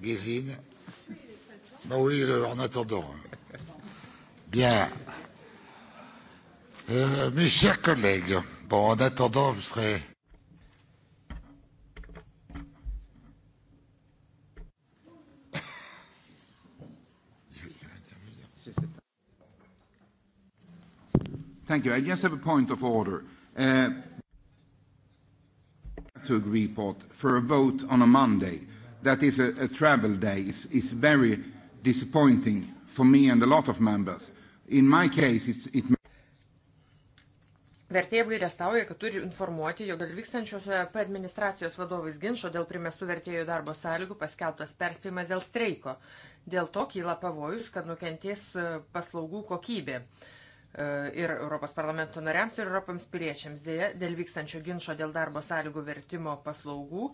Guézine Bah oui, le, en attendant. Bien. Euh, mes chers collègues, bon, en attendant, vous serez. Thank you. I just have a point of order. Uh, to a report for a vote on a Monday that is a, a travel day is, is very disappointing for me and a lot of members. In my case, it's, it Vertėjai apgailestauja, kad turi informuoti, jog dėl vykstančios OEP administracijos vadovais ginčio dėl primestų vertėjų darbo sąlygų paskelbtas perspėjimas dėl streiko. Dėl to kyla pavojus, kad nukentės e, paslaugų kokybė e, ir Europos parlamento nariams, ir Europams piliečiams. Dėja, dėl vykstančio ginčio dėl darbo sąlygų vertimo paslaugų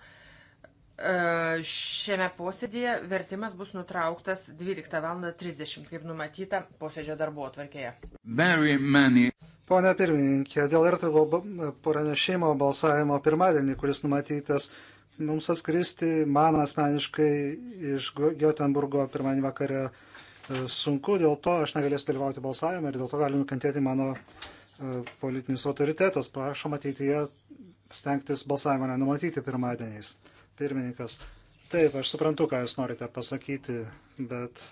E, šiame posėdėje vertimas bus nutrauktas 12.30, kaip numatyta posėdžio darbo atvarkėje. Pone pirmininkė, dėl RTL pranešimo balsavimo pirmadienį, kuris numatytas mums atskristi, man asmeniškai iš Göteborgo pirmadienį vakarę e, sunku, dėl to aš negalėsiu dalyvauti balsavime ir dėl to gali nukentėti mano e, politinis autoritetas. Prašom ateityje stengtis balsavimą nenumatyti pirmadieniais. Pirmininkas, taip, aš suprantu, ką jūs norite pasakyti, bet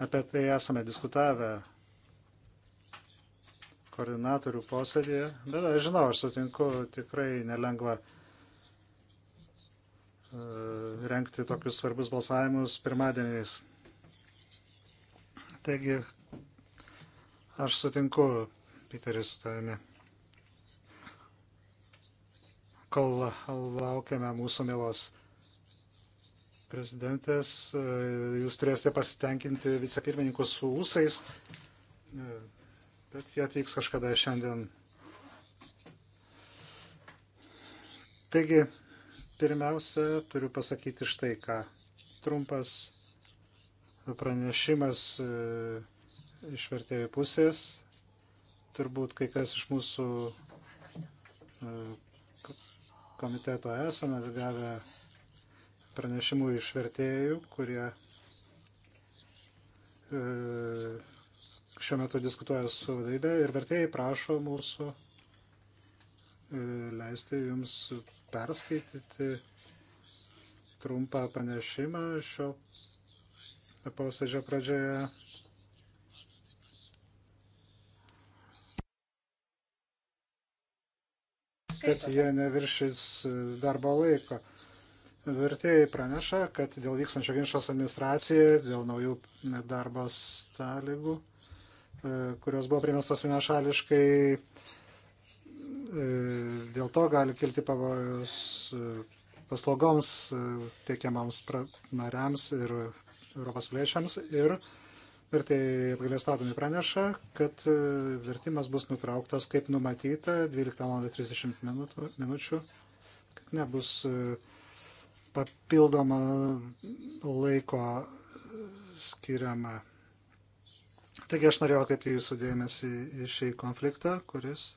apie tai esame diskutavę koordinatorių posėdėje, bet aš žinau, aš sutinku, tikrai nelengva e, renkti tokius svarbus balsavimus pirmadieniais. Taigi, aš sutinku, Piteris, su tavimi kol laukiame mūsų mielos prezidentės. Jūs turėsite pasitenkinti vicepirmininkus su ūsais, bet jie atvyks kažkada šiandien. Taigi, pirmiausia, turiu pasakyti štai ką. Trumpas pranešimas e, iš vertėjų pusės. Turbūt kai kas iš mūsų e, komiteto esame gavę pranešimų iš vertėjų, kurie e, šiuo metu diskutuoja su vadovybė ir vertėjai prašo mūsų e, leisti jums perskaityti trumpą pranešimą šio posėdžio pradžioje kad jie neviršys e, darbo laiko. Vertėjai praneša, kad dėl vykstančio ginčio su administracija, dėl naujų darbo sąlygų, e, kurios buvo primestos vienašališkai, e, dėl to gali kilti pavojus paslaugoms teikiamams nariams ir Europos piliečiams ir Vertėjai apgalėstatomi praneša, kad e, vertimas bus nutrauktas kaip numatyta 12.30 minučių, kad nebus e, papildoma laiko e, skiriama. Taigi aš norėjau atkreipti jūsų dėmesį į šį konfliktą, kuris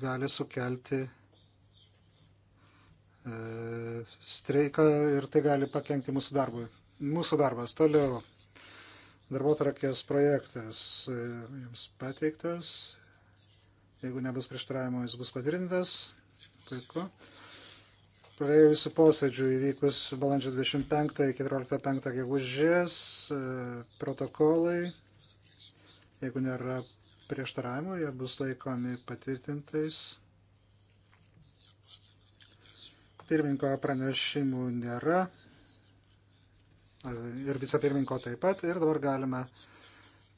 gali sukelti streiką ir tai gali pakengti mūsų darbui. Mūsų darbas toliau Darbotvarkės projektas e, jums pateiktas. Jeigu nebus prieštaravimo, jis bus patvirtintas. Puiku. Praėjusiu posėdžiu įvykus balandžio 25-14-5 gegužės e, protokolai, jeigu nėra prieštaravimų, jie bus laikomi patvirtintais. Pirminko pranešimų nėra ir vicepirminko taip pat. Ir dabar galime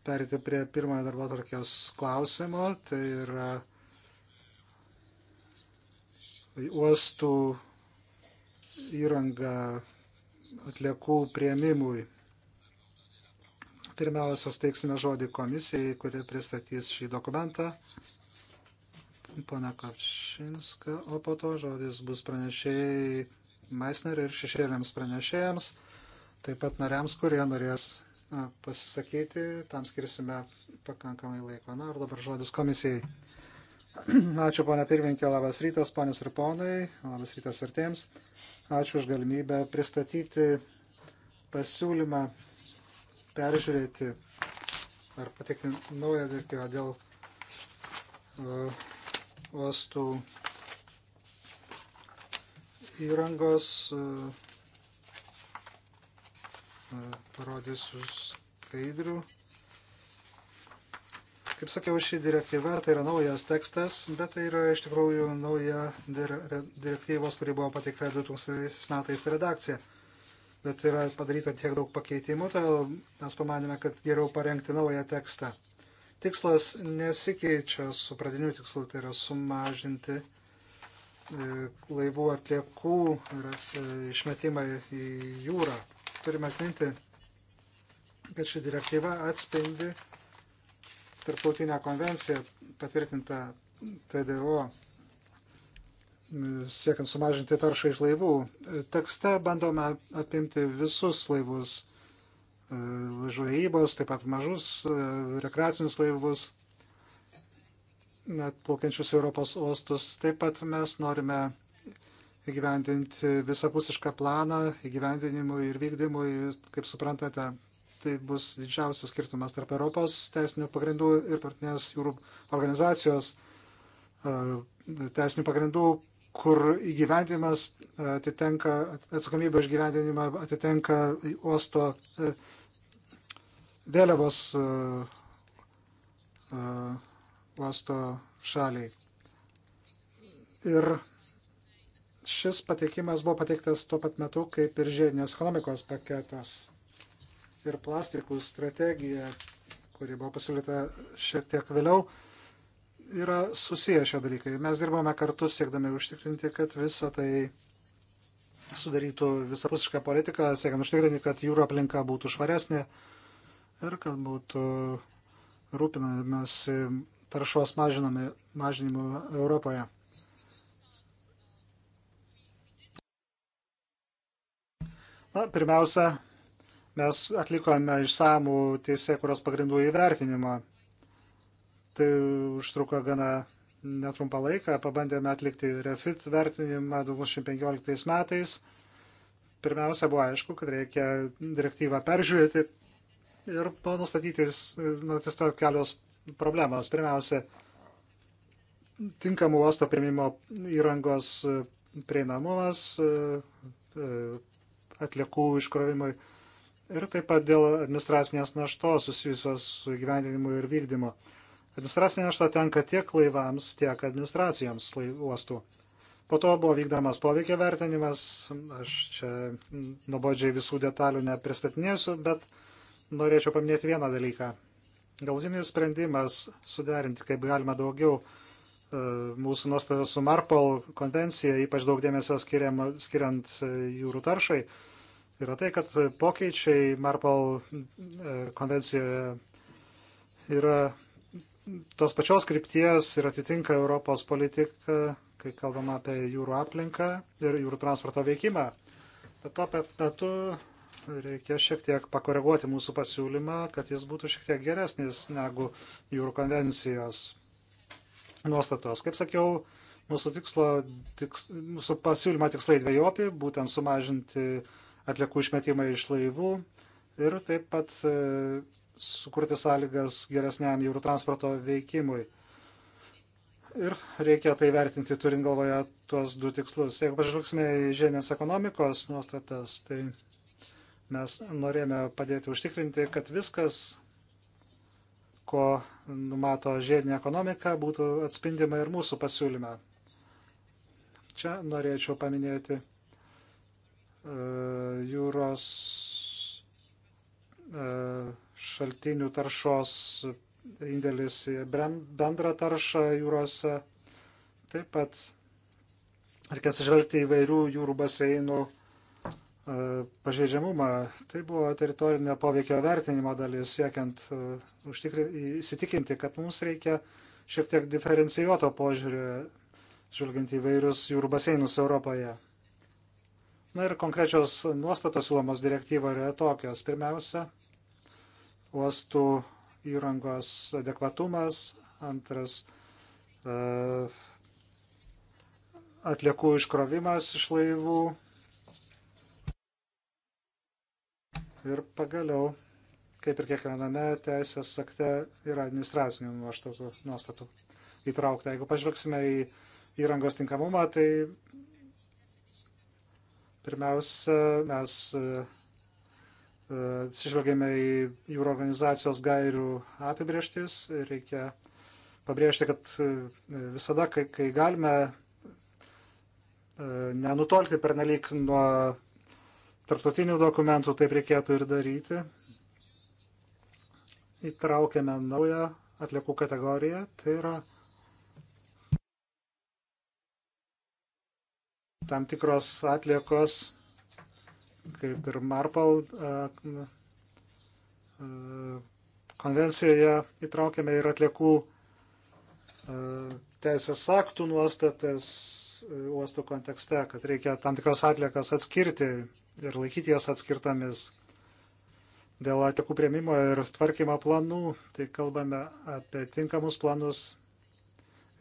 perėti prie pirmojo darbo tvarkės klausimo. Tai yra uostų įranga atliekų prieimimui. Pirmiausia, steiksime žodį komisijai, kuri pristatys šį dokumentą. Pana Kapšinska, o po to žodis bus pranešėjai Meisner ir šešėliams pranešėjams. Taip pat nariams, kurie norės pasisakyti, tam skirsime pakankamai laiko. Na ir dabar žodis komisijai. Ačiū, ponia pirmininkė, labas rytas, ponios ir ponai, labas rytas vertėms. Ačiū už galimybę pristatyti pasiūlymą peržiūrėti ar patikti naują direktyvą dėl uh, uostų įrangos. Uh, parodysiu skaidrių. Kaip sakiau, ši direktyva tai yra naujas tekstas, bet tai yra iš tikrųjų nauja direktyvos, kuri buvo pateikta 2000 metais redakcija. Bet yra padaryta tiek daug pakeitimų, todėl mes pamanėme, kad geriau parengti naują tekstą. Tikslas nesikeičia su pradiniu tikslu, tai yra sumažinti e, laivų atliekų ir e, išmetimą į jūrą turime atminti, kad ši direktyva atspindi tarptautinę konvenciją patvirtintą TDO siekiant sumažinti taršą iš laivų. Tekste bandome apimti visus laivus, žvejybos, e, taip pat mažus e, rekreacinius laivus, net plaukiančius Europos uostus. Taip pat mes norime įgyvendinti visapusišką planą įgyvendinimui ir vykdymui, kaip suprantate, tai bus didžiausias skirtumas tarp Europos teisinių pagrindų ir tarptinės jūrų organizacijos e, teisinių pagrindų, kur įgyvendinimas atitenka, atsakomybė už gyvendinimą atitenka uosto e, vėliavos e, uosto šaliai. Ir Šis pateikimas buvo pateiktas tuo pat metu, kaip ir žiedinės ekonomikos paketas ir plastikų strategija, kuri buvo pasiūlyta šiek tiek vėliau, yra susiję šie dalykai. Mes dirbame kartu siekdami užtikrinti, kad visa tai sudarytų visapusišką politiką, siekiant užtikrinti, kad jūro aplinka būtų švaresnė ir kad būtų rūpinamas taršos mažinimu Europoje. Na, pirmiausia, mes atlikome išsamų teisėkuros pagrindų įvertinimą. Tai užtruko gana netrumpą laiką, pabandėme atlikti refit vertinimą 2015 metais. Pirmiausia, buvo aišku, kad reikia direktyvą peržiūrėti ir nustatyti nu, tiesiog kelios problemos. Pirmiausia, tinkamų uosto primimo įrangos prieinamumas, e, e, atliekų iškrovimui ir taip pat dėl administracinės naštos susijusios su gyvendinimu ir vykdymu. Administracinė našta tenka tiek laivams, tiek administracijoms uostų. Po to buvo vykdomas poveikia vertinimas, aš čia nuobodžiai visų detalių nepristatinėsiu, bet norėčiau paminėti vieną dalyką. Galutinis sprendimas suderinti kaip galima daugiau E, mūsų nuostata su Marpol konvencija, ypač daug dėmesio skiriam, skiriant e, jūrų taršai, yra tai, kad pokyčiai Marpol e, konvencijoje yra tos pačios krypties ir atitinka Europos politiką, kai kalbama apie jūrų aplinką ir jūrų transporto veikimą. Bet tuo pat metu reikia šiek tiek pakoreguoti mūsų pasiūlymą, kad jis būtų šiek tiek geresnis negu jūrų konvencijos nuostatos. Kaip sakiau, mūsų, tikslo, tiks, mūsų pasiūlymo tikslai dviejopi, būtent sumažinti atliekų išmetimą iš laivų ir taip pat e, sukurti sąlygas geresniam jūrų transporto veikimui. Ir reikia tai vertinti, turint galvoje tuos du tikslus. Jeigu pažvelgsime į žemės ekonomikos nuostatas, tai mes norėjome padėti užtikrinti, kad viskas ko numato žiedinė ekonomika, būtų atspindima ir mūsų pasiūlyme. Čia norėčiau paminėti e, jūros e, šaltinių taršos indėlis į bendrą taršą jūrose. Taip pat reikia atsižvelgti įvairių jūrų baseinų E, pažeidžiamumą. Tai buvo teritorinio poveikio vertinimo dalis, siekiant e, įsitikinti, kad mums reikia šiek tiek diferencijuoto požiūrio, žvelgiant į vairius jūrų baseinus Europoje. Na ir konkrečios nuostatos siūlomos direktyvoje yra tokios. Pirmiausia, uostų įrangos adekvatumas, antras, e, atliekų iškrovimas iš laivų, Ir pagaliau, kaip ir kiekviename teisės akte, yra administracinių nuostatų, nuostatų įtraukta. Jeigu pažvelgsime į įrangos tinkamumą, tai pirmiausia, mes e, atsižvelgėme į jūro organizacijos gairių apibrieštis. Reikia pabrėžti, kad e, visada, kai, kai galime e, nenutolti pernelyg nuo tarptautinių dokumentų taip reikėtų ir daryti. Įtraukėme naują atliekų kategoriją, tai yra tam tikros atliekos, kaip ir Marpal konvencijoje įtraukėme ir atliekų teisės aktų nuostatas e, uostų kontekste, kad reikia tam tikras atliekas atskirti ir laikyti jas atskirtomis. Dėl atliekų prieimimo ir tvarkymo planų, tai kalbame apie tinkamus planus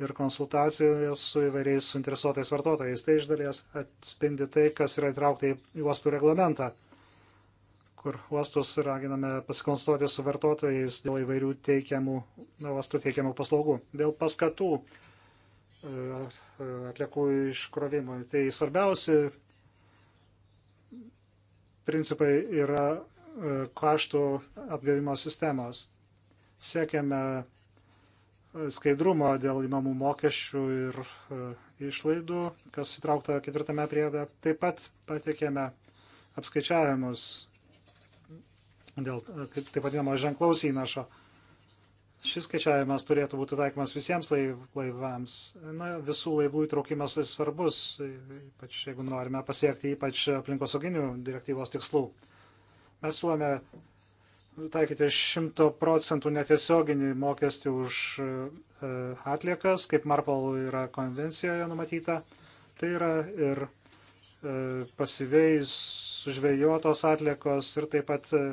ir konsultacijas su įvairiais suinteresuotais vartotojais. Tai iš dalies atspindi tai, kas yra įtraukta į uostų reglamentą, kur uostus raginame pasikonsultuoti su vartotojais dėl įvairių teikiamų, uostų teikiamų paslaugų. Dėl paskatų e, e, atliekų iškrovimui. Tai svarbiausi principai yra e, kaštų atgavimo sistemos. Siekiame e, skaidrumo dėl įmamų mokesčių ir e, išlaidų, kas įtraukta ketvirtame priedė. Taip pat patikėme apskaičiavimus dėl taip vadinamo ženklaus įnašo. Šis skaičiavimas turėtų būti taikomas visiems laivams. Na, visų laivų įtraukimas tai svarbus, ypač jeigu norime pasiekti ypač aplinkosauginių direktyvos tikslų. Mes siūlome taikyti 100 procentų netiesioginį mokestį už e, atliekas, kaip Marpol yra konvencijoje numatyta. Tai yra ir e, pasyviai sužvejotos atliekos ir taip pat e,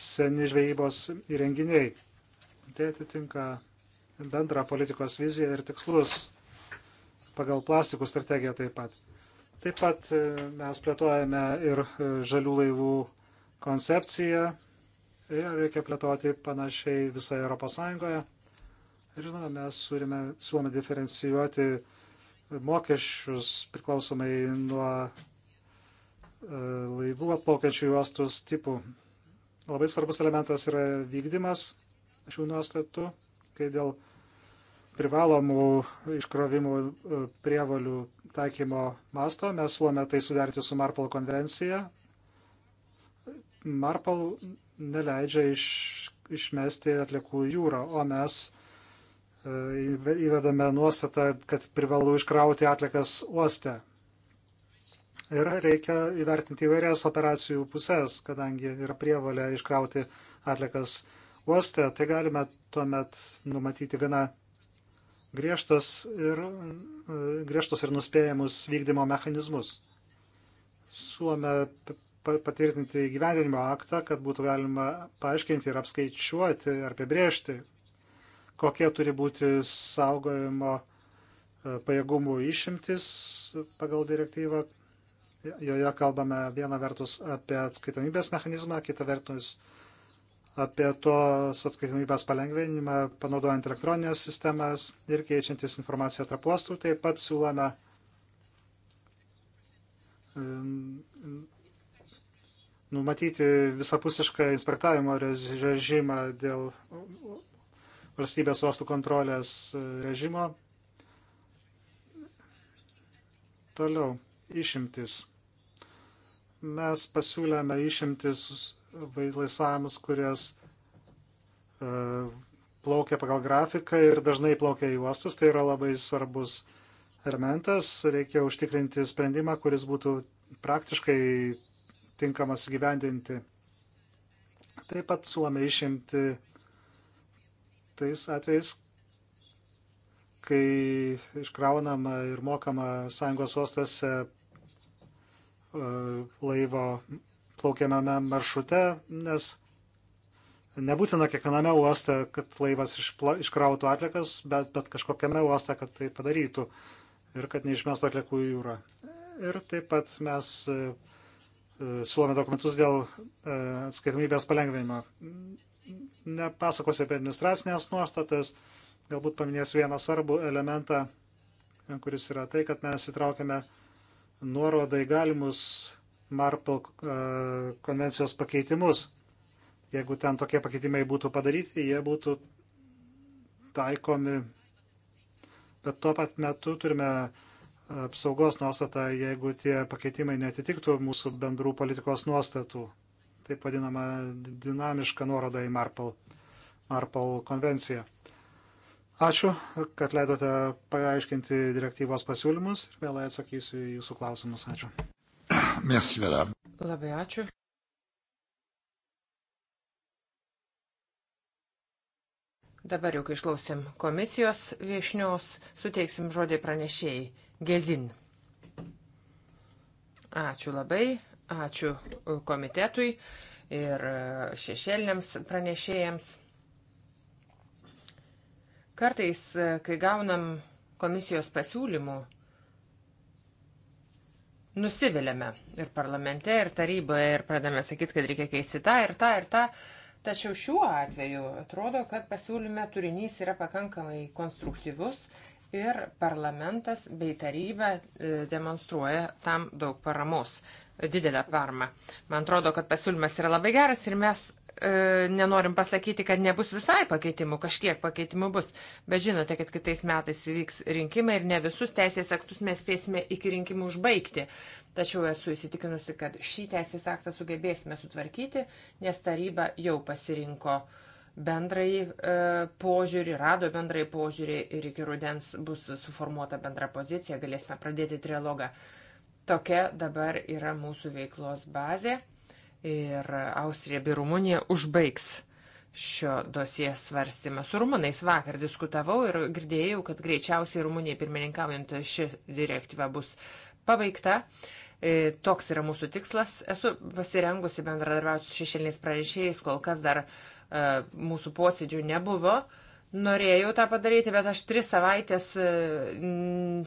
seni žvejybos įrenginiai tai atitinka bendrą politikos viziją ir tikslus pagal plastikų strategiją taip pat. Taip pat e, mes plėtojame ir e, žalių laivų koncepciją ir reikia plėtoti panašiai visoje Europos Sąjungoje. Ir žinoma, mes surime, suome diferencijuoti mokesčius priklausomai nuo e, laivų atplaukiančių juostus tipų. Labai svarbus elementas yra vykdymas šių nuostatų, kai dėl privalomų iškrovimų e, prievalių taikymo masto mes suome tai sudaryti su Marpol konvencija. Marpol neleidžia iš, išmesti atliekų jūrą, o mes e, įvedame nuostatą, kad privalu iškrauti atlikas uoste. Ir reikia įvertinti įvairias operacijų pusės, kadangi yra prievalė iškrauti atlikas uoste uoste, tai galime tuomet numatyti gana griežtas ir, griežtus ir nuspėjamus vykdymo mechanizmus. Suome patvirtinti gyvendinimo aktą, kad būtų galima paaiškinti ir apskaičiuoti, ar apibriežti, kokie turi būti saugojimo e, pajėgumų išimtis pagal direktyvą. Joje kalbame viena vertus apie atskaitomybės mechanizmą, kita vertus apie tos atskaitomybės palengvinimą, panaudojant elektroninės sistemas ir keičiantis informaciją tarp uostų. Taip pat siūlome numatyti visapusišką inspektavimo režimą dėl valstybės uostų kontrolės e, režimo. Toliau, išimtis. Mes pasiūlėme išimtis laisvams, kurios e, plaukia pagal grafiką ir dažnai plaukia į uostus. Tai yra labai svarbus elementas. Reikia užtikrinti sprendimą, kuris būtų praktiškai tinkamas gyvendinti. Taip pat sulame išimti tais atvejais, kai iškraunama ir mokama sąjungos uostose e, laivo plaukiamame maršrute, nes nebūtina kiekviename uoste, kad laivas išpla, iškrautų atlikas, bet, bet kažkokiame uoste, kad tai padarytų ir kad neišmestų atlikų į jūrą. Ir taip pat mes e, e, siūlome dokumentus dėl e, atskaitomybės palengvinimo. Nepasakosiu apie administracinės nuostatas, galbūt paminėsiu vieną svarbų elementą, kuris yra tai, kad mes įtraukėme nuorodą į galimus Marple konvencijos pakeitimus. Jeigu ten tokie pakeitimai būtų padaryti, jie būtų taikomi. Bet tuo pat metu turime apsaugos nuostatą, jeigu tie pakeitimai netitiktų mūsų bendrų politikos nuostatų. Taip vadinama dinamiška nuoroda į Marple, Marple konvenciją. Ačiū, kad leidote paaiškinti direktyvos pasiūlymus ir vėlai atsakysiu į jūsų klausimus. Ačiū. Merci, madame. Labai ačiū. Dabar jau, kai išklausim komisijos viešnios, suteiksim žodį pranešėjai. Gezin. Ačiū labai, ačiū komitetui ir šešėliniams pranešėjams. Kartais, kai gaunam komisijos pasiūlymų, nusivylėme ir parlamente, ir taryboje, ir pradame sakyti, kad reikia keisti tą ir tą ir tą. Tačiau šiuo atveju atrodo, kad pasiūlyme turinys yra pakankamai konstruktyvus ir parlamentas bei taryba e, demonstruoja tam daug paramos, didelę paramą. Man atrodo, kad pasiūlymas yra labai geras ir mes e, nenorim pasakyti, kad nebus visai pakeitimų, kažkiek pakeitimų bus, bet žinote, kad kitais metais vyks rinkimai ir ne visus teisės aktus mes spėsime iki rinkimų užbaigti. Tačiau esu įsitikinusi, kad šį teisės aktą sugebėsime sutvarkyti, nes taryba jau pasirinko bendrai e, požiūrį, rado bendrai požiūrį ir iki rudens bus suformuota bendra pozicija, galėsime pradėti trilogą. Tokia dabar yra mūsų veiklos bazė ir Austrija bei Rumunija užbaigs šio dosies svarstymą. Su rumunais vakar diskutavau ir girdėjau, kad greičiausiai Rumunijai pirmininkaujant ši direktyva bus pabaigta. E, toks yra mūsų tikslas. Esu pasirengusi bendradarbiauti su šešėliniais pranešėjais, kol kas dar e, mūsų posėdžių nebuvo. Norėjau tą padaryti, bet aš tris savaitės e,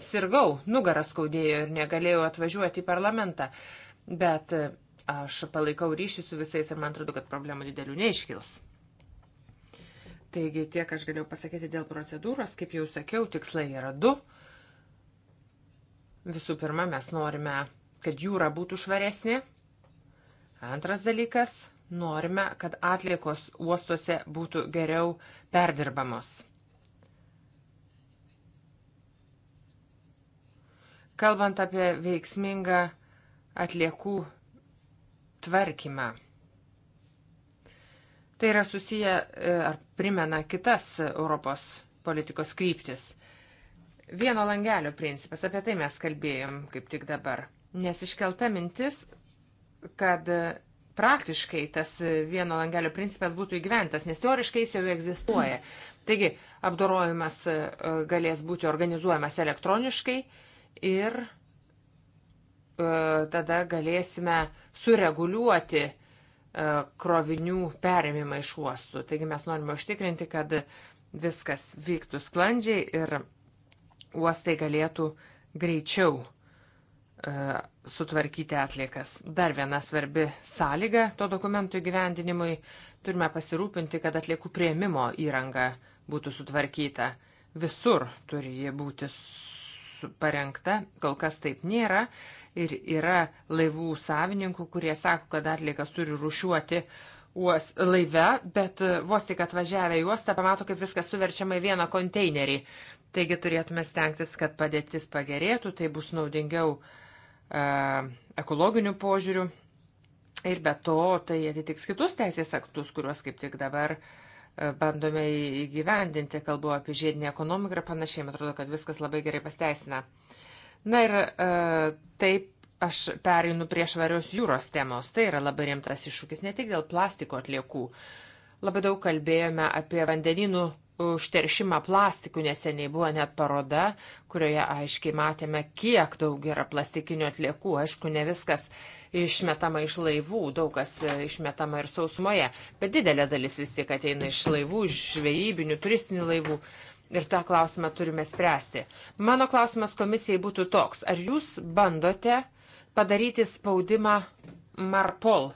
sirgau, nugaras skaudėjo ir negalėjau atvažiuoti į parlamentą. Bet Aš palaikau ryšį su visais ir man atrodo, kad problemų didelių neiškils. Taigi tiek aš galėjau pasakyti dėl procedūros. Kaip jau sakiau, tikslai yra du. Visų pirma, mes norime, kad jūra būtų švaresnė. Antras dalykas, norime, kad atliekos uostuose būtų geriau perdirbamos. Kalbant apie veiksmingą atliekų tvarkymą. Tai yra susiję e, ar primena kitas Europos politikos kryptis. Vieno langelio principas, apie tai mes kalbėjom kaip tik dabar. Nes iškelta mintis, kad praktiškai tas vieno langelio principas būtų įgyventas, nes teoriškai jis jau egzistuoja. Taigi, apdorojimas e, galės būti organizuojamas elektroniškai ir E, tada galėsime sureguliuoti e, krovinių perėmimą iš uostų. Taigi mes norime užtikrinti, kad viskas vyktų sklandžiai ir uostai galėtų greičiau e, sutvarkyti atliekas. Dar viena svarbi sąlyga to dokumentų įgyvendinimui - turime pasirūpinti, kad atliekų prieimimo įranga būtų sutvarkyta. Visur turi jie būti parengta, kol kas taip nėra. Ir yra laivų savininkų, kurie sako, kad atliekas turi rušiuoti uos, laive, bet e, vos tik atvažiavę į uostą pamato, kaip viskas suverčiama į vieną konteinerį. Taigi turėtume stengtis, kad padėtis pagerėtų, tai bus naudingiau e, ekologinių požiūrių. Ir be to, tai atitiks kitus teisės aktus, kuriuos kaip tik dabar uh, bandome įgyvendinti, kalbu apie žiedinį ekonomiką ir panašiai, man atrodo, kad viskas labai gerai pasteisina. Na ir e, taip aš pereinu prie švarios jūros temos. Tai yra labai rimtas iššūkis ne tik dėl plastiko atliekų. Labai daug kalbėjome apie vandeninų užteršimą plastikų neseniai buvo net paroda, kurioje aiškiai matėme, kiek daug yra plastikinių atliekų. Aišku, ne viskas išmetama iš laivų, daug kas e, išmetama ir sausumoje, bet didelė dalis vis tiek ateina iš laivų, iš žvejybinių, turistinių laivų. Ir tą klausimą turime spręsti. Mano klausimas komisijai būtų toks. Ar jūs bandote padaryti spaudimą Marpol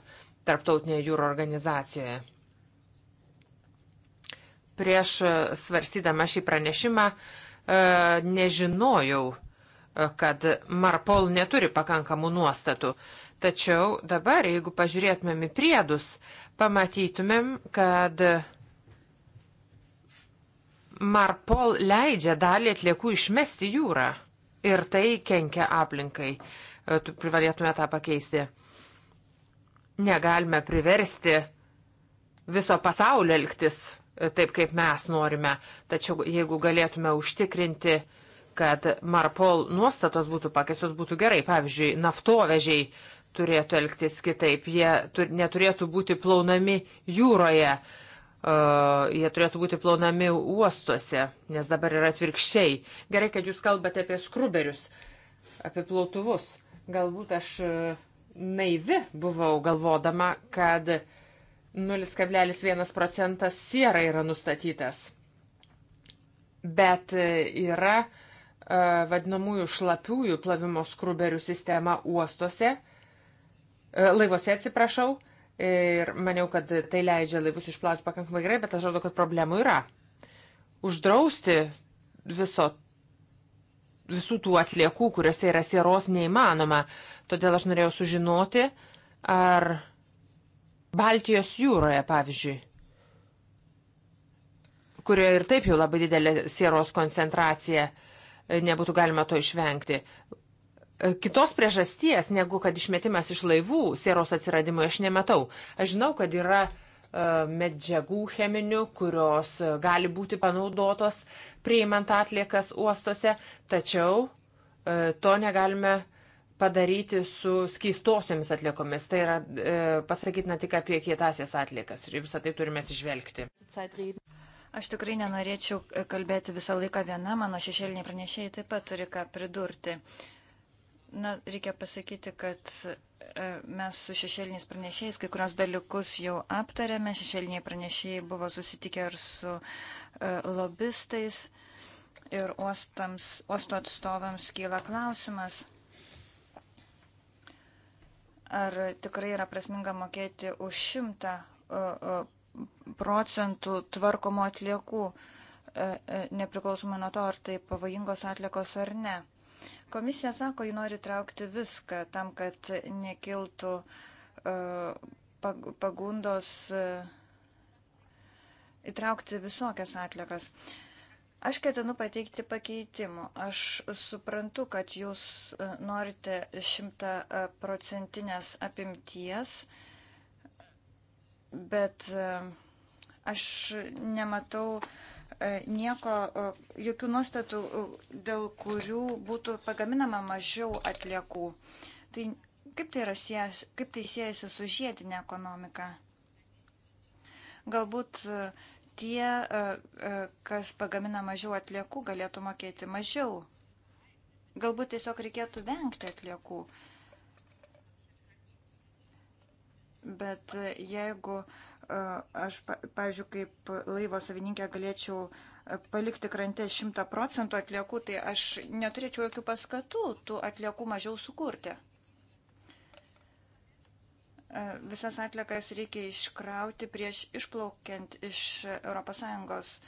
tarptautinėje jūro organizacijoje? prieš svarstydama šį pranešimą e, nežinojau, e, kad Marpol neturi pakankamų nuostatų. Tačiau dabar, jeigu pažiūrėtumėm į priedus, pamatytumėm, kad Marpol leidžia dalį atliekų išmesti jūrą ir tai kenkia aplinkai. E, tu privalėtume tą pakeisti. Negalime priversti viso pasaulio elgtis taip, kaip mes norime. Tačiau jeigu galėtume užtikrinti, kad Marpol nuostatos būtų pakeistos, būtų gerai. Pavyzdžiui, naftovežiai turėtų elgtis kitaip, jie tur, neturėtų būti plaunami jūroje, uh, jie turėtų būti plaunami uostuose, nes dabar yra atvirkščiai. Gerai, kad jūs kalbate apie skruberius, apie plautuvus. Galbūt aš uh, naivi buvau galvodama, kad uh, 0,1 procentas siera yra nustatytas. Bet e, yra e, vadinamųjų šlapiųjų plavimo skruberių sistema uostuose, e, laivuose atsiprašau, ir maniau, kad tai leidžia laivus išplauti pakankamai gerai, bet aš žinau, kad problemų yra. Uždrausti viso, visų tų atliekų, kuriuose yra sieros, neįmanoma. Todėl aš norėjau sužinoti, ar Baltijos jūroje, pavyzdžiui, kurioje ir taip jau labai didelė sieros koncentracija, e, nebūtų galima to išvengti. E, kitos priežasties, negu kad išmetimas iš laivų sieros atsiradimo, aš nematau. Aš žinau, kad yra e, medžiagų cheminių, kurios gali būti panaudotos prieimant atliekas uostose, tačiau to negalime padaryti su skeistosiomis atliekomis. Tai yra e, pasakytina tik apie kietasias atliekas ir visą tai turime atsižvelgti. Aš tikrai nenorėčiau e, kalbėti visą laiką viena, mano šešėliniai pranešėjai taip pat turi ką pridurti. Na, reikia pasakyti, kad e, mes su šešėliniais pranešėjais kai kurios dalykus jau aptarėme. Šešėliniai pranešėjai buvo susitikę ir su e, lobistais. Ir ostams, osto atstovams kyla klausimas, ar tikrai yra prasminga mokėti už 100 e, e, procentų tvarkomų atliekų, e, nepriklausomai nuo to, ar tai pavojingos atliekos ar ne. Komisija sako, ji nori traukti viską tam, kad nekiltų pagundos įtraukti visokias atlikas. Aš ketinu pateikti pakeitimų. Aš suprantu, kad jūs e, norite šimta procentinės apimties, bet e, aš nematau e, nieko, jokių nuostatų, dėl kurių būtų pagaminama mažiau atliekų. Tai kaip tai, siejas, kaip tai siejasi su žiedinė ekonomika? Galbūt uh, tie, e, e, kas pagamina mažiau atliekų, galėtų mokėti mažiau. Galbūt tiesiog reikėtų vengti atliekų. Bet jeigu e, aš, pavyzdžiui, kaip laivo savininkė galėčiau palikti krantę 100 procentų atliekų, tai aš neturėčiau jokių paskatų tų atliekų mažiau sukurti. E, visas atlikas reikia iškrauti prieš išplaukiant iš ES.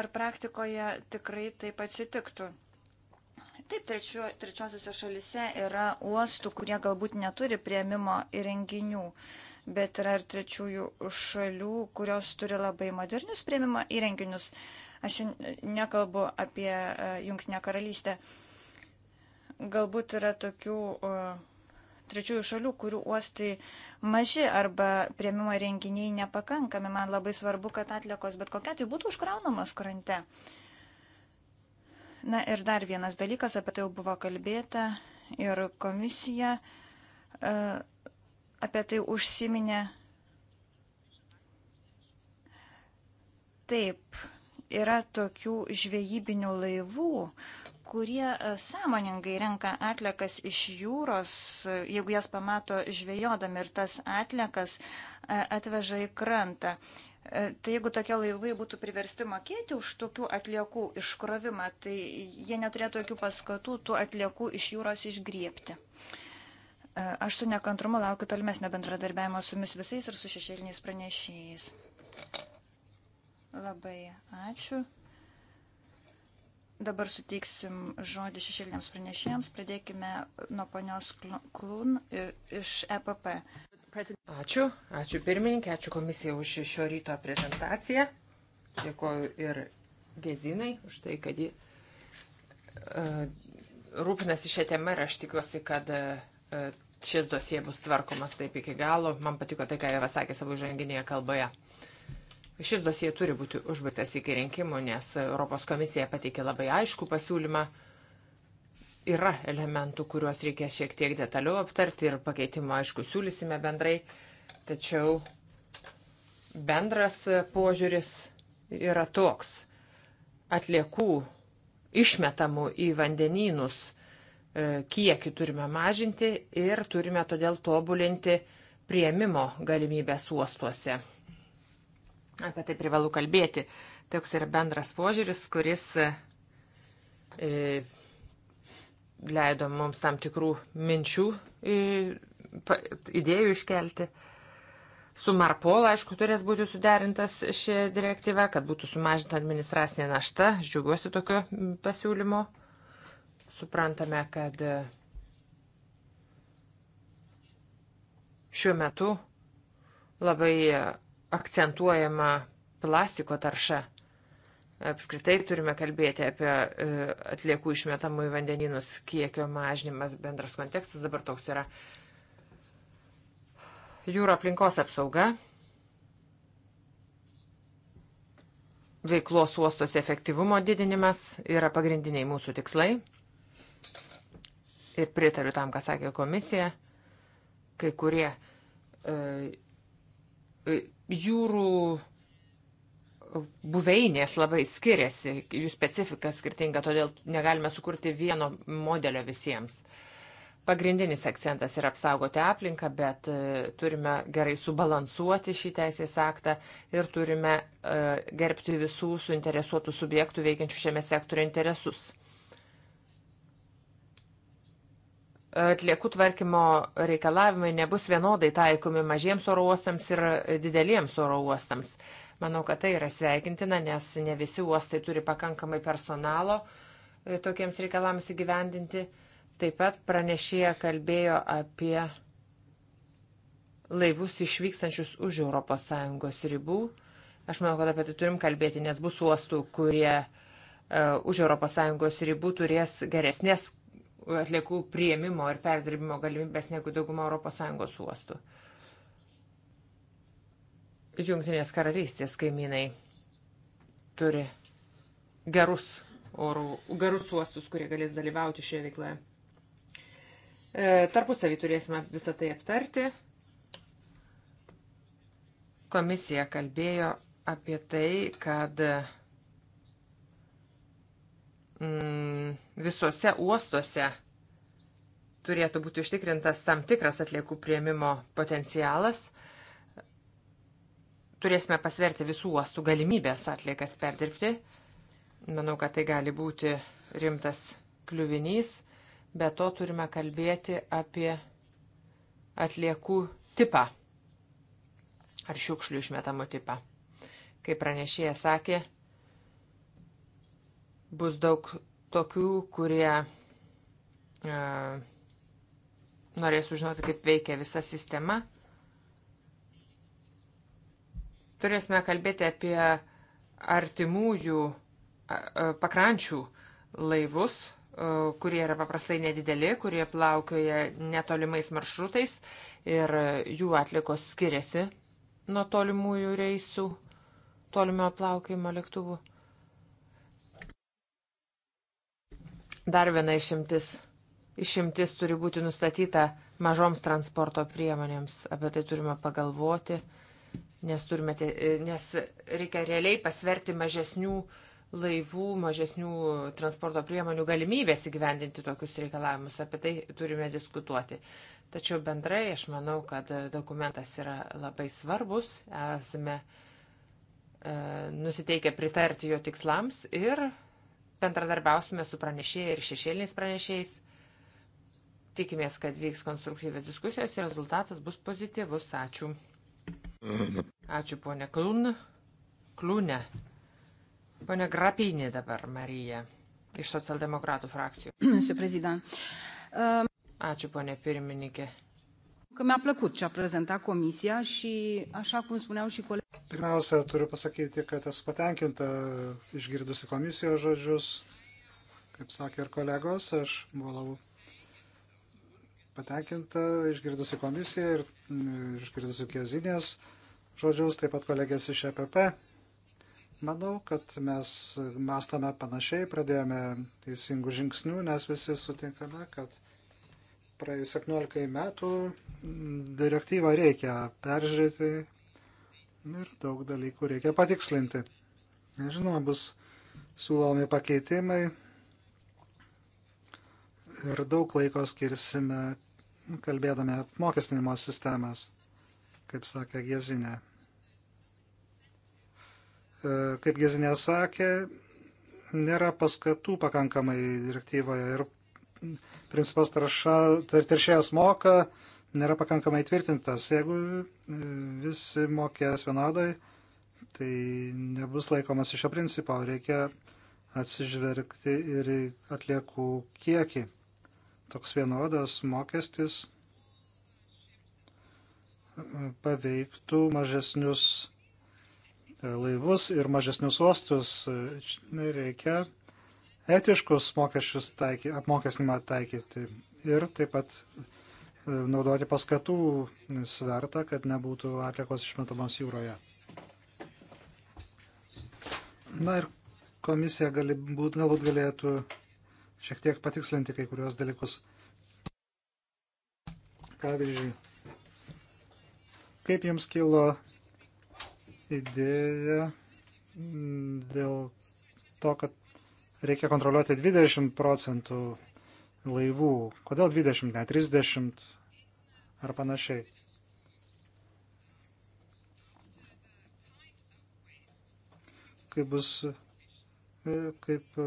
Ar praktikoje tikrai taip atsitiktų? Taip, trečio, trečiosiuose šalise yra uostų, kurie galbūt neturi prieimimo įrenginių, bet yra ir trečiųjų šalių, kurios turi labai modernius prieimimo įrenginius. Aš nekalbu apie e, Junktinę karalystę. Galbūt yra tokių uh, trečiųjų šalių, kurių uostai maži arba prieimimo renginiai nepakankami. Man labai svarbu, kad atliekos bet kokia tai būtų užkraunamos krante. Na ir dar vienas dalykas, apie tai jau buvo kalbėta ir komisija e, apie tai užsiminė. Taip, yra tokių žvejybinių laivų, kurie e, sąmoningai renka atlikas iš jūros, e, jeigu jas pamato žvejodami ir tas atlikas e, atveža į krantą. Tai jeigu tokie laivai būtų priversti mokėti už tokių atliekų iškrovimą, tai jie neturėtų jokių paskatų tų atliekų iš jūros išgriepti. Aš su nekantrumu laukiu tolimesnio bendradarbiavimo su jumis visais ir su šešėliniais pranešėjais. Labai ačiū. Dabar suteiksim žodį šešėliniams pranešėjams. Pradėkime nuo ponios Klun iš EPP. Ačiū, ačiū pirmininkė, ačiū komisijai už šio ryto prezentaciją. Dėkoju ir Gezinai už tai, kad ji uh, rūpinasi šią temą ir aš tikiuosi, kad uh, šis dosie bus tvarkomas taip iki galo. Man patiko tai, ką jie pasakė savo žanginėje kalboje. Uh, Šis dosie turi būti užbaigtas iki rinkimų, nes Europos komisija pateikė labai aišku pasiūlymą. Yra elementų, kuriuos reikės šiek tiek detaliau aptarti ir pakeitimo, aišku, siūlysime bendrai. Tačiau bendras požiūris yra toks. Atliekų išmetamų į vandenynus e, kiekį turime mažinti ir turime todėl tobulinti prieimimo galimybės uostuose Apie tai privalu kalbėti. Toks yra bendras požiūris, kuris e, e, leido mums tam tikrų minčių, e, pa, idėjų iškelti. Su Marpol, aišku, turės būti suderintas ši direktyva, kad būtų sumažinta administracinė našta. Aš džiaugiuosi tokio pasiūlymo. Suprantame, kad e, šiuo metu labai e, akcentuojama plastiko tarša. Apskritai turime kalbėti apie e, atliekų išmetamų į vandeninus kiekio mažinimas, bendras kontekstas dabar toks yra. Jūro aplinkos apsauga, veiklos uostos efektyvumo didinimas yra pagrindiniai mūsų tikslai. Ir pritariu tam, ką sakė komisija. Kai kurie e, jūrų buveinės labai skiriasi, jų specifika skirtinga, todėl negalime sukurti vieno modelio visiems. Pagrindinis akcentas yra apsaugoti aplinką, bet e, turime gerai subalansuoti šį teisės aktą ir turime e, gerbti visų suinteresuotų subjektų veikiančių šiame sektoriu interesus. atliekų tvarkymo reikalavimai nebus vienodai taikomi mažiems oro uostams ir dideliems oro uostams. Manau, kad tai yra sveikintina, nes ne visi uostai turi pakankamai personalo e, tokiems reikalams įgyvendinti. Taip pat pranešėja kalbėjo apie laivus išvykstančius už ES ribų. Aš manau, kad apie tai turim kalbėti, nes bus uostų, kurie uh, už ES ribų turės geresnės atliekų prieimimo ir perdirbimo galimybės negu dauguma ES uostų. Junktinės karalystės kaimynai turi gerus, orų, gerus uostus, kurie galės dalyvauti šioje veikloje. E, tarpusavį turėsime visą tai aptarti. Komisija kalbėjo apie tai, kad mm, visuose uostuose turėtų būti užtikrintas tam tikras atliekų prieimimo potencialas. Turėsime pasverti visų uostų galimybės atliekas perdirbti. Manau, kad tai gali būti rimtas kliuvinys. Be to turime kalbėti apie atliekų tipą ar šiukšlių išmetamo tipą. Kaip pranešėja sakė, Bus daug tokių, kurie e, norės sužinoti, kaip veikia visa sistema. Turėsime kalbėti apie artimųjų pakrančių laivus, e, kurie yra paprastai nedideli, kurie plaukioja netolimais maršrutais ir jų atlikos skiriasi nuo tolimųjų reisų, tolimojo plaukimo lėktuvų. Dar viena išimtis. Išimtis turi būti nustatyta mažoms transporto priemonėms. Apie tai turime pagalvoti, nes, turime, nes reikia realiai pasverti mažesnių laivų, mažesnių transporto priemonių galimybės įgyvendinti tokius reikalavimus. Apie tai turime diskutuoti. Tačiau bendrai aš manau, kad dokumentas yra labai svarbus. Esame e, nusiteikę pritarti jo tikslams ir bendradarbiausime su pranešėjai ir šešėliniais pranešėjais. Tikimės, kad vyks konstruktyvės diskusijos ir rezultatas bus pozityvus. Ačiū. Ačiū, ponė Klun. Klūne. Pone Grapinė dabar, Marija, iš socialdemokratų frakcijų. Ačiū, ponė pirmininkė că mi-a plăcut ce a prezentat Comisia și, așa cum spuneau și colegii. Pirmiausia, turiu pasakyti, kad esu patenkinta išgirdusi komisijos žodžius. Kaip sakė ir kolegos, aš buvau patenkinta išgirdusi komisiją ir išgirdusi kiezinės žodžius, taip pat kolegės iš EPP. Manau, kad mes mastame panašiai, pradėjome teisingų žingsnių, nes visi sutinkame, kad praėjus 17 metų direktyvą reikia peržiūrėti ir daug dalykų reikia patikslinti. Žinoma, bus siūlomi pakeitimai ir daug laiko skirsime kalbėdami apmokestinimo sistemas, kaip sakė Gezinė. E, kaip Gezinė sakė, nėra paskatų pakankamai direktyvoje ir principas tarša, tar, teršėjas moka nėra pakankamai tvirtintas. Jeigu e, visi mokės vienodai, tai nebus laikomas iš šio principo. Reikia atsižvelgti ir atliekų kiekį. Toks vienodas mokestis e, paveiktų mažesnius e, laivus ir mažesnius uostus. Reikia etiškus mokesčius taiky, apmokesnimą taikyti ir taip pat e, naudoti paskatų svertą, kad nebūtų atliekos išmetamos jūroje. Na ir komisija gali, būt, galbūt galėtų šiek tiek patikslinti kai kurios dalykus. Pavyzdžiui, kaip jums kilo idėja mm, dėl to, kad reikia kontroliuoti 20 procentų laivų. Kodėl 20, ne 30 ar panašiai? Kaip bus, e, kaip e,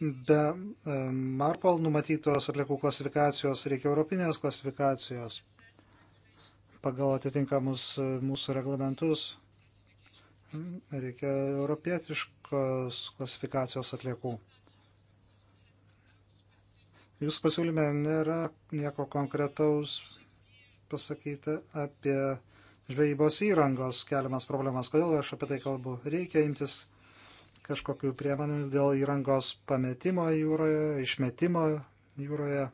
be e, Marpol numatytos atliekų klasifikacijos reikia europinės klasifikacijos pagal atitinkamus mūsų reglamentus reikia europietiškos klasifikacijos atliekų. Jūsų pasiūlyme nėra nieko konkretaus pasakyti apie žvejybos įrangos keliamas problemas. Kodėl aš apie tai kalbu? Reikia imtis kažkokių priemonių dėl įrangos pametimo jūroje, išmetimo jūroje.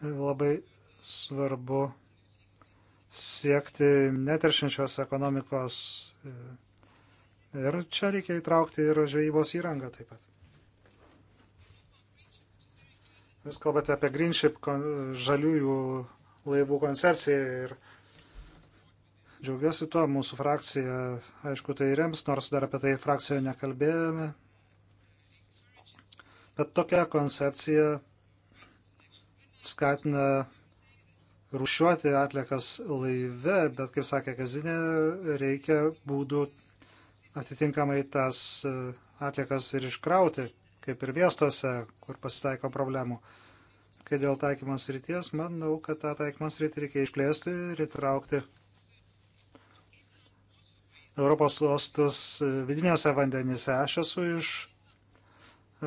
labai svarbu siekti neteršinčios ekonomikos e, ir čia reikia įtraukti ir žvejybos įrangą taip pat. Jūs kalbate apie Greenship žaliųjų laivų koncerciją ir džiaugiuosi tuo, mūsų frakcija, aišku, tai rems, nors dar apie tai frakcijoje nekalbėjome. Bet tokia koncepcija skatina rušiuoti atlikas laive, bet, kaip sakė Kazinė, reikia būdų atitinkamai tas e, atlikas ir iškrauti, kaip ir miestuose, kur pasitaiko problemų. Kai dėl taikymos ryties, manau, kad tą taikymos rytį reikia išplėsti ir įtraukti Europos uostus e, vidiniuose vandenyse. Aš esu iš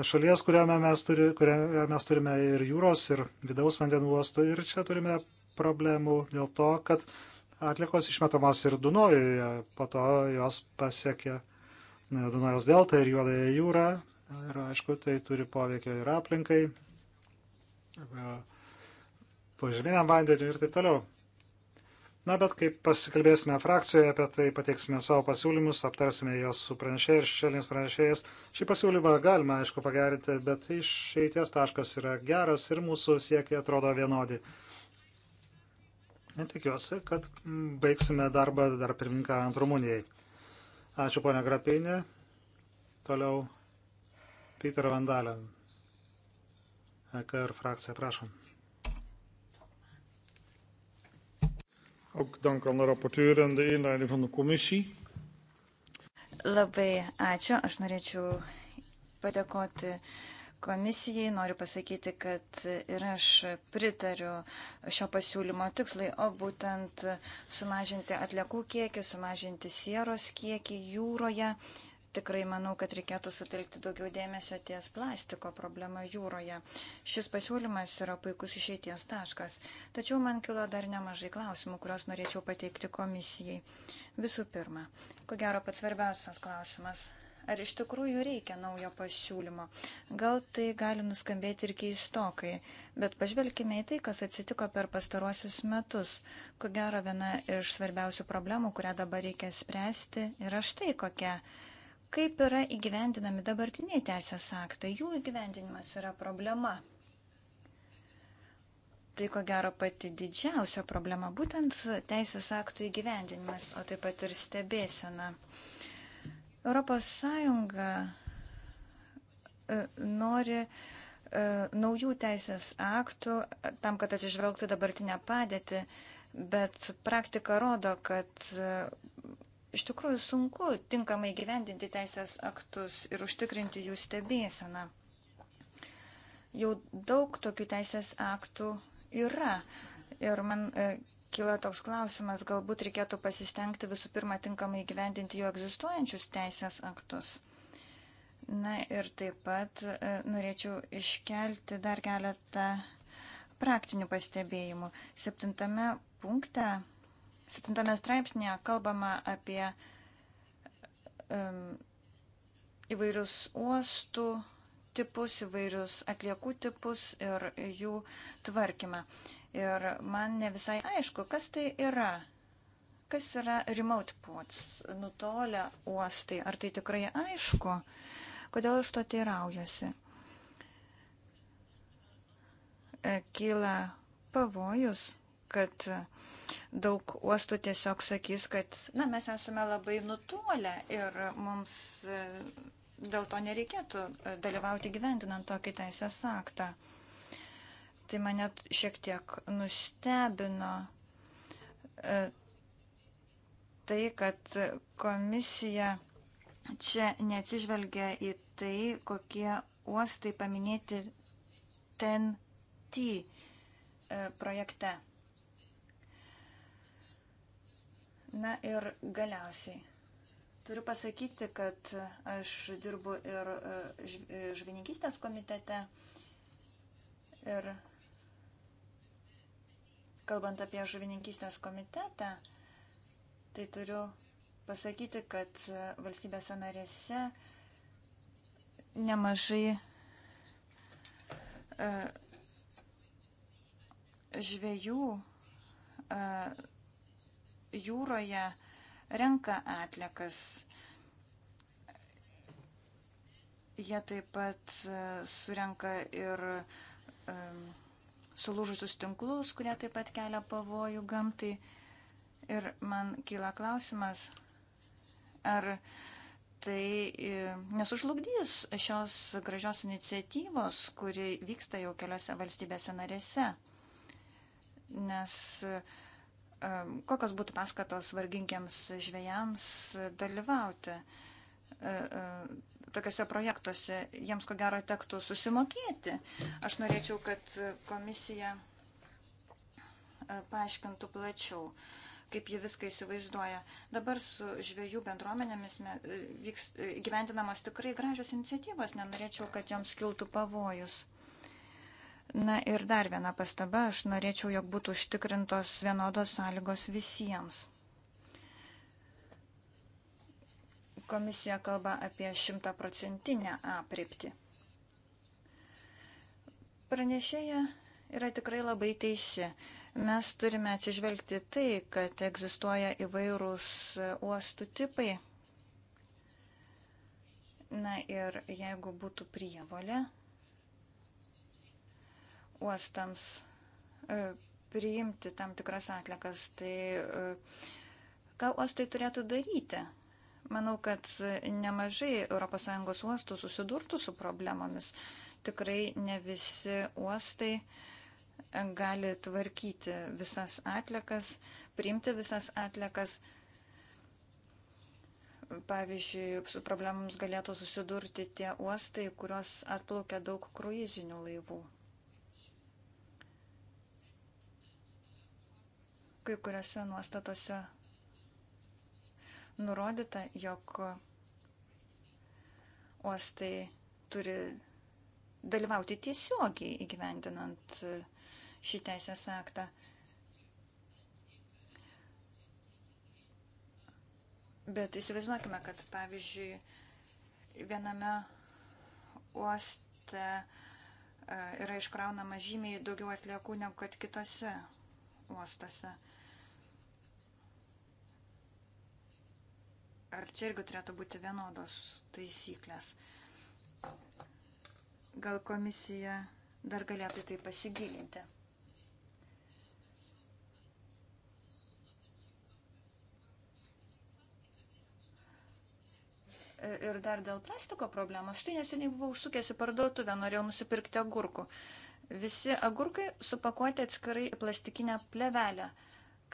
šalies, kuriame mes, turi, kuriame mes turime ir jūros, ir vidaus vandenų uostų. Ir čia turime problemų dėl to, kad atlikos išmetamos ir Dunojoje, po to jos pasiekia e, Dunojos deltą ir Juodąją jūrą. Ir aišku, tai turi poveikio ir aplinkai, e, požeminiam vandeniu ir taip toliau. Na, bet kaip pasikalbėsime frakcijoje apie tai, pateiksime savo pasiūlymus, aptarsime juos su pranešėjais ir šešėliniais pranešėjais. Šį pasiūlymą galima, aišku, pagerinti, bet išeities taškas yra geras ir mūsų siekiai atrodo vienodi. Ir tikiuosi, kad baigsime darbą dar pirmininką ant Rumunijai. Ačiū, ponia Grapinė. Toliau Peter Vandalen. EKR frakcija, prašom. Ook dank aan de rapporteur en de inleiding van de komisija. Labai ačiū. Aš norėčiau padėkoti komisijai. Noriu pasakyti, kad ir aš pritariu šio pasiūlymo tikslai, o būtent sumažinti atliekų kiekį, sumažinti sieros kiekį jūroje tikrai manau, kad reikėtų sutelkti daugiau dėmesio ties plastiko problema jūroje. Šis pasiūlymas yra puikus išeities taškas, tačiau man kilo dar nemažai klausimų, kuriuos norėčiau pateikti komisijai. Visų pirma, ko gero pats svarbiausias klausimas. Ar iš tikrųjų reikia naujo pasiūlymo? Gal tai gali nuskambėti ir keistokai, bet pažvelkime į tai, kas atsitiko per pastaruosius metus. Ko gero viena iš svarbiausių problemų, kurią dabar reikia spręsti, yra štai kokia Kaip yra įgyvendinami dabartiniai teisės aktai, jų įgyvendinimas yra problema. Tai ko gero pati didžiausia problema būtent teisės aktų įgyvendinimas, o taip pat ir stebėsena. Europos Sąjunga e, nori e, naujų teisės aktų e, tam, kad atsižvelgtų dabartinę padėtį, bet praktika rodo, kad iš tikrųjų sunku tinkamai gyvendinti teisės aktus ir užtikrinti jų stebėseną. Jau daug tokių teisės aktų yra. Ir man e, kyla toks klausimas, galbūt reikėtų pasistengti visų pirma tinkamai gyvendinti jau egzistuojančius teisės aktus. Na ir taip pat e, norėčiau iškelti dar keletą praktinių pastebėjimų. Septintame punkte Septintame straipsnėje kalbama apie um, įvairius uostų tipus, įvairius atliekų tipus ir jų tvarkymą. Ir man ne visai aišku, kas tai yra. Kas yra remote ports, nutolę uostai. Ar tai tikrai aišku? Kodėl iš to teiraujasi? E, kyla pavojus, kad daug uostų tiesiog sakys, kad na, mes esame labai nutolę ir mums e, dėl to nereikėtų e, dalyvauti gyventinant tokį teisės aktą. Tai mane šiek tiek nustebino e, tai, kad komisija čia neatsižvelgia į tai, kokie uostai paminėti ten T projekte. Na ir galiausiai. Turiu pasakyti, kad aš dirbu ir e, žvininkistės e, komitete. Ir kalbant apie žuvininkystės komitetą, tai turiu pasakyti, kad e, valstybėse narėse nemažai žvėjų jūroje renka atlikas. Jie taip pat e, surenka ir um, sulūžusius tinklus, kurie taip pat kelia pavojų gamtai. Ir man kyla klausimas, ar tai e, nesužlugdys šios gražios iniciatyvos, kuri vyksta jau keliose valstybėse narėse. Nes uh, kokios būtų paskatos vargingiems žvėjams dalyvauti e, e, tokiuose projektuose. Jiems ko gero tektų susimokėti. Aš norėčiau, kad komisija e, paaiškintų plačiau, kaip ji viską įsivaizduoja. Dabar su žvėjų bendruomenėmis vyks gyventinamos tikrai gražios iniciatyvos. Nenorėčiau, kad joms kiltų pavojus. Na ir dar viena pastaba, aš norėčiau, jog būtų užtikrintos vienodos sąlygos visiems. Komisija kalba apie šimtaprocentinę apripti. Pranešėja yra tikrai labai teisi. Mes turime atsižvelgti tai, kad egzistuoja įvairūs uostų tipai. Na ir jeigu būtų prievolė uostams e, priimti tam tikras atlikas. Tai e, ką uostai turėtų daryti? Manau, kad nemažai ES uostų susidurtų su problemomis. Tikrai ne visi uostai e, gali tvarkyti visas atlikas, priimti visas atlikas. Pavyzdžiui, su problemams galėtų susidurti tie uostai, kurios atplaukia daug kruizinių laivų. Kai kuriuose nuostatose nurodyta, jog uostai turi dalyvauti tiesiogiai įgyvendinant šį teisės aktą. Bet įsivaizduokime, kad pavyzdžiui, viename uoste e, yra iškraunama žymiai daugiau atliekų negu kad kitose uostose. Ar čia irgi turėtų būti vienodos taisyklės? Gal komisija dar galėtų tai pasigilinti? E, ir dar dėl plastiko problemos. Štai neseniai buvau užsukęs į parduotuvę, norėjau nusipirkti agurkų. Visi agurkai supakuoti atskirai į plastikinę plevelę.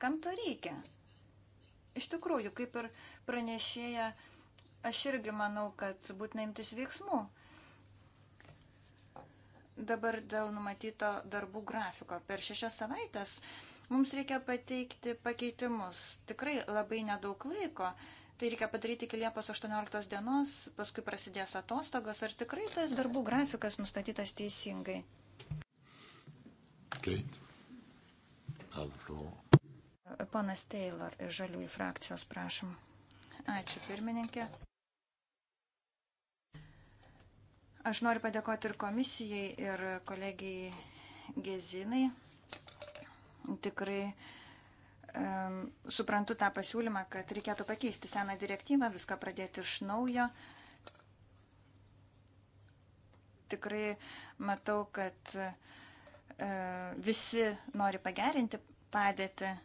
Kam to reikia? Iš tikrųjų, kaip ir pranešėja, aš irgi manau, kad būtina imtis veiksmų. Dabar dėl numatyto darbų grafiko. Per šešias savaitės mums reikia pateikti pakeitimus. Tikrai labai nedaug laiko. Tai reikia padaryti iki Liepos 18 dienos, paskui prasidės atostogos. Ar tikrai tas darbų grafikas nustatytas teisingai? Kate, have the floor. Ponas Taylor iš Žaliųjų frakcijos, prašom. Ačiū, pirmininkė. Aš noriu padėkoti ir komisijai, ir kolegijai Gezinai. Tikrai um, suprantu tą pasiūlymą, kad reikėtų pakeisti seną direktyvą, viską pradėti iš naujo. Tikrai matau, kad uh, visi nori pagerinti padėtį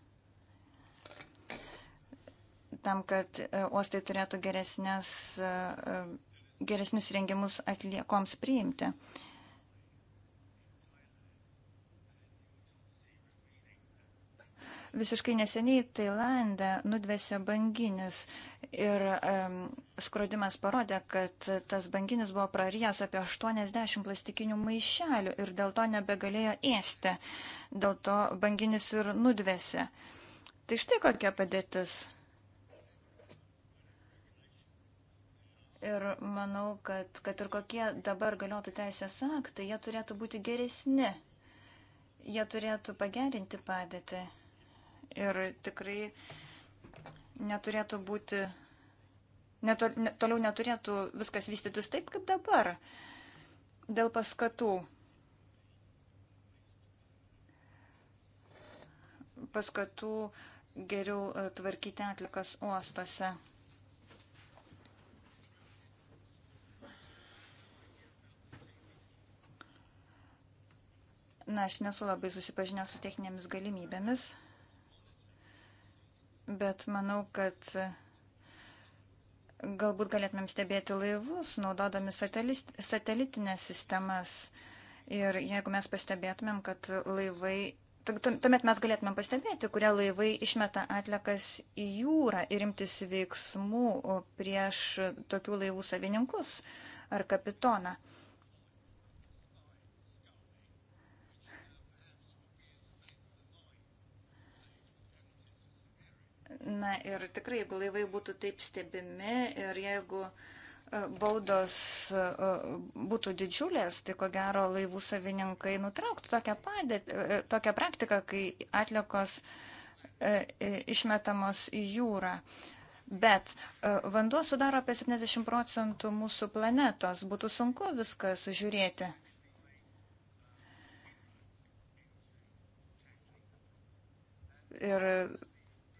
tam, kad e, uostai turėtų geresnės, e, e, geresnius rengimus atliekoms priimti. Visiškai neseniai Tailande nudvėsė banginis ir um, skrodimas parodė, kad tas banginis buvo prarijęs apie 80 plastikinių maišelių ir dėl to nebegalėjo ėsti. Dėl to banginis ir nudvėsė. Tai štai kokia padėtis. Ir manau, kad, kad ir kokie dabar galiotų teisės aktai, jie turėtų būti geresni. Jie turėtų pagerinti padėtį. Ir tikrai neturėtų būti, neto, ne, toliau neturėtų viskas vystytis taip, kaip dabar. Dėl paskatų. Paskatų geriau tvarkyti atlikas uostose. Na, aš nesu labai susipažinęs su techninėmis galimybėmis, bet manau, kad galbūt galėtumėm stebėti laivus, naudodami satelitinės sistemas. Ir jeigu mes pastebėtumėm, kad laivai, tuomet mes galėtumėm pastebėti, kurie laivai išmeta atlikas į jūrą ir imtis veiksmų prieš tokių laivų savininkus ar kapitoną. Na ir tikrai, jeigu laivai būtų taip stebimi ir jeigu e, baudos e, e, būtų didžiulės, tai ko gero laivų savininkai nutrauktų tokią, padėtį, tokią praktiką, kai atlikos išmetamos į jūrą. Bet vanduo sudaro apie 70 procentų mūsų planetos. Būtų sunku viską sužiūrėti. Ir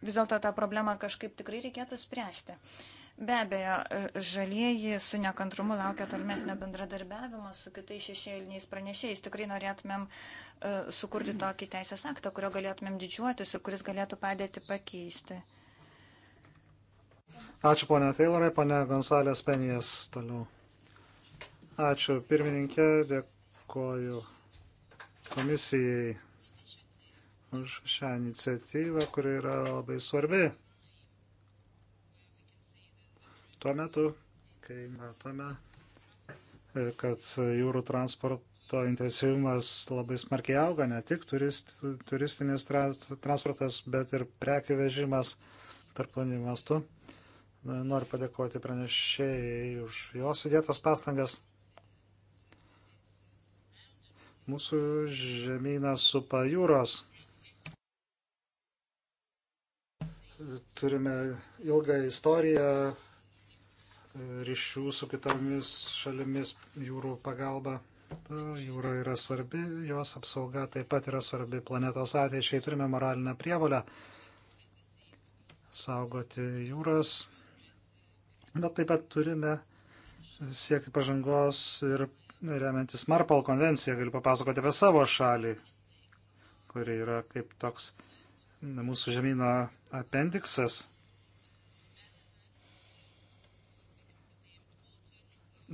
vis dėlto tą problemą kažkaip tikrai reikėtų spręsti. Be abejo, e, žalieji su nekantrumu laukia tolmesnio bendradarbiavimo su kitais šešėliniais pranešėjais. Tikrai norėtumėm uh, sukurti tokį teisės aktą, kurio galėtumėm didžiuotis ir kuris galėtų padėti pakeisti. Ačiū ponia Taylorai, ponia Gonsalės Penijas toliau. Ačiū pirmininkė, dėkoju komisijai už šią iniciatyvą, kuri yra labai svarbi. Tuo metu, kai matome, e, kad jūrų transporto intensyvumas labai smarkiai auga, ne tik turist, turistinis trans, transportas, bet ir prekių vežimas tarptautiniu mastu. Noriu padėkoti pranešėjai už jos įdėtas pastangas. Mūsų žemynas supa jūros. turime ilgą istoriją ryšių su kitomis šalimis jūrų pagalba. Jūra yra svarbi, jos apsauga taip pat yra svarbi planetos ateičiai. Turime moralinę prievalę saugoti jūras, bet taip pat turime siekti pažangos ir remiantis Marpol konvenciją, galiu papasakoti apie savo šalį, kuri yra kaip toks uh, mūsų žemyną apendiksas.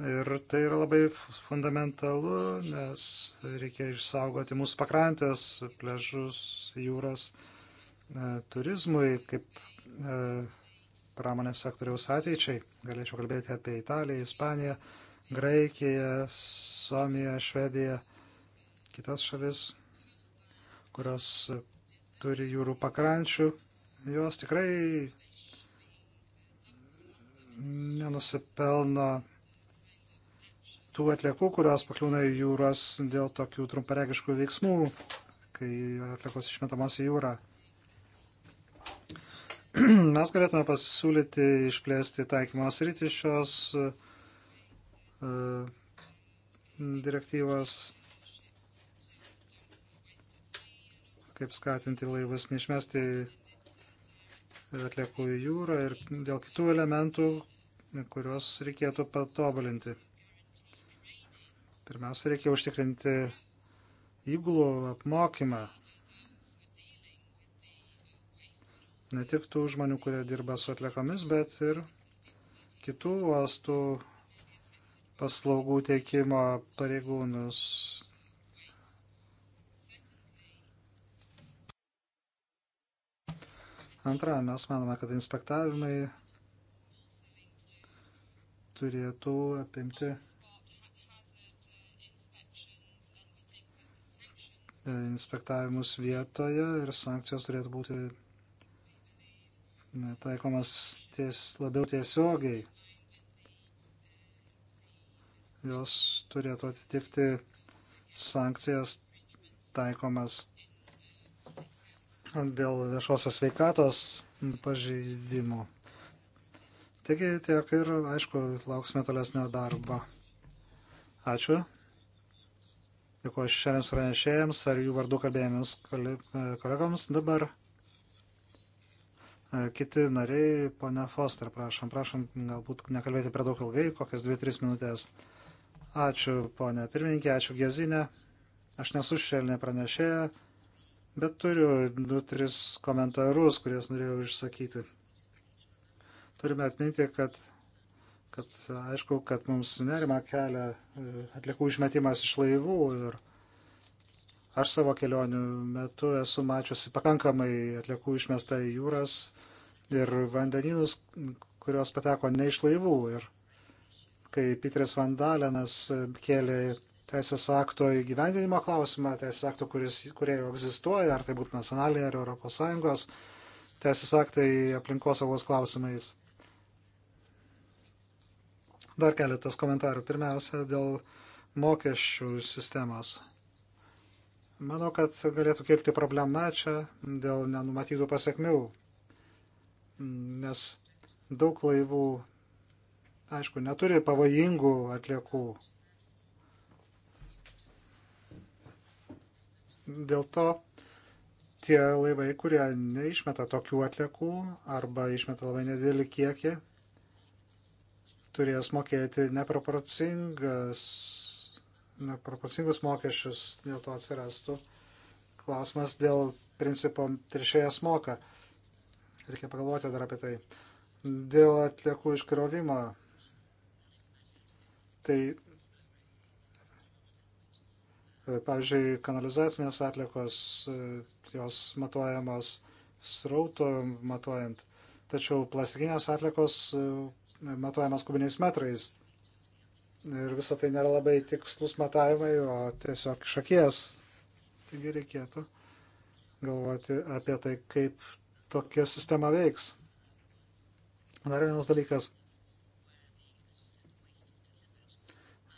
Ir tai yra labai fundamentalu, nes reikia išsaugoti mūsų pakrantės, pležus, jūras e, turizmui kaip e, pramonės sektoriaus ateičiai. Galėčiau kalbėti apie Italiją, Ispaniją, Graikiją, Suomiją, Švediją, kitas šalis, kurios turi jūrų pakrančių, jos tikrai nenusipelno tų atliekų, kurios pakliūna į jūras dėl tokių trumparegiškų veiksmų, kai atliekos išmetamos į jūrą. Mes galėtume pasiūlyti išplėsti taikymos rytį šios uh, direktyvos kaip skatinti laivus neišmesti atliekų į jūrą ir dėl kitų elementų, kuriuos reikėtų patobulinti. Pirmiausia, reikia užtikrinti įgulų apmokymą. Ne tik tų žmonių, kurie dirba su atliekomis, bet ir kitų uostų paslaugų teikimo pareigūnus Antra, mes manome, kad inspektavimai turėtų apimti e, inspektavimus vietoje ir sankcijos turėtų būti taikomas ties, labiau tiesiogiai. Jos turėtų atitikti sankcijas taikomas dėl viešosios veikatos pažeidimų. Taigi tiek ir, aišku, lauksime tolesnio darbo. Ačiū. Dėkuoju šiandien pranešėjams ar jų vardu kalbėjimams kolegoms. Dabar e, kiti nariai, ponia Foster, prašom, prašom galbūt nekalbėti per daug ilgai, kokias 2-3 minutės. Ačiū, ponia pirmininkė, ačiū Gezinė. Aš nesu šešėlinė pranešėja Bet turiu du, tris komentarus, kuriuos norėjau išsakyti. Turime atminti, kad, kad aišku, kad mums nerima kelia e, atlikų išmetimas iš laivų ir aš savo kelionių metu esu mačiusi pakankamai atlikų išmestą į jūras ir vandenynus, kurios pateko ne iš laivų. Ir kai Pitris Vandalenas e, kėlė teisės akto įgyvendinimo klausimą, teisės akto, kuris, kurie jau egzistuoja, ar tai būtų nacionaliniai ar ES teisės aktai aplinkosaugos klausimais. Dar keletas komentarų. Pirmiausia, dėl mokesčių sistemos. Manau, kad galėtų kilti problema čia dėl nenumatytų pasiekmių, nes daug laivų, aišku, neturi pavojingų atliekų dėl to tie laivai, kurie neišmeta tokių atliekų arba išmeta labai nedidelį kiekį, turės mokėti neproporcingas, neproporcingus mokesčius, dėl to atsirastų klausimas dėl principo teršėjas moka. Reikia pagalvoti dar apie tai. Dėl atliekų iškrovimo, tai E, pavyzdžiui, kanalizacinės atlikos, e, jos matuojamos srauto matuojant, tačiau plastikinės atlikos e, matuojamos kubiniais metrais. Ir visą tai nėra labai tikslus matavimai, o tiesiog šakies. Taigi reikėtų galvoti apie tai, kaip tokia sistema veiks. Dar vienas dalykas.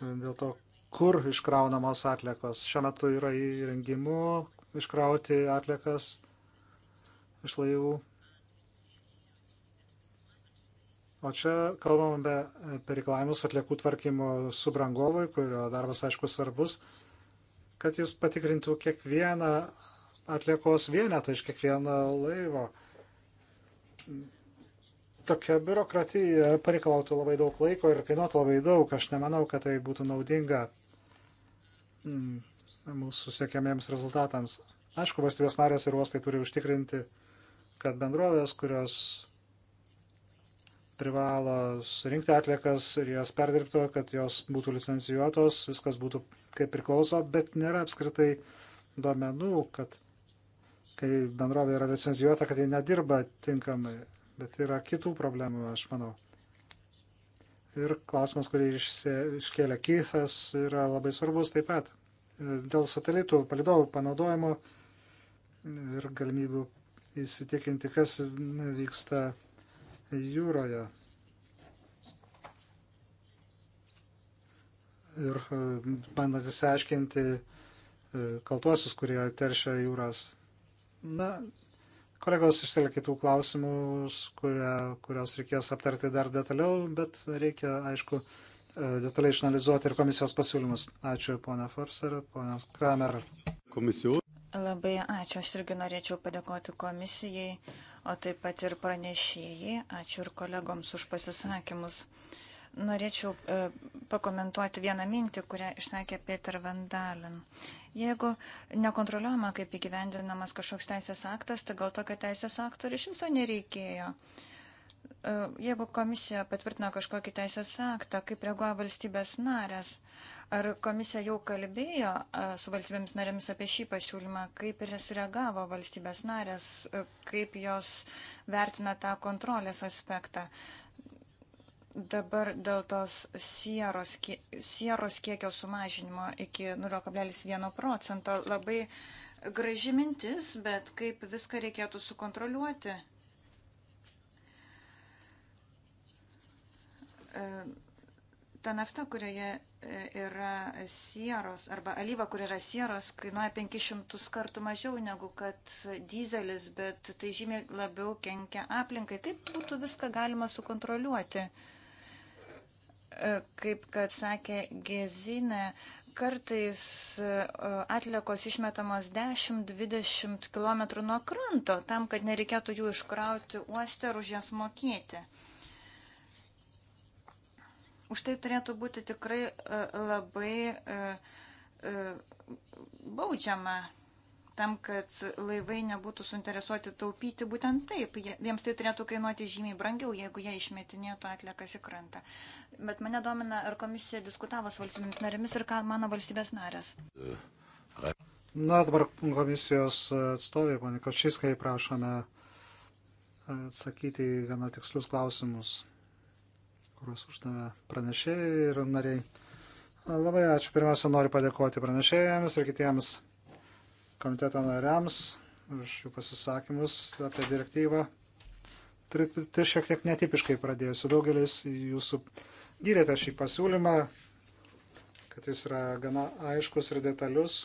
Dėl to, kur iškraunamos atliekos. Šiuo metu yra įrengimų iškrauti atliekas iš laivų. O čia kalbame apie reikalavimus atliekų tvarkymo subrangovui, kurio darbas aišku svarbus, kad jis patikrintų kiekvieną atliekos vienetą iš kiekvieno laivo. Tokia biurokratija pareikalautų labai daug laiko ir kainuotų labai daug. Aš nemanau, kad tai būtų naudinga Mm, mūsų siekiamiems rezultatams. Aišku, valstybės narės ir uostai turi užtikrinti, kad bendrovės, kurios privalo surinkti atliekas ir jas perdirbto, kad jos būtų licencijuotos, viskas būtų kaip priklauso, bet nėra apskritai duomenų, kad kai bendrovė yra licencijuota, kad ji nedirba tinkamai, bet yra kitų problemų, aš manau. Ir klausimas, kurį iškėlė Kythas, yra labai svarbus taip pat. Dėl satelitų palidovų panaudojimo ir galimybių įsitikinti, kas vyksta jūroje. Ir e, bandant įsiaiškinti e, kaltuosius, kurie teršia jūras. Na, Kolegos išsėlė kitų klausimus, kuria, kurios reikės aptarti dar detaliau, bet reikia, aišku, e, detaliai išanalizuoti ir komisijos pasiūlymus. Ačiū, ponia Forster, ponia Kramer. Komisijų. Labai ačiū, aš irgi norėčiau padėkoti komisijai, o taip pat ir pranešėjai. Ačiū ir kolegoms už pasisakymus. Uh, norėčiau e, pakomentuoti vieną mintį, kurią išsakė Peter Vandalin. Jeigu nekontroliuojama, kaip įgyvendinamas kažkoks teisės aktas, tai gal tokio teisės akto ir iš viso nereikėjo. E, jeigu komisija patvirtino kažkokį teisės aktą, kaip reaguoja valstybės narės, ar komisija jau kalbėjo e, su valstybėms narėmis apie šį pasiūlymą, kaip ir sureagavo valstybės narės, kaip jos vertina tą kontrolės aspektą. Dabar dėl tos sieros, sieros kiekio sumažinimo iki 0,1 procento labai graži mintis, bet kaip viską reikėtų sukontroliuoti. E, ta nafta, kurioje e, yra sieros arba alyva, kur yra sieros, kainuoja 500 kartų mažiau negu kad dizelis, bet tai žymiai labiau kenkia aplinkai. Kaip būtų viską galima sukontroliuoti? Uh, E, kaip kad sakė Gezinė, kartais e, atliekos išmetamos 10-20 km nuo kranto, tam, kad nereikėtų jų iškrauti uoste ir už jas mokėti. Už tai turėtų būti tikrai e, labai baudžiama tam, kad laivai nebūtų suinteresuoti taupyti būtent taip. Jiems tai turėtų kainuoti žymiai brangiau, jeigu jie išmetinėtų atlikas į krantą. Bet mane domina, ar komisija diskutavo su valstybėmis narėmis ir ką mano valstybės narės. Na, dabar komisijos atstovė, ponė Kočiskai, prašome atsakyti į gana tikslius klausimus, kuriuos uždavė pranešėjai ir nariai. Labai ačiū. Pirmiausia, noriu padėkoti pranešėjams ir kitiems komiteto nariams už jų pasisakymus apie direktyvą. Tai šiek tiek netipiškai pradėsiu. Daugelis jūsų gyrėte šį pasiūlymą, kad jis yra gana aiškus ir detalius.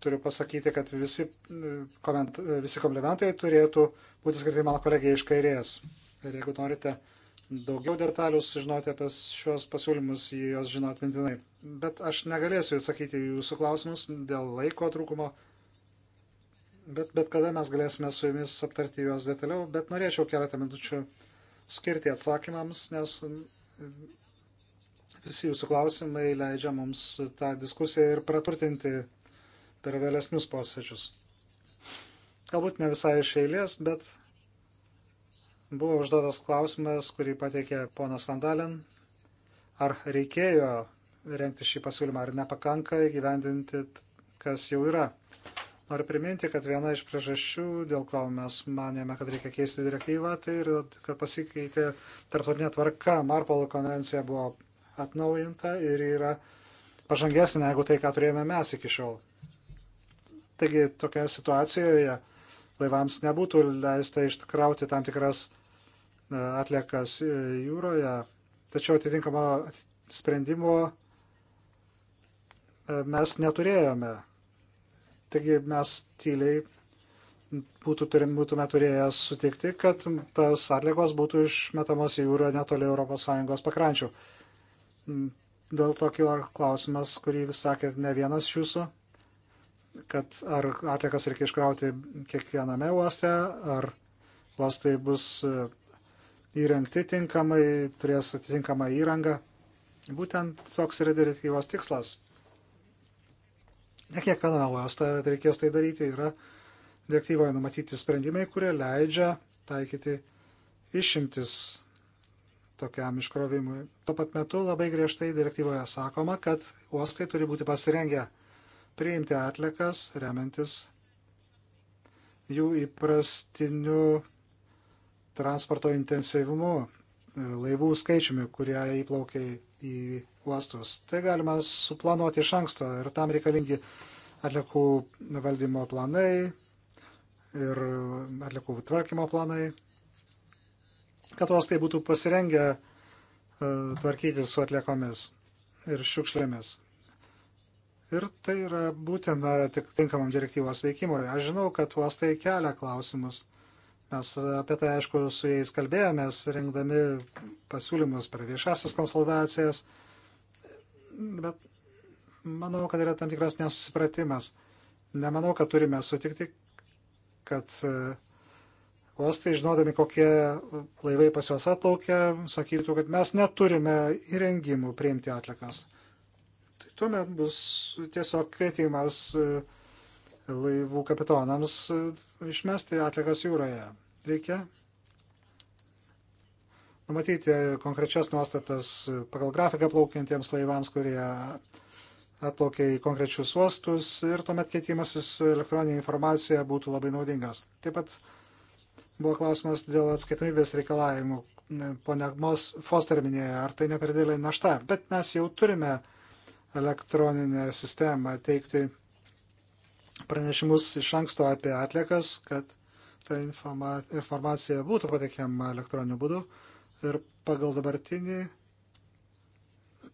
Turiu pasakyti, kad visi, e, koment, e, visi komplimentai turėtų būti skirti mano kolegijai iš kairės. Ir jeigu norite daugiau detalių sužinoti apie šios pasiūlymus, jos žino atmintinai. Bet aš negalėsiu atsakyti jūsų klausimus dėl laiko trūkumo bet, bet kada mes galėsime su jumis aptarti juos detaliau, bet norėčiau keletą minučių skirti atsakymams, nes mm, visi jūsų klausimai leidžia mums tą diskusiją ir praturtinti per vėlesnius posėdžius. Galbūt ne visai iš eilės, bet buvo užduotas klausimas, kurį pateikė ponas Vandalin, ar reikėjo rengti šį pasiūlymą, ar nepakanka įgyvendinti, kas jau yra. Noriu priminti, kad viena iš priežasčių, dėl ko mes manėme, kad reikia keisti direktyvą, tai ir kad pasikeitė tarptautinė tvarka. Marpolo konvencija buvo atnaujinta ir yra pažangesnė negu tai, ką turėjome mes iki šiol. Taigi tokia situacijoje laivams nebūtų leista iškrauti tam tikras e, atliekas e, jūroje, tačiau atitinkamo sprendimo e, mes neturėjome Taigi mes tyliai būtų, turim, būtume turėję sutikti, kad tas atlikos būtų išmetamos į jūrą netoli ES pakrančių. Mm, dėl to kilo klausimas, kurį sakėt ne vienas jūsų, kad ar atlikas reikia iškrauti kiekviename uoste, ar uostai bus e, įrengti tinkamai, turės atitinkamą įrangą. Būtent toks yra direktyvos tikslas Ne kiekviename uoste reikės tai daryti, yra direktyvoje numatyti sprendimai, kurie leidžia taikyti išimtis tokiam iškrovimui. Tuo pat metu labai griežtai direktyvoje sakoma, kad uostai turi būti pasirengę priimti atlikas, remiantis jų įprastiniu transporto intensyvumu, laivų skaičiumi, kurie įplaukia į į uostus. Tai galima suplanuoti iš anksto ir tam reikalingi atliekų valdymo planai ir atliekų tvarkymo planai, kad uostai būtų pasirengę e, tvarkyti su atliekomis ir šiukšlėmis. Ir tai yra būtina tik tinkamam direktyvos veikimui. Aš žinau, kad uostai kelia klausimus Mes apie tai, aišku, su jais kalbėjomės, rengdami pasiūlymus per viešasis konsultacijas, bet manau, kad yra tam tikras nesusipratimas. Nemanau, kad turime sutikti, kad e, uostai, žinodami, kokie laivai pas juos atlaukia, sakytų, kad mes neturime įrengimų priimti atlikas. Tai tuomet bus tiesiog kvietimas e, laivų kapitonams išmesti atlikas jūroje. Reikia numatyti konkrečias nuostatas pagal grafiką plaukiantiems laivams, kurie atplaukia į konkrečius uostus ir tuomet keitimasis elektroninė informacija būtų labai naudingas. Taip pat buvo klausimas dėl atskaitomybės reikalavimų. Pone Foster minėjo, ar tai neperdėlė našta, bet mes jau turime elektroninę sistemą teikti pranešimus iš anksto apie atliekas, kad ta informa informacija būtų pateikiama elektroniniu būdu ir pagal dabartinį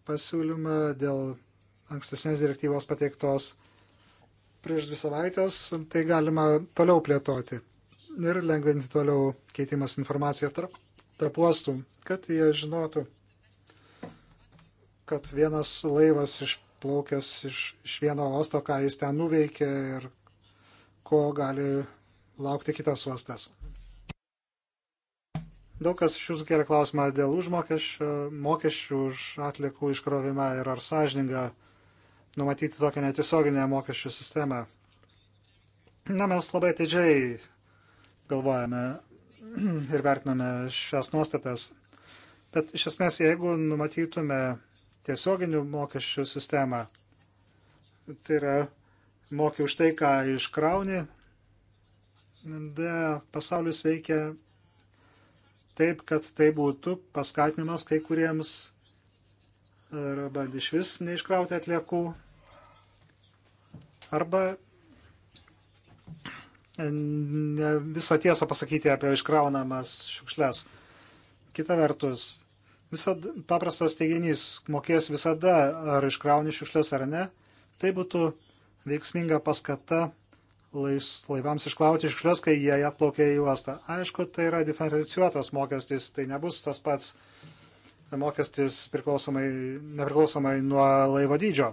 pasiūlymą dėl ankstesnės direktyvos pateiktos prieš dvi savaitės, tai galima toliau plėtoti ir lengvinti toliau keitimas informaciją tarp, tarp uostų, kad jie žinotų, kad vienas laivas iš atplaukęs iš, iš vieno uosto, ką jis ten nuveikė ir ko gali laukti kitas uostas. Daug kas iš jūsų kelia klausimą dėl užmokesčių, mokesčių už atliekų iškrovimą ir ar sąžininga numatyti tokią netiesioginę mokesčių sistemą. Na, mes labai atidžiai galvojame ir vertiname šias nuostatas. Bet iš esmės, jeigu numatytume tiesioginių mokesčių sistemą. Tai yra moki už tai, ką iškrauni. Deja, pasaulis veikia taip, kad tai būtų paskatinimas kai kuriems arba iš vis neiškrauti atliekų, arba visą tiesą pasakyti apie iškraunamas šiukšles. Kita vertus, Visad, paprastas teiginys mokės visada, ar iškrauni šiukšlės ar ne. Tai būtų veiksminga paskata lais, laivams išklauti šiukšlės, kai jie atplaukia į uostą. Aišku, tai yra diferencijuotas mokestis, tai nebus tas pats mokestis priklausomai, nepriklausomai nuo laivo dydžio.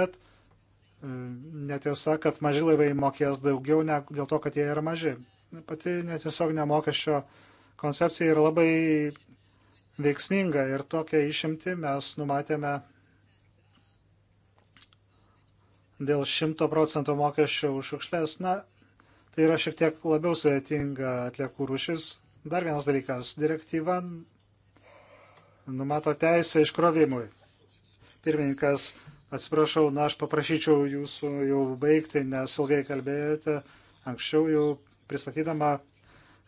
Bet e, netiesa, kad maži laivai mokės daugiau ne, dėl to, kad jie yra maži. Pati netiesioginė mokesčio koncepcija yra labai veiksminga ir tokią išimtį mes numatėme dėl 100 procentų mokesčio už šiukšlės. Na, tai yra šiek tiek labiau sudėtinga atliekų rušis. Dar vienas dalykas. Direktyva numato teisę iškrovimui. Pirmininkas, atsiprašau, na, aš paprašyčiau jūsų jau baigti, nes ilgai kalbėjote anksčiau jau pristatydama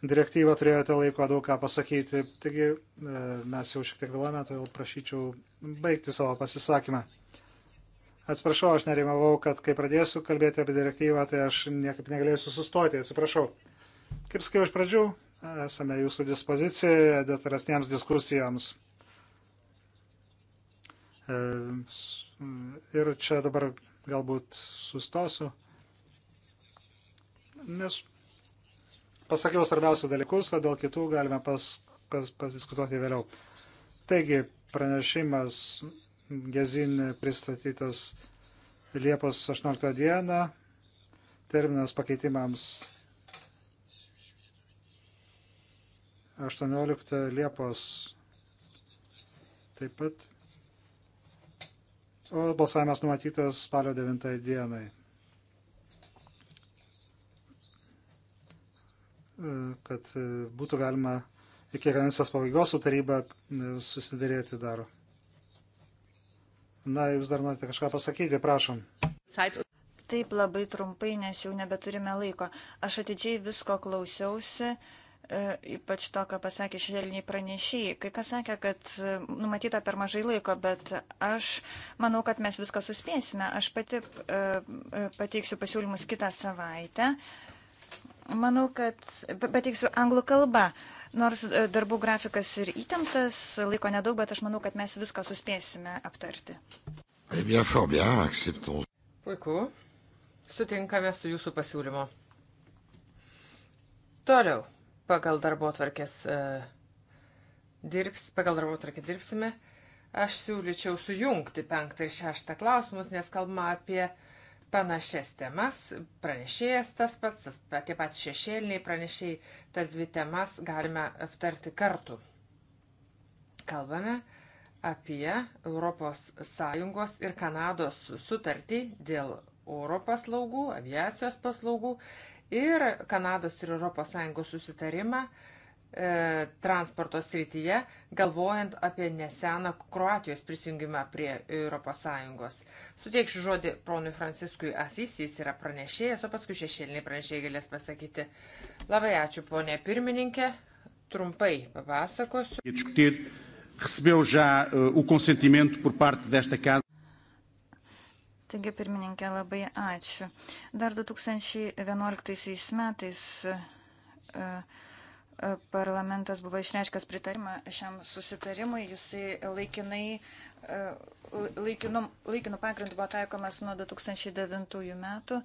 direktyvą turėjote laiko daug ką pasakyti, taigi e, mes jau šiek tiek vėluojame, todėl prašyčiau baigti savo pasisakymą. Atsiprašau, aš nerimavau, kad kai pradėsiu kalbėti apie direktyvą, tai aš niekaip negalėsiu sustoti, atsiprašau. Kaip sakiau iš pradžių, esame jūsų dispozicijoje detalesniems diskusijoms. E, ir čia dabar galbūt sustosiu, nes Pasakiau svarbiausių dalykus, o dėl kitų galime pas, pas, pasdiskutuoti vėliau. Taigi, pranešimas Gezin pristatytas Liepos 18 dieną, terminas pakeitimams 18 Liepos taip pat, o balsavimas numatytas spalio 9 dienai. kad e, būtų galima iki kadencijos pabaigos su taryba e, susidėrėti dar. Na, jūs dar norite kažką pasakyti, prašom. Taip labai trumpai, nes jau nebeturime laiko. Aš atidžiai visko klausiausi e, ypač to, ką pasakė šešėliniai pranešėjai. Kai kas sakė, kad numatyta per mažai laiko, bet aš manau, kad mes viską suspėsime. Aš pati pateiksiu pasiūlymus kitą savaitę. Manau, kad pateiksiu anglų kalbą. Nors e, darbų grafikas ir įtemptas, laiko nedaug, bet aš manau, kad mes viską suspėsime aptarti. Eh bien, fort bien, acceptons. Puiku. Sutinkame su jūsų pasiūlymu. Toliau, pagal darbo tvarkės uh, dirbs, pagal darbo tvarkę dirbsime. Aš siūlyčiau sujungti penktą ir šeštą klausimus, nes kalbama apie uh, panašias temas, pranešėjas tas pats, tas, tie patys šešėliniai pranešėjai, tas dvi temas galime aptarti kartu. Kalbame apie ES ir Kanados sutartį dėl oro paslaugų, aviacijos paslaugų ir Kanados ir ES susitarimą uh, e, transporto srityje, galvojant apie neseną Kroatijos prisijungimą prie ES. Suteikšiu žodį ponui Franciskui Asys, jis yra pranešėjas, o paskui šešėliniai pranešėjai galės pasakyti. Labai ačiū, ponė pirmininkė, trumpai papasakosiu. Recebeu já uh, o consentimento por parte desta casa. Taigi, pirmininkė, labai ačiū. Dar 2011 metais uh, parlamentas buvo išneškęs pritarimą šiam susitarimui, jisai laikinai, e, laikinu, laikinu pagrindu buvo taikomas nuo 2009 metų.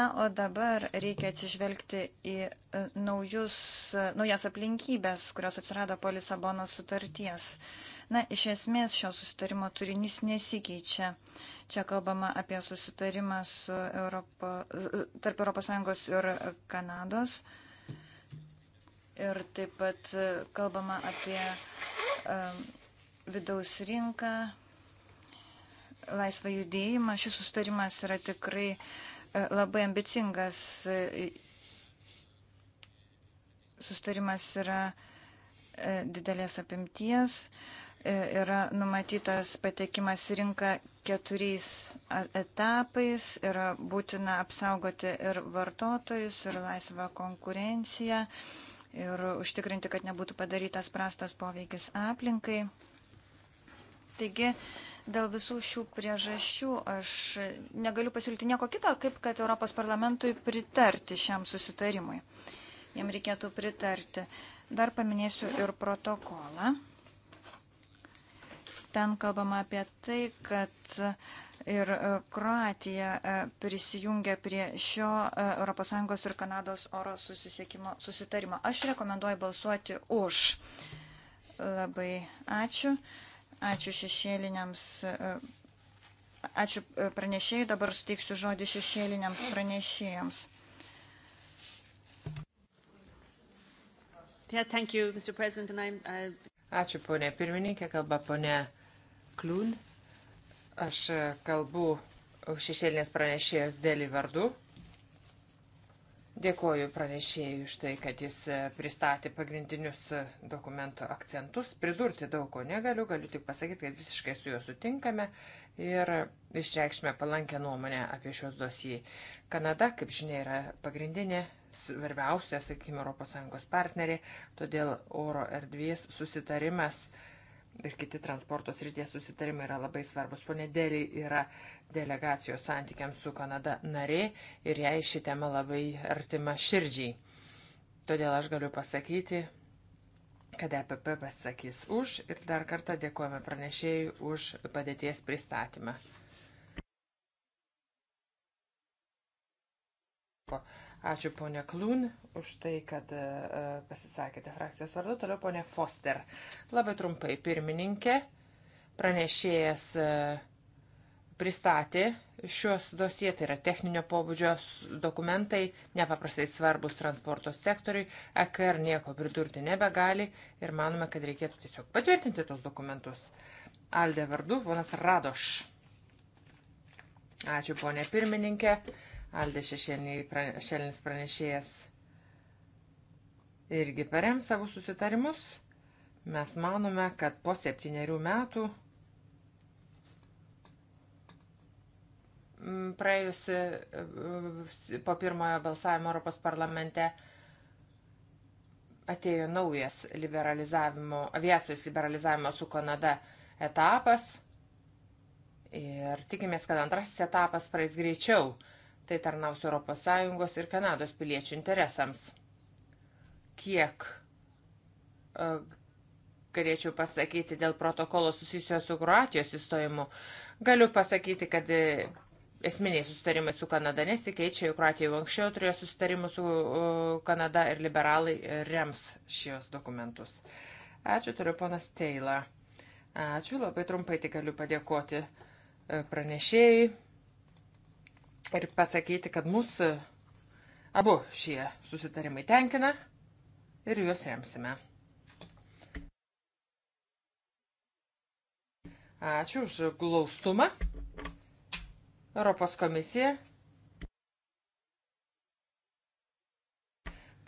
Na, o dabar reikia atsižvelgti į e, naujus, e, naujas aplinkybės, kurios atsirado po Lisabono sutarties. Na, iš esmės šio susitarimo turinys nesikeičia. Čia kalbama apie susitarimą su Europo, tarp ES ir Kanados. Uh, Ir taip pat e, kalbama apie um, vidaus rinką, laisvą judėjimą. Šis sustarimas yra tikrai uh, labai ambicingas. Sustarimas yra uh, didelės apimties. Uh, yra numatytas patekimas į rinką keturiais etapais. Yra būtina apsaugoti ir vartotojus, ir laisvą konkurenciją. Uh, ir užtikrinti, kad nebūtų padarytas prastas poveikis aplinkai. Taigi, dėl visų šių priežasčių aš negaliu pasiūlyti nieko kito, kaip kad Europos parlamentui pritarti šiam susitarimui. Jam reikėtų pritarti. Dar paminėsiu ir protokolą. Ten kalbama apie tai, kad ir e, Kroatija e, prisijungia prie šio ES ir Kanados oro susisiekimo susitarimo. Aš rekomenduoju balsuoti už. Labai ačiū. Ačiū šešėliniams. E, ačiū pranešėjai, dabar suteiksiu žodį šešėliniams pranešėjams. Yeah, thank you, Mr. President, and I'm, uh... Ačiū, ponė pirmininkė, kalba ponė Kliūn. Uh, Aš kalbu šešėlinės pranešėjos dėlį vardu. Dėkoju pranešėjui už tai, kad jis pristatė pagrindinius dokumento akcentus. Pridurti daug ko negaliu, galiu tik pasakyti, kad visiškai su juo sutinkame ir išreikšime palankę nuomonę apie šios dosijai. Kanada, kaip žinia, yra pagrindinė, svarbiausia, sakykime, ES partnerė, todėl oro erdvės susitarimas uh, ir kiti transporto srities susitarimai yra labai svarbus. Pone Dėlį yra delegacijos santykiams su Kanada narė ir jai ši tema labai artima širdžiai. Todėl aš galiu pasakyti, kad EPP pasakys už ir dar kartą dėkojame pranešėjai už padėties pristatymą. Ačiū ponė Klun už tai, kad e, e, pasisakėte frakcijos vardu. Toliau ponė Foster. Labai trumpai pirmininkė, pranešėjas e, pristatė šios dosie, tai yra techninio pobūdžio dokumentai, nepaprastai svarbus transporto sektoriui, EKR nieko pridurti nebegali ir manome, kad reikėtų tiesiog patvirtinti tos dokumentus. Alde vardu, ponas Radoš. Ačiū ponė pirmininkė. Aldė šešėlinis pranešėjas irgi parem savo susitarimus. Mes manome, kad po septyniarių metų mm, praėjusi mm, po pirmojo balsavimo Europos parlamente atėjo naujas liberalizavimo, aviacijos liberalizavimo su Kanada etapas. Ir tikimės, kad antrasis etapas praeis greičiau Tai tarnaus ES ir Kanados piliečių interesams. Kiek e, galėčiau pasakyti dėl protokolo susijusio su Kroatijos įstojimu, galiu pasakyti, kad e, esminiai sustarimai su Kanada nesikeičia, juk Kroatija jau anksčiau turėjo sustarimų su e, Kanada ir liberalai rems šios dokumentus. Ačiū, turiu ponas Teila. Ačiū, labai trumpai tik galiu padėkoti pranešėjai ir pasakyti, kad mūsų abu šie susitarimai tenkina ir juos remsime. Ačiū už glaustumą. Europos komisija.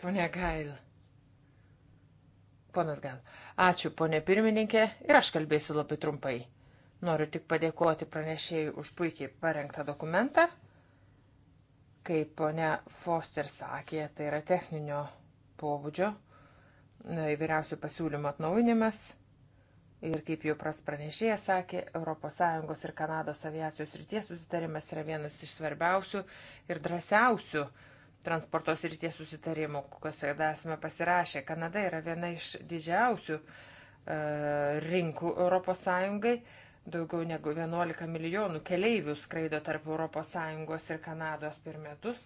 Pone Gail. Ponas Gail. Ačiū, ponė pirmininkė, ir aš kalbėsiu labai trumpai. Noriu tik padėkoti pranešėjai už puikiai parengtą dokumentą Kaip ponia Foster sakė, tai yra techninio pobūdžio įvairiausių pasiūlymų atnaujinimas. Ir kaip jau pras pranešėjas sakė, ES ir Kanados aviacijos ryties susitarimas yra vienas iš svarbiausių ir drąsiausių transporto srities susitarimų, kokios esame pasirašę. Kanada yra viena iš didžiausių e, rinkų ES Daugiau negu 11 milijonų keleivių skraido tarp ES ir Kanados per metus.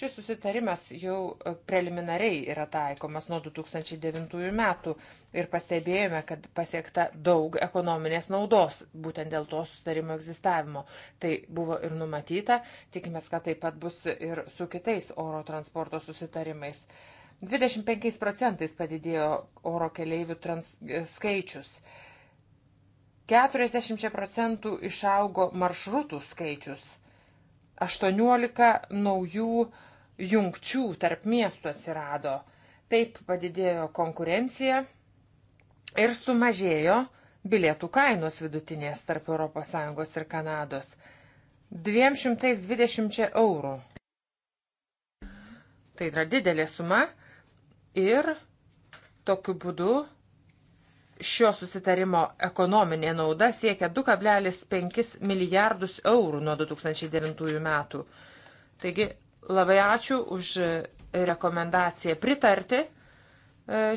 Šis susitarimas jau e, preliminariai yra taikomas nuo 2009 metų ir pastebėjome, kad pasiekta daug ekonominės naudos būtent dėl to susitarimo egzistavimo. Tai buvo ir numatyta, tikimės, kad taip pat bus ir su kitais oro transporto susitarimais. 25 procentais padidėjo oro keleivių trans, e, skaičius. E, 40 procentų išaugo maršrutų skaičius, 18 naujų jungčių tarp miestų atsirado, taip padidėjo konkurencija ir sumažėjo bilietų kainos vidutinės tarp ES ir Kanados 220 eurų. Tai yra didelė suma ir tokiu būdu šio susitarimo ekonominė nauda siekia 2,5 milijardus eurų nuo 2009 metų. Taigi labai ačiū už rekomendaciją pritarti e,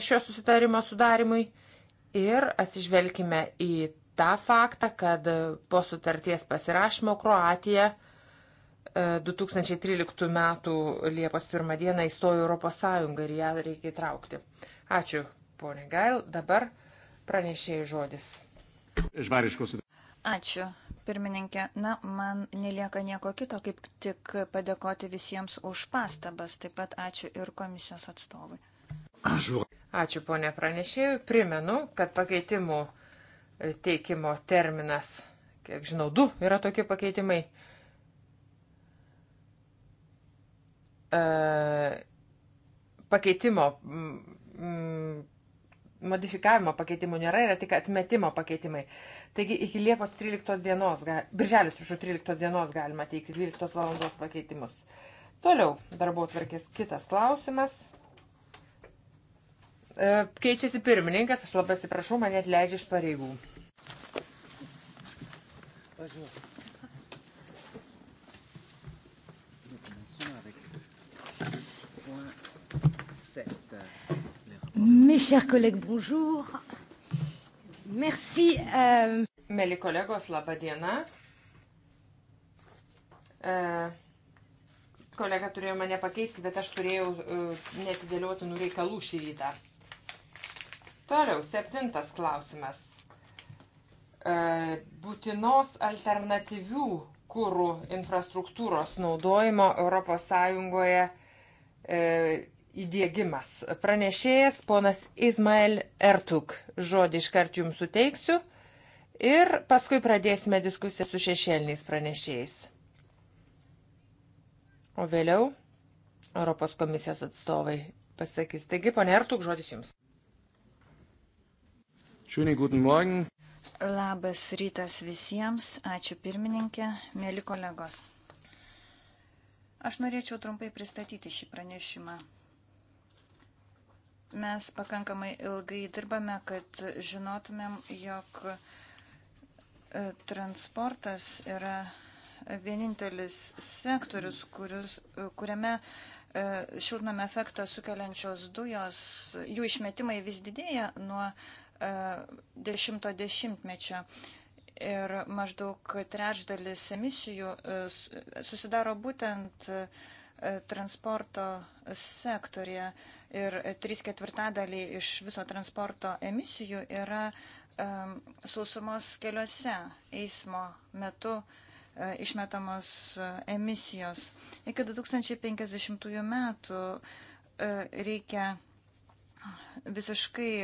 šio susitarimo sudarimui ir atsižvelkime į tą faktą, kad po sutarties pasirašymo Kroatija 2013 e, m. Liepos 1 d. įstojo Europos Sąjungą ir ją reikia įtraukti. Ačiū, ponė Gail. Dabar Pranešėjai žodis. Žvariškus. Ačiū, pirmininkė. Na, man nelieka nieko kito, kaip tik padėkoti visiems už pastabas. Taip pat ačiū ir komisijos atstovui. Ačiū, ponė pranešėjai. Primenu, kad pakeitimų e, teikimo terminas, kiek žinau, du yra tokie pakeitimai. E, pakeitimo modifikavimo pakeitimų nėra, yra tik atmetimo pakeitimai. Taigi iki Liepos 13 dienos, birželio 13 dienos galima teikti 12 valandos pakeitimus. Toliau darbo atvarkės kitas klausimas. E, keičiasi pirmininkas, aš labai atsiprašau, mane atleidžia iš pareigų. Važiuoju. Mes chers collègues, bonjour. Merci. Uh... Mėly kolegos, laba diena. Uh, kolega turėjo mane pakeisti, bet aš turėjau uh, e, netidėliotinų reikalų šį rytą. Toliau, septintas klausimas. Uh, būtinos alternatyvių kūrų infrastruktūros naudojimo ES įdėgymas. Pranešėjas ponas Izmael Ertuk. Žodį iškart jums suteiksiu ir paskui pradėsime diskusiją su šešėliniais pranešėjais. O vėliau Europos komisijos atstovai pasakys. Taigi, ponė Ertuk, žodis jums. Šūnį, guten morgen. Labas rytas visiems. Ačiū pirmininkė, mėly kolegos. Aš norėčiau trumpai pristatyti šį pranešimą. Mes pakankamai ilgai dirbame, kad žinotumėm, jog e, transportas yra vienintelis sektorius, kuris, kuriame e, šiltnamio efektą sukeliančios dujos, jų išmetimai vis didėja nuo e, dešimto dešimtmečio. Ir maždaug trečdalis emisijų susidaro būtent E, transporto sektorija ir 3 ketvirtadaliai iš viso transporto emisijų yra um, sausumos keliuose eismo metu uh, išmetamos uh, emisijos. Iki 2050 metų uh, reikia visiškai,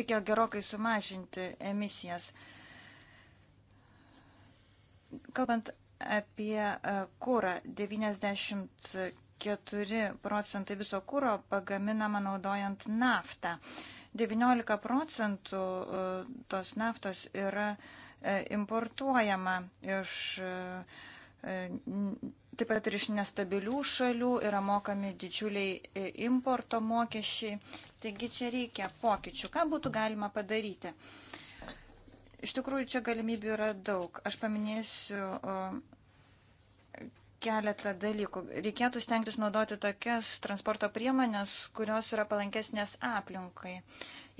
reikia gerokai sumažinti emisijas. Kalbant apie e, kūrą. 94 procentai viso kūro pagaminama naudojant naftą. 19 procentų e, tos naftos yra e, importuojama iš taip pat ir iš nestabilių šalių yra mokami didžiuliai importo mokesčiai. Taigi čia reikia pokyčių. Ką būtų galima padaryti? Uh, Iš tikrųjų, čia galimybių yra daug. Aš paminėsiu keletą dalykų. Reikėtų stengtis naudoti tokias transporto priemonės, kurios yra palankesnės aplinkai.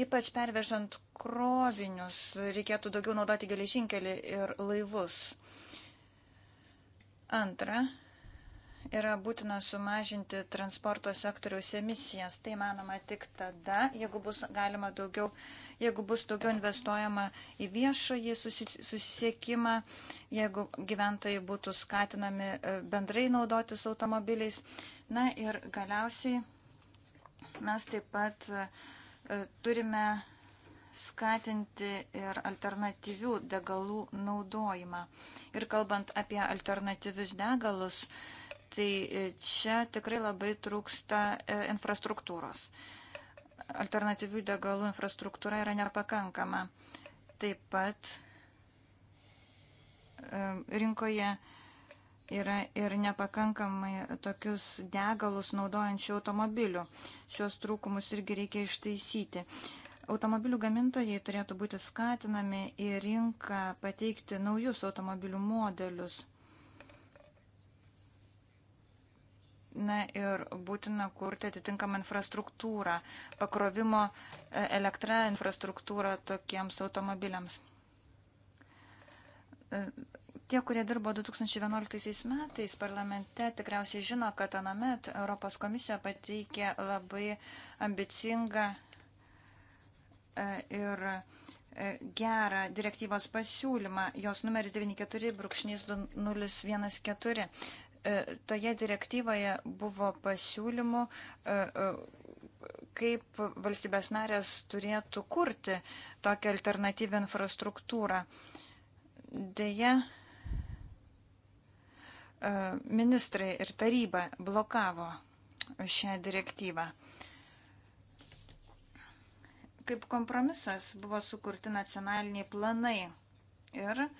Ypač pervežant krovinius, reikėtų daugiau naudoti geležinkelį ir laivus. Antra, yra būtina sumažinti transporto sektoriaus emisijas. Tai manoma tik tada, jeigu bus galima daugiau, jeigu bus daugiau investuojama į viešąjį susisiekimą, jeigu gyventojai būtų skatinami e, bendrai naudotis automobiliais. Na ir galiausiai mes taip pat e, turime skatinti ir alternatyvių degalų naudojimą. Ir kalbant apie alternatyvius degalus, uh, tai e, čia tikrai labai trūksta e, infrastruktūros. Alternatyvių degalų infrastruktūra yra nepakankama. Taip pat e, rinkoje yra ir nepakankamai tokius degalus naudojančių automobilių. Šios trūkumus irgi reikia ištaisyti. Automobilių gamintojai turėtų būti skatinami į rinką pateikti naujus automobilių modelius Na ir būtina kurti atitinkamą infrastruktūrą, pakrovimo e, elektrą infrastruktūrą tokiems automobiliams. E, tie, kurie dirbo 2011 metais parlamente, tikriausiai žino, kad anamet Europos komisija pateikė labai ambicingą e, ir gerą direktyvos pasiūlymą, jos numeris 94.0214. E, toje direktyvoje buvo pasiūlymų, e, e, kaip valstybės narės turėtų kurti tokią alternatyvę infrastruktūrą. Deja, ministrai ir taryba blokavo šią direktyvą. Kaip kompromisas buvo sukurti nacionaliniai planai ir uh,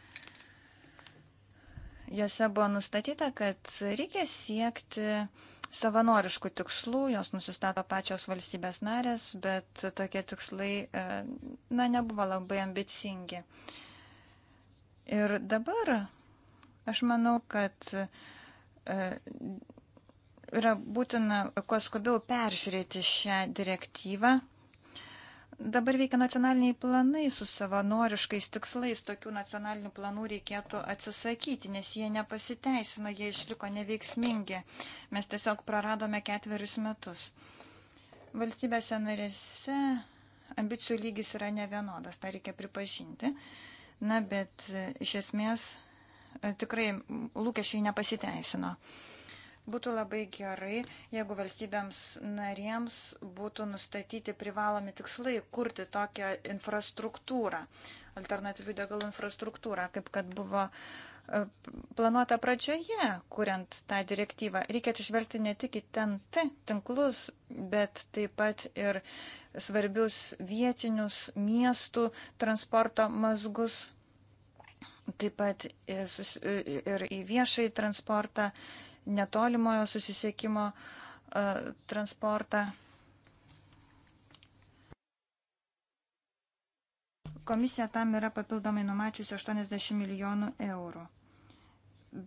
Jose buvo nustatyta, kad reikia siekti savanoriškų tikslų, jos nusistato pačios valstybės narės, bet tokie tikslai, e, na, nebuvo labai ambicingi. Ir dabar aš manau, kad e, yra būtina kuo skubiau peržiūrėti šią direktyvą Dabar veikia nacionaliniai planai su savanoriškais tikslais. Tokių nacionalinių planų reikėtų atsisakyti, nes jie nepasiteisino, jie išliko neveiksmingi. Mes tiesiog praradome ketverius metus. Valstybėse narėse ambicijų lygis yra nevienodas, tą reikia pripažinti. Na, bet e, iš esmės e, tikrai lūkesčiai nepasiteisino. Būtų labai gerai, jeigu valstybėms narėms būtų nustatyti privalomi tikslai kurti tokią infrastruktūrą, alternatyvių degalų infrastruktūrą, kaip kad buvo e, planuota pradžioje, kuriant tą direktyvą. Reikia atsižvelgti ne tik į TNT tinklus, bet taip pat ir svarbius vietinius miestų transporto mazgus, taip pat e, ir į viešai transportą netolimojo susisiekimo e, transportą. Komisija tam yra papildomai numačiusi 80 milijonų eurų.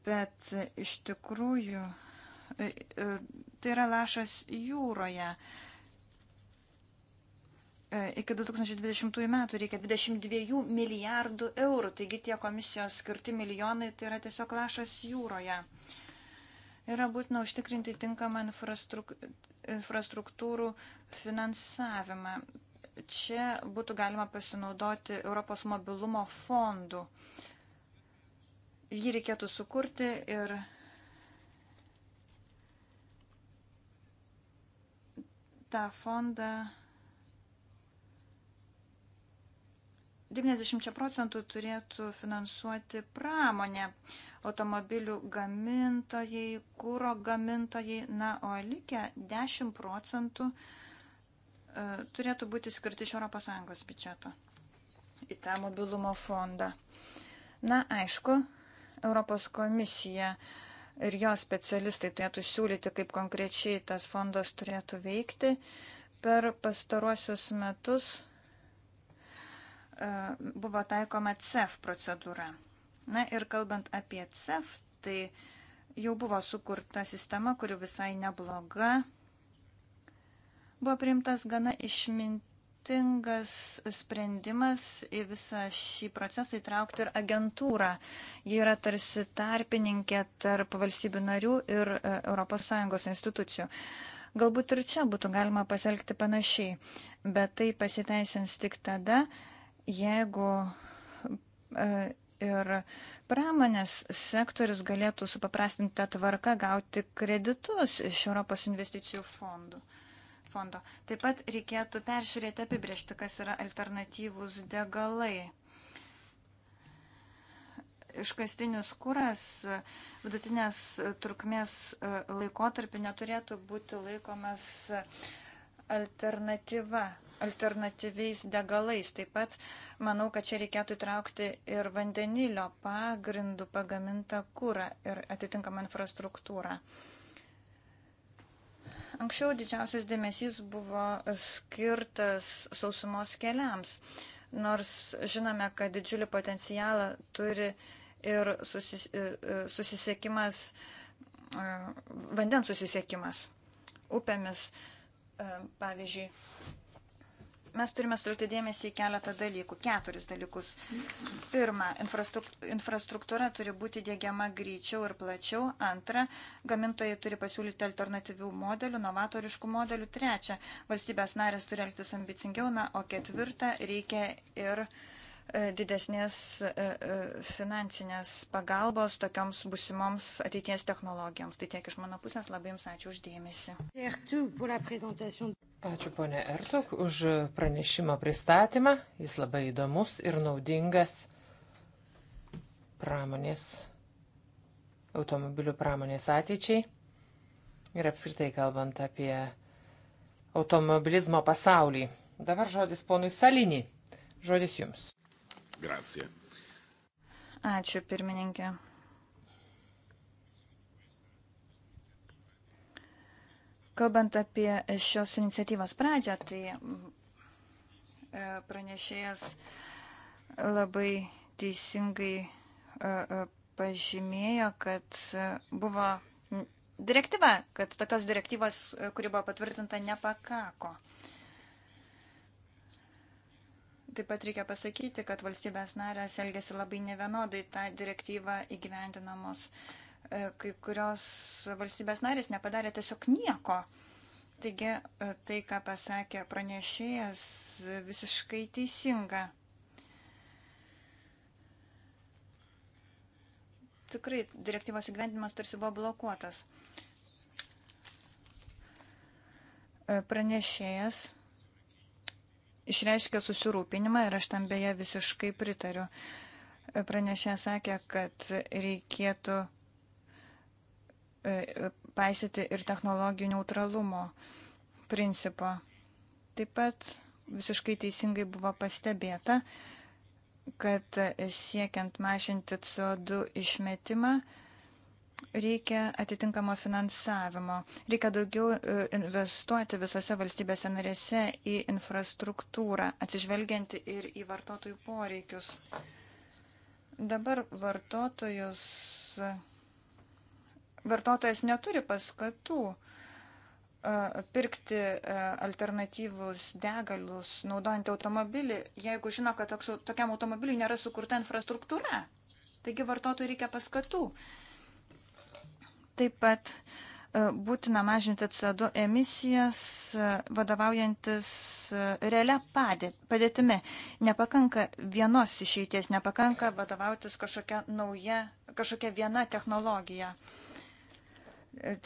Bet e, iš tikrųjų e, tai yra lašas jūroje. Iki 2020 metų reikia 22 milijardų eurų, taigi tie komisijos skirti milijonai tai yra tiesiog lašas jūroje. Uh, Yra būtina užtikrinti tinkamą infrastruk infrastruktūrų finansavimą. Čia būtų galima pasinaudoti Europos mobilumo fondų. Jį reikėtų sukurti ir tą fondą 90 procentų turėtų finansuoti pramonė, automobilių gamintojai, kūro gamintojai, na, o likę 10 procentų e, turėtų būti skirti iš ES biudžeto į tą mobilumo fondą. Na, aišku, Europos komisija ir jos specialistai turėtų siūlyti, kaip konkrečiai tas fondas turėtų veikti. Per pastaruosius metus buvo taikoma CEF procedūra. Na ir kalbant apie CEF, tai jau buvo sukurta sistema, kuri visai nebloga. Buvo priimtas gana išmintingas sprendimas į visą šį procesą įtraukti ir agentūrą. Ji yra tarsi tarpininkė tarp valstybių narių ir ES institucijų. Galbūt ir čia būtų galima pasielgti panašiai, bet tai pasiteisins tik tada, jeigu e, ir pramonės sektorius galėtų supaprastintą tvarką gauti kreditus iš Europos investicijų fondų. Fondo. Taip pat reikėtų peržiūrėti apibriežti, kas yra alternatyvūs degalai. Iškastinis kuras vidutinės trukmės e, laikotarpį neturėtų būti laikomas alternatyva alternatyviais degalais. Taip pat manau, kad čia reikėtų įtraukti ir vandenilio pagrindų pagamintą kūrą ir atitinkamą infrastruktūrą. Anksčiau didžiausias dėmesys buvo skirtas sausumos keliams, nors žinome, kad didžiulį potencialą turi ir susis, e, e, susisiekimas, e, vandens susisiekimas upėmis, pavyzdžiui, mes turime sulti dėmesį į keletą dalykų, keturis dalykus. Pirma, infrastruktūra turi būti dėgiama greičiau ir plačiau. Antra, gamintojai turi pasiūlyti alternatyvių modelių, novatoriškų modelių. Trečia, valstybės narės turi elgtis ambicingiau. Na, o ketvirta, reikia ir. Uh, E, didesnės e, e, finansinės pagalbos tokioms busimoms ateities technologijoms. Tai tiek iš mano pusės, labai Jums ačiū uždėmesi. Ačiū ponė Ertuk už pranešimo pristatymą, jis labai įdomus ir naudingas pramonės, automobilių pramonės ateičiai ir apskritai kalbant apie automobilizmo pasaulį. Dabar žodis ponui Salinį. Žodis jums. Grazie. Ačiū, pirmininkė. Kalbant apie šios iniciatyvos pradžią, tai e, pranešėjas labai teisingai e, e, pažymėjo, kad buvo direktyva, kad tokios direktyvos, kuri buvo patvirtinta, nepakako. Taip pat reikia pasakyti, kad valstybės narės elgesi labai nevienodai tą direktyvą įgyvendinamos. E, kai kurios valstybės narės nepadarė tiesiog nieko. Taigi e, tai, ką pasakė pranešėjas, visiškai teisinga. Tikrai direktyvos įgyvendinimas tarsi buvo blokuotas. E, pranešėjas išreiškė susirūpinimą ir aš tam beje visiškai pritariu. Pranešė sakė, kad reikėtų e, paisyti ir technologijų neutralumo principo. Taip pat visiškai teisingai buvo pastebėta, kad siekiant mažinti CO2 išmetimą, Reikia atitinkamo finansavimo, reikia daugiau e, investuoti visose valstybėse narėse į infrastruktūrą, atsižvelgianti ir į vartotojų poreikius. Dabar vartotojus, vartotojas neturi paskatų e, pirkti e, alternatyvus degalus, naudojant automobilį, jeigu žino, kad toks, tokiam automobiliui nėra sukurta infrastruktūra. Taigi vartotojui reikia paskatų. Uh, Taip pat e, būtina mažinti CO2 emisijas, e, vadovaujantis e, realia padėtimi. Nepakanka vienos išeities, nepakanka vadovautis kažkokia nauja, kažkokia viena technologija.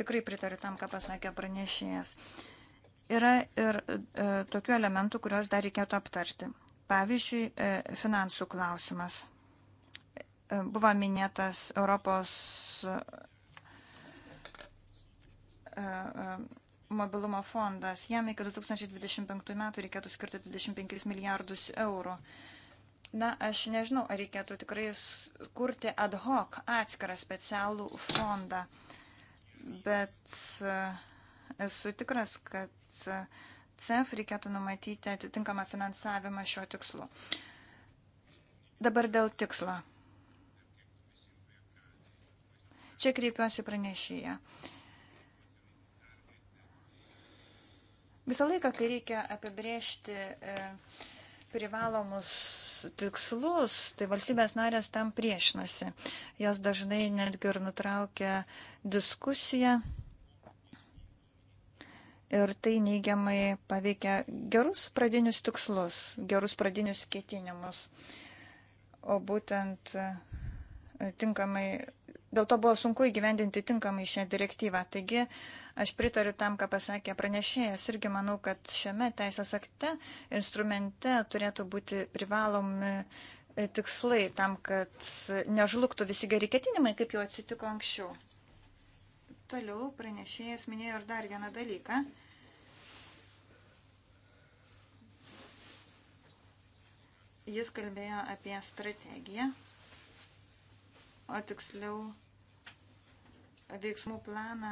Tikrai pritariu tam, ką pasakė pranešėjas. Yra ir e, tokių elementų, kuriuos dar reikėtų aptarti. Pavyzdžiui, e, finansų klausimas. E, buvo minėtas Europos E, e, mobilumo fondas. Jam iki 2025 metų reikėtų skirti 25 milijardus eurų. Na, aš nežinau, ar reikėtų tikrai kurti ad hoc atskirą specialų fondą, bet e, esu tikras, kad CEF reikėtų numatyti atitinkamą finansavimą šio tikslu. Dabar dėl tikslo. Čia kreipiuosi pranešėje. Uh, Visą laiką, kai reikia apibriežti e, privalomus tikslus, tai valstybės narės tam priešinasi. Jos dažnai netgi ir nutraukia diskusiją. Ir tai neigiamai paveikia gerus pradinius tikslus, gerus pradinius ketinimus. O būtent e, tinkamai Dėl to buvo sunku įgyvendinti tinkamai šią direktyvą. Taigi aš pritariu tam, ką pasakė pranešėjas. Irgi manau, kad šiame teisės akte instrumente turėtų būti privalomi e, tikslai tam, kad nežlugtų visi geri ketinimai, kaip jau atsitiko anksčiau. Toliau pranešėjas minėjo ir dar vieną dalyką. Jis kalbėjo apie strategiją, o tiksliau veiksmų planą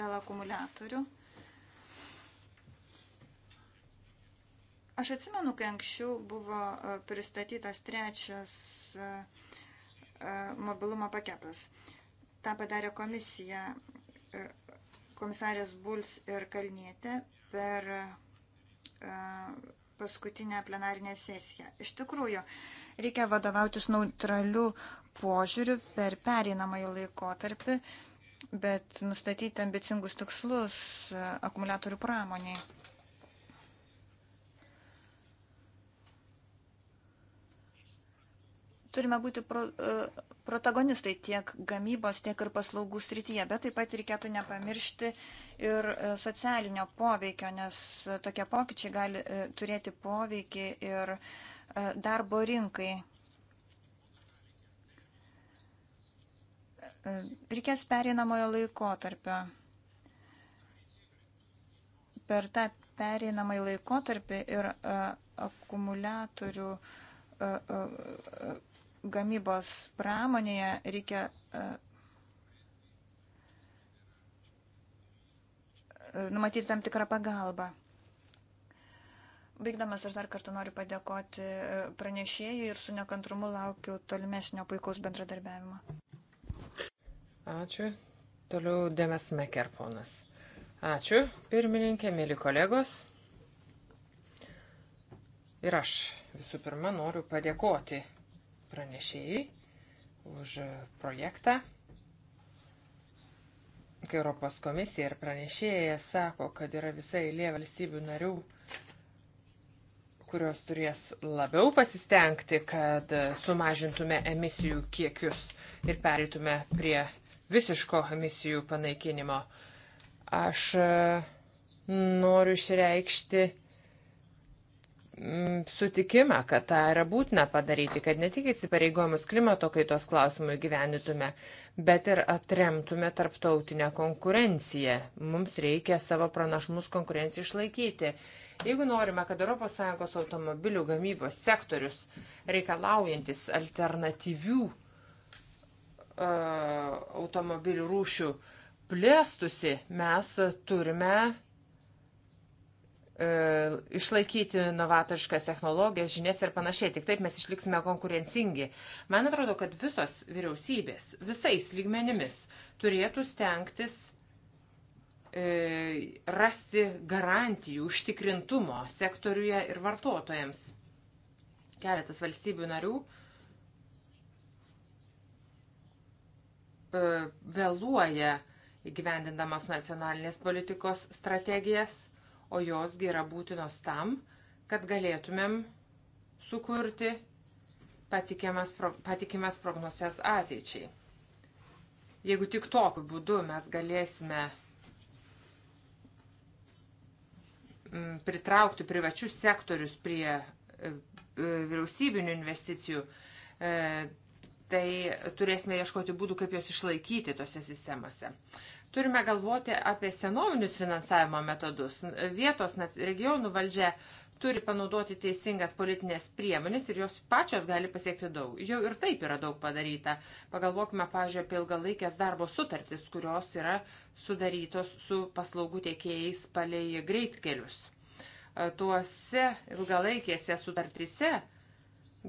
dėl akumuliatorių. Aš atsimenu, kai anksčiau buvo e, pristatytas trečias e, e, mobilumo paketas. Ta padarė komisija, komisarės Buls ir Kalnietė per paskutinę plenarinę sesiją. Iš tikrųjų, reikia vadovautis neutraliu požiūriu per pereinamąjį laikotarpį, bet nustatyti ambicingus tikslus e, akumuliatorių pramoniai. Turime būti pro, uh, protagonistai tiek gamybos, tiek ir paslaugų srityje, bet taip pat reikėtų nepamiršti ir e, socialinio poveikio, nes tokie pokyčiai gali e, turėti poveikį ir e, darbo rinkai. Reikės pereinamojo laikotarpio. Per tą pereinamąjį laikotarpį ir akumuliatorių gamybos pramonėje reikia e, numatyti tam tikrą pagalbą. Baigdamas aš dar kartą noriu padėkoti e, pranešėjai ir su nekantrumu laukiu tolimesnio puikaus bendradarbiavimo. Ačiū. Toliau Demes Mekerponas. Ačiū, pirmininkė, mėly kolegos. Ir aš visų pirma noriu padėkoti pranešėjai už projektą. Kai Europos komisija ir pranešėjai sako, kad yra visa eilė valstybių narių, kurios turės labiau pasistengti, kad sumažintume emisijų kiekius ir perėtume prie visiško emisijų panaikinimo. Aš e, noriu išreikšti Mm, sutikimą, kad tą yra būtina padaryti, kad ne tik įsipareigojimus klimato kaitos klausimų gyvenitume, bet ir atremtume tarptautinę konkurenciją. Mums reikia savo pranašumus konkurenciją išlaikyti. Jeigu norime, kad ES automobilių gamybos sektorius reikalaujantis alternatyvių uh, automobilių rūšių plėstusi, mes turime uh, E, išlaikyti novatoriškas technologijas, žinias ir panašiai. Tik taip mes išliksime konkurencingi. Man atrodo, kad visos vyriausybės visais lygmenimis turėtų stengtis e, rasti garantijų užtikrintumo sektoriuje ir vartotojams. Keletas valstybių narių e, vėluoja įgyvendindamos nacionalinės politikos strategijas o josgi yra būtinos tam, kad galėtumėm sukurti patikimas, patikimas prognozes ateičiai. Jeigu tik tokiu būdu mes galėsime mm, pritraukti privačius sektorius prie e, e, vyriausybinių investicijų, e, tai turėsime ieškoti būdų, kaip juos išlaikyti tose sistemose. Turime galvoti apie senovinius finansavimo metodus. Vietos regionų valdžia turi panaudoti teisingas politinės priemonės ir jos pačios gali pasiekti daug. Jau ir taip yra daug padaryta. Pagalvokime, pažiūrėjau, apie ilgalaikės darbo sutartis, kurios yra sudarytos su paslaugų tiekėjais palei greitkelius. E, tuose ilgalaikėse sutartise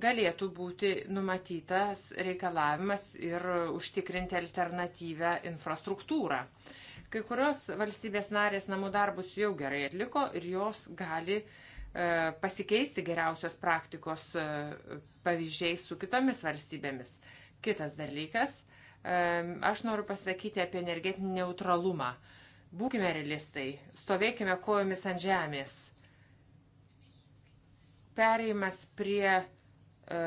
galėtų būti numatytas reikalavimas ir užtikrinti alternatyvę infrastruktūrą. Kai kurios valstybės narės namų darbus jau gerai atliko ir jos gali e, pasikeisti geriausios praktikos e, pavyzdžiais su kitomis valstybėmis. Kitas dalykas, e, aš noriu pasakyti apie energetinį neutralumą. Būkime realistai, stovėkime kojomis ant žemės. Pereimas prie E,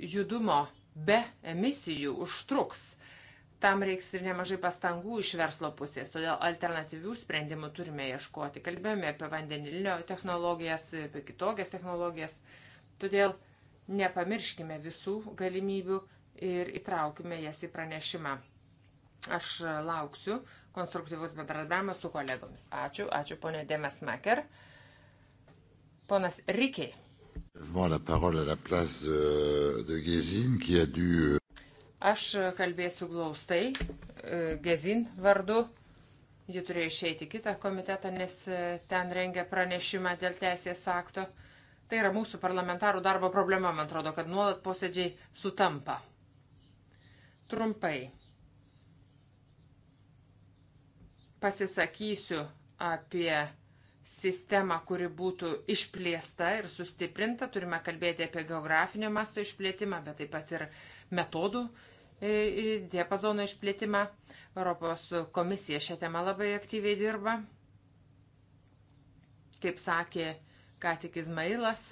judumo be emisijų užtruks. Tam reiks ir nemažai pastangų iš verslo pusės, todėl alternatyvių sprendimų turime ieškoti. Kalbėjome apie vandenilinio technologijas, apie kitokias technologijas. Todėl nepamirškime visų galimybių ir įtraukime jas į pranešimą. Aš lauksiu konstruktyvus bendradarbiavimas su kolegomis. Ačiū, ačiū ponė Demes Maker. Ponas Rikiai. Euh, Aš kalbėsiu glaustai, e, Gezin vardu. Ji turėjo išeiti kitą komitetą, nes e, ten rengia pranešimą dėl teisės akto. Tai yra mūsų parlamentarų darbo problema, man atrodo, kad nuolat posėdžiai sutampa. Trumpai pasisakysiu apie sistemą, kuri būtų išplėsta ir sustiprinta. Turime kalbėti apie geografinio masto išplėtimą, bet taip pat ir metodų e, e, diapazono išplėtimą. Europos komisija šią temą labai aktyviai dirba. Kaip sakė ką tik Izmailas,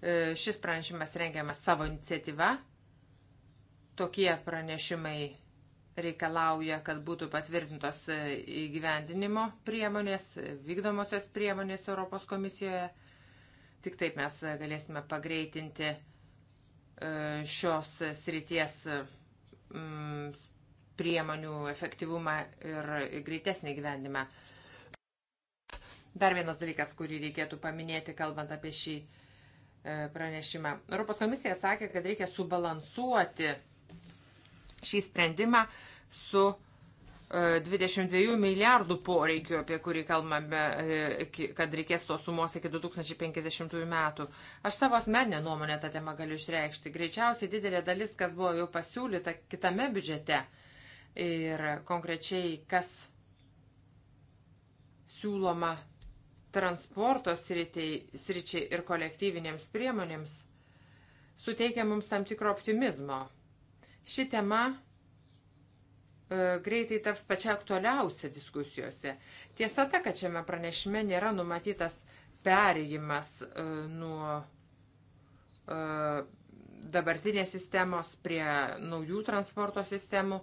e, šis pranešimas rengiamas savo iniciatyva. Tokie pranešimai reikalauja, kad būtų patvirtintos įgyvendinimo priemonės, vykdomosios priemonės Europos komisijoje. Tik taip mes galėsime pagreitinti e, šios srities mm, priemonių efektyvumą ir greitesnį gyvenimą. Dar vienas dalykas, kurį reikėtų paminėti, kalbant apie šį e, pranešimą. Europos komisija sakė, kad reikia subalansuoti šį sprendimą su 22 e, milijardų poreikiu, apie kurį kalbame, e, kad reikės tos sumos iki 2050 metų. Aš savo asmeninę nuomonę tą temą galiu išreikšti. Greičiausiai didelė dalis, kas buvo jau pasiūlyta kitame biudžete ir konkrečiai kas siūloma transporto sričiai ir kolektyvinėms priemonėms, suteikia mums tam tikro optimizmo Ši tema e, greitai taps pačia aktualiausia diskusijose. Tiesa ta, kad šiame pranešime nėra numatytas perėjimas e, nuo e, dabartinės sistemos prie naujų transporto sistemų.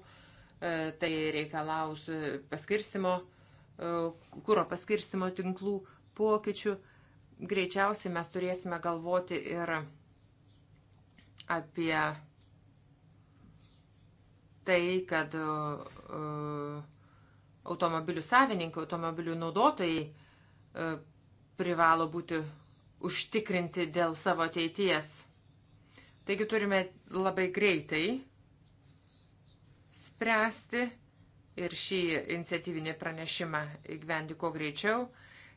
Tai reikalaus paskirstimo, kūro paskirstimo tinklų pokyčių. Greičiausiai mes turėsime galvoti ir apie tai, kad automobilių savininkai, automobilių naudotojai e, privalo būti užtikrinti dėl savo ateities. Taigi turime labai greitai spręsti ir šį iniciatyvinį pranešimą įgyvendi kuo greičiau.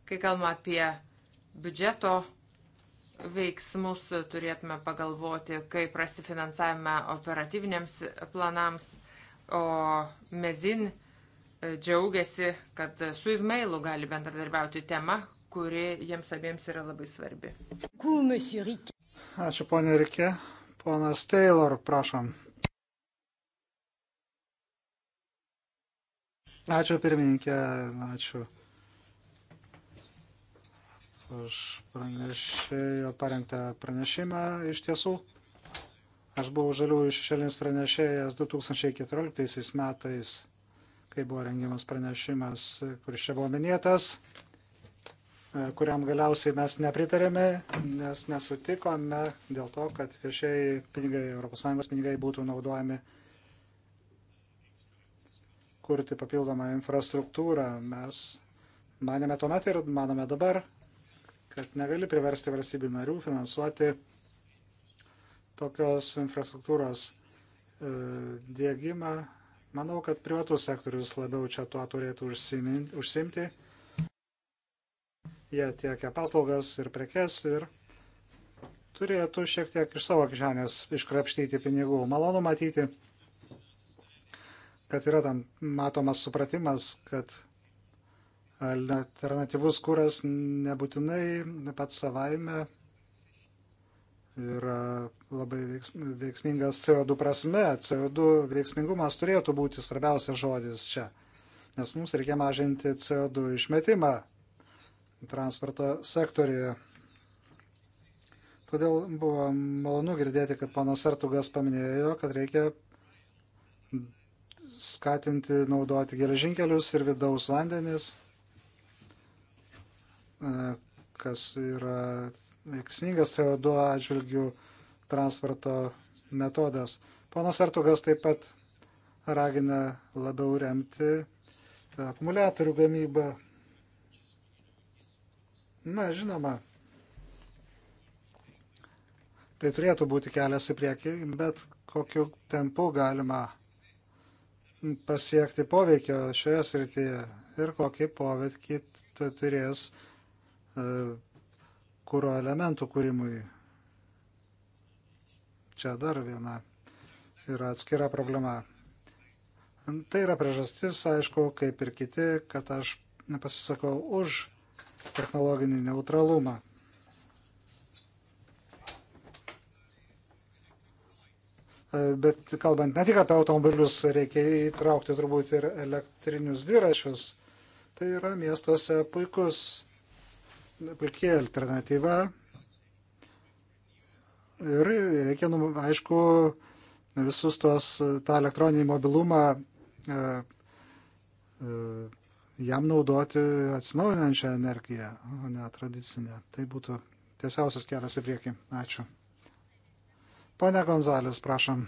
Kai kalbame apie biudžeto veiksmus, turėtume pagalvoti, kaip rasti finansavimą operatyviniams planams, o Mezin e, džiaugiasi, kad su Izmailu gali bendradarbiauti tema, kuri jiems abiems yra labai svarbi. Ačiū, ponė Rikė. Ponas Taylor, prašom. Ačiū, pirmininkė. Ačiū už pranešėjo parengtą pranešimą iš tiesų. Aš buvau žaliųjų šešėlinis pranešėjas 2014 metais, kai buvo rengiamas pranešimas, kuris čia buvo minėtas, e, kuriam galiausiai mes nepritarėme, nes nesutikome dėl to, kad viešieji pinigai, ES pinigai būtų naudojami kurti papildomą infrastruktūrą. Mes manėme tuomet ir manome dabar, kad negali priversti valstybių narių finansuoti tokios infrastruktūros e, dėgymą. Manau, kad privatus sektorius labiau čia tuo turėtų užsimti. Jie tiekia paslaugas ir prekes ir turėtų šiek tiek iš savo kišenės iškrapštyti pinigų. Malonu matyti, kad yra tam matomas supratimas, kad alternatyvus kuras nebūtinai pat savaime yra labai veiksmingas CO2 prasme. CO2 veiksmingumas turėtų būti svarbiausias žodis čia, nes mums reikia mažinti CO2 išmetimą transporto sektoriuje. Todėl buvo malonu girdėti, kad panas Artugas paminėjo, kad reikia skatinti naudoti geležinkelius ir vidaus vandenis E, kas yra veiksmingas CO2 atžvilgių transporto metodas. Ponas Artugas taip pat ragina labiau remti akumuliatorių gamybą. Na, žinoma, tai turėtų būti kelias į priekį, bet kokiu tempu galima pasiekti poveikio šioje srityje ir kokį poveikį turės uh, E, kūro elementų kūrimui. Čia dar viena yra atskira problema. Tai yra priežastis, aišku, kaip ir kiti, kad aš pasisakau už technologinį neutralumą. E, bet kalbant ne tik apie automobilius, reikia įtraukti turbūt ir elektrinius dviračius. Tai yra miestuose puikus puikiai alternatyva. Ir reikia, nu, aišku, visus tos, tą elektroninį mobilumą e, e, jam naudoti atsinaujinančią energiją, o ne tradicinę. Tai būtų tiesiausias kelias į priekį. Ačiū. Pone Gonzalės, prašom.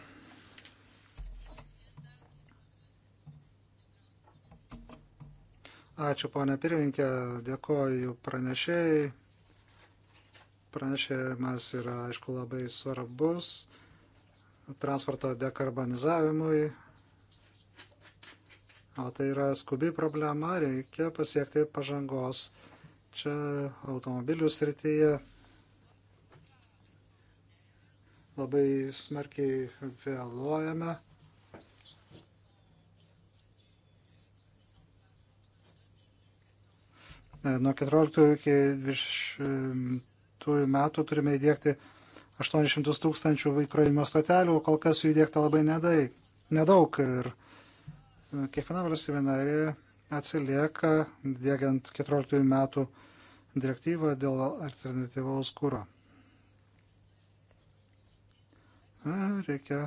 Ačiū, ponė pirmininkė, dėkoju pranešėjai. Pranešėjimas yra, aišku, labai svarbus transporto dekarbonizavimui. O tai yra skubi problema, reikia pasiekti pažangos čia automobilių srityje. Labai smarkiai vėluojame Nuo 14 iki 20 metų turime įdėkti 800 tūkstančių įkrovimo statelių, kol kas jų įdėkta labai nedai, nedaug ir e, kiekviena valstybė narė atsilieka dėgiant 14 metų direktyvą dėl alternatyvaus kūro. Reikia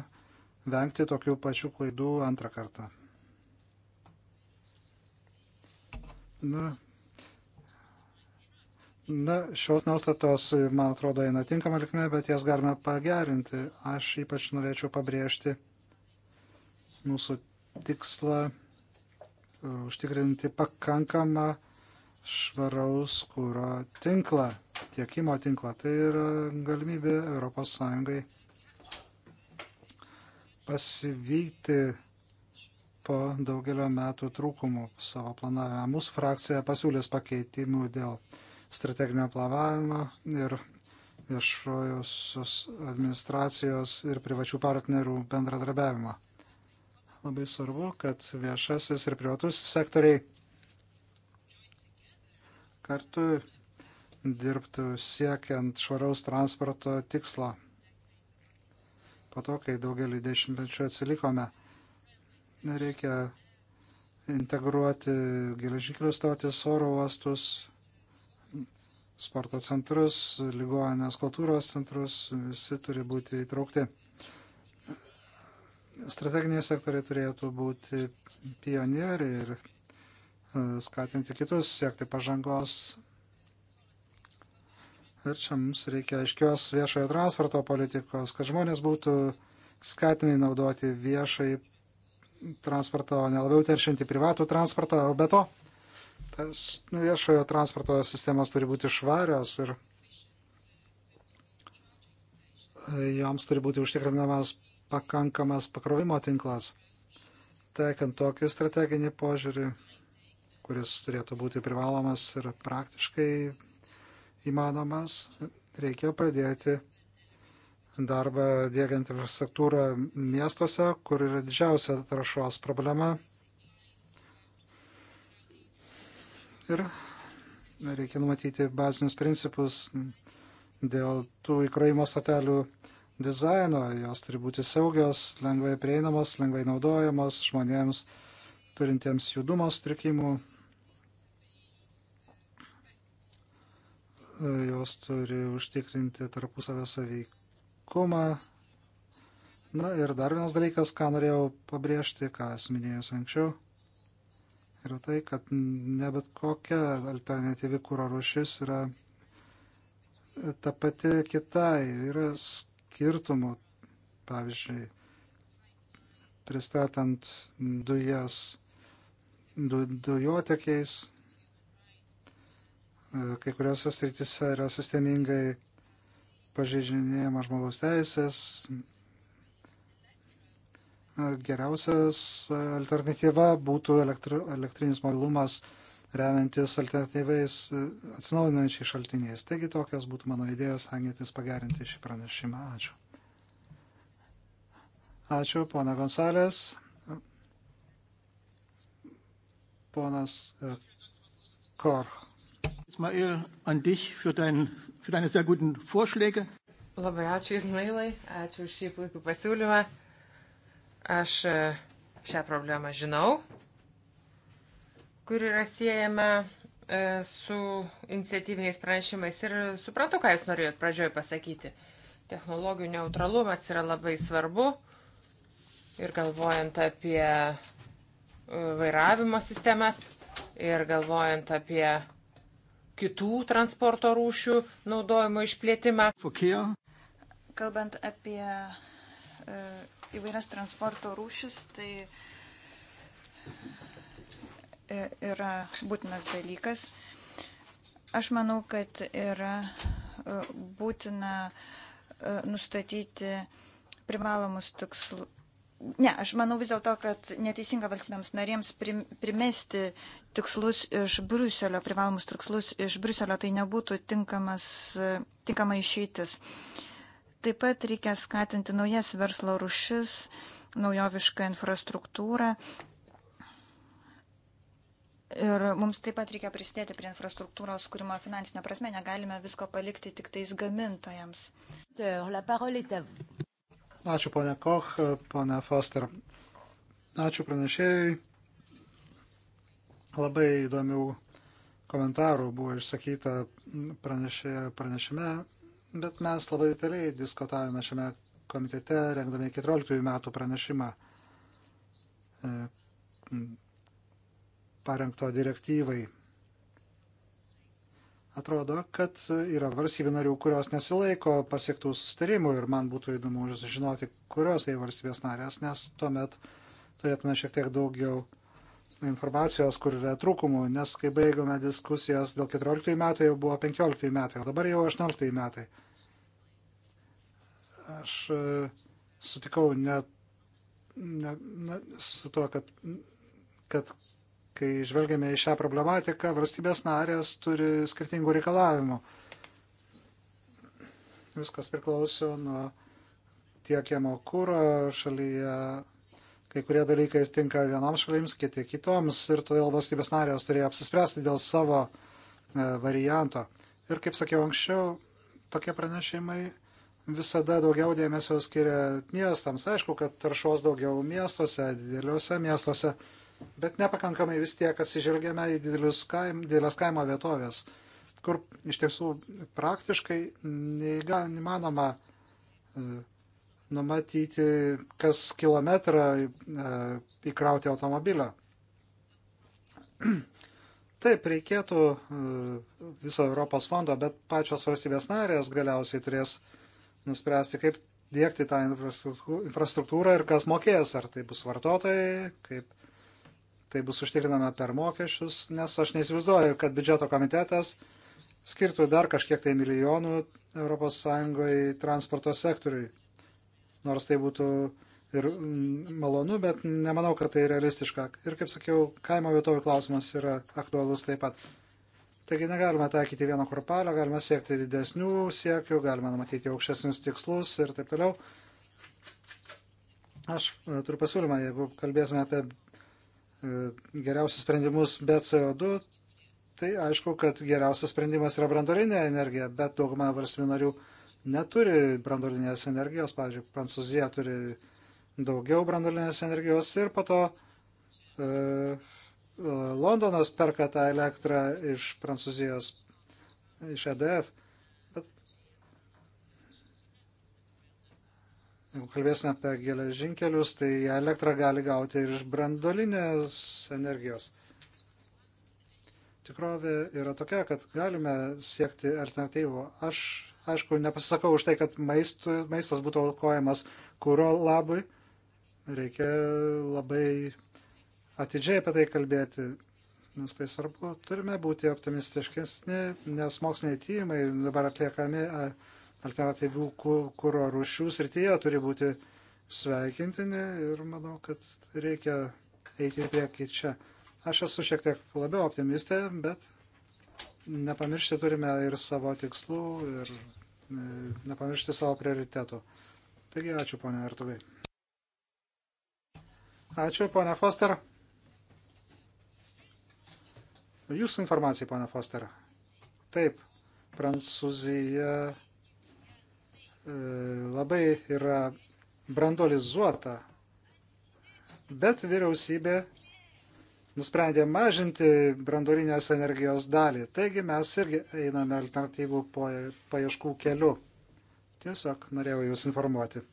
vengti tokių pačių klaidų antrą kartą. Na, Na, šios nuostatos, man atrodo, eina tinkama likme, bet jas galime pagerinti. Aš ypač norėčiau pabrėžti mūsų tikslą e, užtikrinti pakankamą švaraus kūro tinklą, tiekimo tinklą. Tai yra galimybė ES pasivykti po daugelio metų trūkumų savo planavime. Mūsų frakcija pasiūlės pakeitimų dėl strateginio planavimo ir viešojosios administracijos ir privačių partnerių bendradarbiavimo. Labai svarbu, kad viešasis ir privatus sektoriai kartu dirbtų siekiant švaraus transporto tikslo. Po to, kai daugelį dešimtmečių atsilikome, reikia integruoti geležinkelių stotis, oro uostus, sporto centrus, ligoninės kultūros centrus, visi turi būti įtraukti. Strateginiai sektoriai turėtų būti pionieriai ir e, skatinti kitus siekti pažangos. Ir čia mums reikia aiškios viešojo transporto politikos, kad žmonės būtų skatinami naudoti viešai transportą, o ne labiau teršinti privatų transportą. O be to, Nu, viešojo transporto sistemos turi būti švarios ir e, joms turi būti užtikrinamas pakankamas pakrovimo tinklas. Taikant tokį strateginį požiūrį, kuris turėtų būti privalomas ir praktiškai įmanomas, reikia pradėti darbą dėgiant infrastruktūrą miestuose, kur yra didžiausia trašos problema Ir reikia numatyti bazinius principus dėl tų įkrovimo statelių dizaino. Jos turi būti saugios, lengvai prieinamos, lengvai naudojamos žmonėms turintiems judumo sutrikimų. Jos turi užtikrinti tarpusavę saveikumą. Na ir dar vienas dalykas, ką norėjau pabrėžti, ką esu minėjęs anksčiau yra tai, kad ne bet kokia alternatyvi kūro rušis yra e, ta pati kitai. Yra skirtumų, pavyzdžiui, pristatant dujas du, dujotekiais, e, kai kuriuose srityse yra sistemingai pažeidžinėjama žmogaus teisės, geriausias alternatyva būtų elektri, elektrinis mobilumas remiantis alternatyvais atsinaujinančiais šaltiniais. Taigi tokios būtų mano idėjos, stengiantis pagerinti šį pranešimą. Ačiū. Ačiū, pona Gonsalės. Ponas e, Korch. Ismail, an dich für, dein, für deine sehr guten Vorschläge. Labai ačiū, Ismailai, ačiū už šį puikų pasiūlymą. Aš e, šią problemą žinau, kur yra siejama e, su iniciatyviniais pranešimais ir suprantu, ką jūs norėjot pradžioj pasakyti. Technologijų neutralumas yra labai svarbu ir galvojant apie e, vairavimo sistemas ir galvojant apie kitų transporto rūšių naudojimo išplėtimą. Kalbant apie įvairias transporto rūšis, tai e, yra būtinas dalykas. Aš manau, kad yra e, būtina e, nustatyti privalomus tikslus. Ne, aš manau vis dėlto, kad neteisinga valstybėms narėms primesti tikslus iš Bruselio, privalomus tikslus iš Bruselio, tai nebūtų tinkamas, tinkama išeitis. Uh, Taip pat reikia skatinti naujas verslo rušis, naujovišką infrastruktūrą. Ir mums taip pat reikia prisidėti prie infrastruktūros kūrimo finansinę prasme, negalime visko palikti tik tais gamintojams. Ačiū ponia Koch, ponia Foster. Ačiū pranešėjai. Labai įdomių komentarų buvo išsakyta pranešė, pranešime Bet mes labai detaliai diskutavome šiame komitete, rengdami 14 metų pranešimą e, parengto direktyvai. Atrodo, kad yra valstybių narių, kurios nesilaiko pasiektų sustarimų ir man būtų įdomu žinoti, kurios tai valstybės narės, nes tuomet turėtume šiek tiek daugiau informacijos, kur yra trūkumų, nes kai baigome diskusijas dėl 14 metų, jau buvo 15 metai, o dabar jau 18 metai. Aš e, sutikau net ne, ne, su tuo, kad, kad kai žvelgiame į šią problematiką, valstybės narės turi skirtingų reikalavimų. Viskas priklauso nuo tiekiamo kūro šalyje kai kurie dalykai tinka vienoms šalims, kiti kitoms ir todėl valstybės narės turėjo apsispręsti dėl savo e, varianto. Ir kaip sakiau anksčiau, tokie pranešimai visada daugiau dėmesio skiria miestams. Aišku, kad taršos daugiau miestuose, dideliuose miestuose, bet nepakankamai vis tiek atsižvelgiame į kaim, didelės kaimo vietovės, kur iš tiesų praktiškai neįmanoma e, numatyti kas kilometrą e, įkrauti automobilio. Taip, reikėtų e, viso Europos fondo, bet pačios valstybės narės galiausiai turės nuspręsti, kaip dėkti tą infrastruktūrą ir kas mokės, ar tai bus vartotojai, kaip tai bus užtikrinama per mokesčius, nes aš neįsivaizduoju, kad biudžeto komitetas skirtų dar kažkiek tai milijonų ES transporto sektoriui nors tai būtų ir mm, malonu, bet nemanau, kad tai realistiška. Ir kaip sakiau, kaimo vietovių klausimas yra aktualus taip pat. Taigi negalime taikyti vieno korpalio, galime siekti didesnių siekių, galime numatyti aukštesnius tikslus ir taip toliau. Aš e, turiu pasiūlymą, jeigu kalbėsime apie e, geriausius sprendimus be CO2, tai aišku, kad geriausias sprendimas yra brandolinė energija, bet dauguma valstybių narių neturi brandolinės energijos, pavyzdžiui, Prancūzija turi daugiau brandolinės energijos ir po to e, e, Londonas perka tą elektrą iš Prancūzijos, iš EDF. Bet jeigu kalbėsime apie geležinkelius, tai elektrą gali gauti ir iš brandolinės energijos tikrovė yra tokia, kad galime siekti alternatyvų. Aš Aišku, nepasisakau už tai, kad maistų, maistas būtų aukojamas kūro labui. Reikia labai atidžiai apie tai kalbėti, nes tai svarbu. Turime būti optimistiškesni, nes moksliniai tyrimai dabar atliekami alternatyvių kūro rūšių srityje turi būti sveikintini ir manau, kad reikia eiti į priekį čia. Aš esu šiek tiek labiau optimistė, bet nepamiršti turime ir savo tikslų, ir nepamiršti savo prioritetų. Taigi ačiū, ponia Artuvai. Ačiū, ponia Foster. Jūsų informacija, ponia Foster. Taip, Prancūzija e, labai yra brandolizuota, bet vyriausybė nusprendė mažinti brandolinės energijos dalį. Taigi mes irgi einame alternatyvų paieškų keliu. Tiesiog norėjau Jūs informuoti.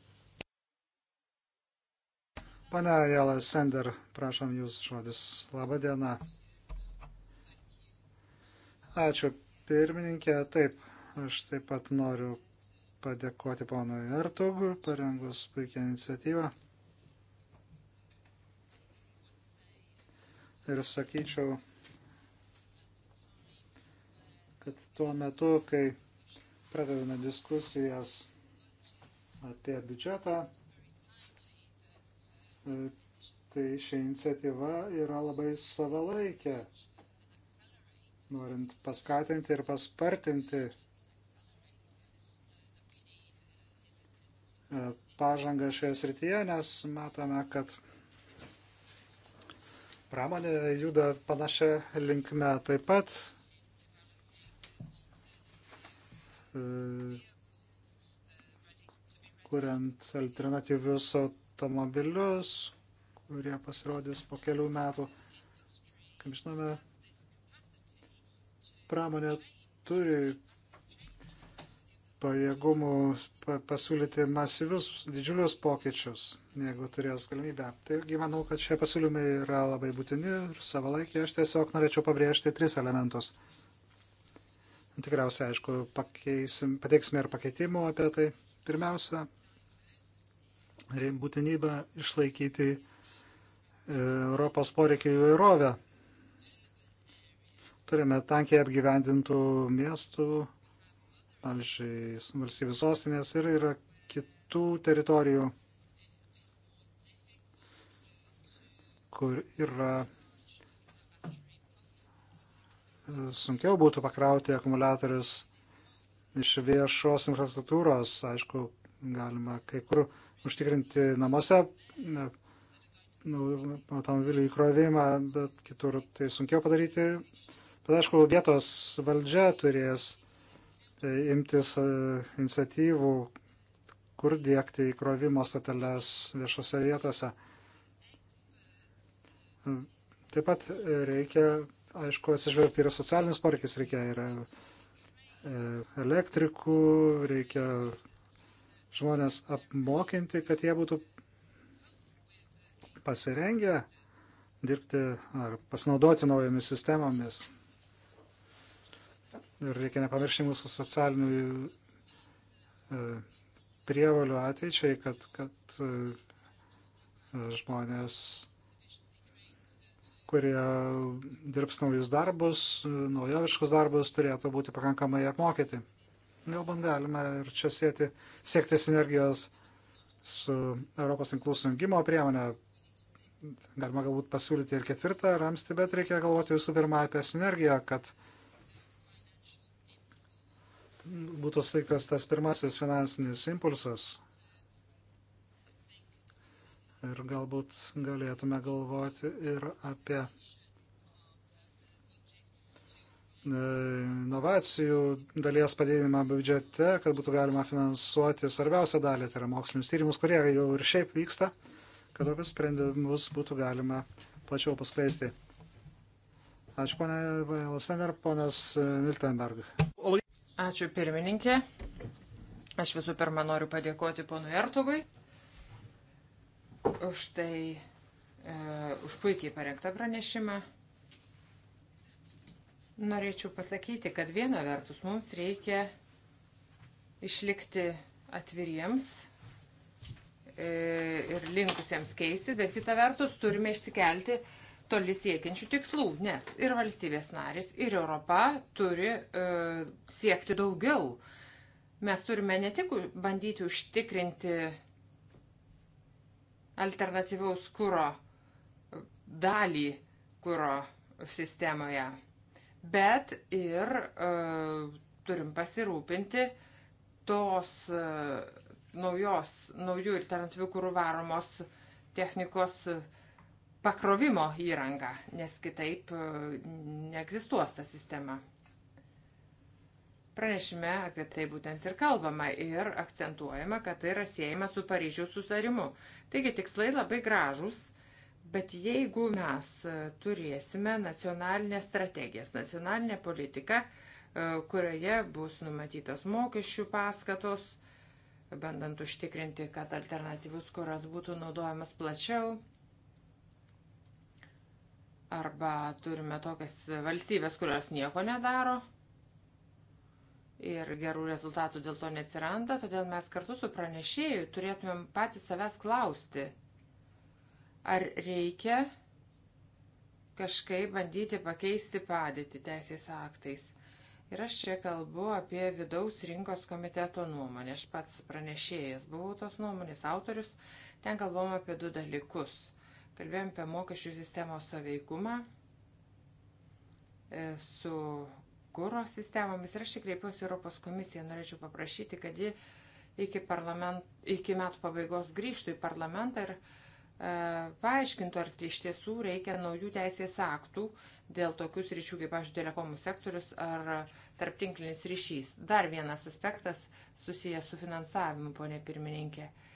Pane Jela Sender, prašom Jūs žodis. Labą dieną. Ačiū pirmininkė. Taip, aš taip pat noriu padėkoti ponui Ertogui, parengus puikia iniciatyva. Ir sakyčiau, kad tuo metu, kai pradedame diskusijas apie biudžetą, e, tai ši iniciatyva yra labai savalaikė, norint paskatinti ir paspartinti e, pažangą šioje srityje, nes matome, kad Pramonė juda panašią linkmę taip pat. E, kuriant alternatyvius automobilius, kurie pasirodys po kelių metų. Kaip žinome, pramonė turi pajėgumų pasiūlyti masyvius, didžiulius pokyčius, jeigu turės galimybę. Taigi manau, kad šie pasiūlymai yra labai būtini ir savalaikiai aš tiesiog norėčiau pabrėžti tris elementus. Tikriausiai, aišku, pakeisim, pateiksime ir pakeitimų apie tai. Pirmiausia, būtinybę išlaikyti e, Europos poreikiai įvairovę. Turime tankiai apgyvendintų miestų pavyzdžiui, valstybių sostinės ir yra kitų teritorijų, kur yra e, sunkiau būtų pakrauti akumuliatorius iš viešos infrastruktūros, aišku, galima kai kur užtikrinti namuose e, automobilių įkrovimą, bet kitur tai sunkiau padaryti. Tad aišku, vietos valdžia turės Tai imtis e, iniciatyvų, kur dėkti įkrovimo stateles viešose vietose. E, taip pat reikia, aišku, atsižvelgti ir socialinius poreikis, reikia ir e, elektrikų, reikia žmonės apmokinti, kad jie būtų pasirengę dirbti ar pasinaudoti naujomis sistemomis. Ir reikia nepamiršti mūsų socialinių e, prievalių ateičiai, kad, kad e, žmonės, kurie dirbs naujus darbus, e, naujoviškus darbus, turėtų būti pakankamai apmokyti. Galbūt galima ir čia sėti, siekti sinergijos su Europos tinklų sujungimo priemonė. Galima galbūt pasiūlyti ir ketvirtą ramstį, bet reikia galvoti visų pirma apie sinergiją, kad uh, būtų suteiktas tas pirmasis finansinis impulsas. Ir galbūt galėtume galvoti ir apie e, inovacijų dalies padidinimą biudžete, kad būtų galima finansuoti svarbiausią dalį, tai yra mokslinius tyrimus, kurie jau ir šiaip vyksta, kad tokius sprendimus būtų galima plačiau paskleisti. Ačiū, ponė Lasender, ponas Miltenberg. Ačiū pirmininkė. Aš visų pirma noriu padėkoti ponui Ertugui už tai, e, už puikiai parengtą pranešimą. Norėčiau pasakyti, kad viena vertus mums reikia išlikti atviriems e, ir linkusiems keisti, bet kita vertus turime išsikelti toli siekiančių tikslų, nes ir valstybės narys, ir Europa turi e, siekti daugiau. Mes turime ne tik bandyti užtikrinti alternatyvaus kūro dalį kūro sistemoje, bet ir e, turim pasirūpinti tos e, naujos, naujų alternatyvių kūrų varomos technikos e, pakrovimo įrangą, nes kitaip e, neegzistuos ta sistema. Pranešime apie tai būtent ir kalbama ir akcentuojama, kad tai yra siejama su Paryžiaus susarimu. Taigi tikslai labai gražus, bet jeigu mes e, turėsime nacionalinę strategiją, nacionalinę politiką, e, kurioje bus numatytos mokesčių paskatos, bandant užtikrinti, kad alternatyvus kuras būtų naudojamas plačiau, Arba turime tokias valstybės, kurios nieko nedaro ir gerų rezultatų dėl to neatsiranda, todėl mes kartu su pranešėju turėtumėm patys savęs klausti, ar reikia kažkaip bandyti pakeisti padėtį teisės aktais. Ir aš čia kalbu apie vidaus rinkos komiteto nuomonę. Aš pats pranešėjas buvau tos nuomonės autorius. Ten kalbam apie du dalykus. Kalbėjom apie mokesčių sistemos saveikumą e, su kūro sistemomis. Ir aš čia kreipiuosi Europos komisiją, norėčiau paprašyti, kad ji iki, iki metų pabaigos grįžtų į parlamentą ir e, paaiškintų, ar iš tiesų reikia naujų teisės aktų dėl tokius ryšių kaip, pavyzdžiui, telekomų sektorius ar tarptinklinis ryšys. Dar vienas aspektas susijęs su finansavimu, ponė pirmininkė. E,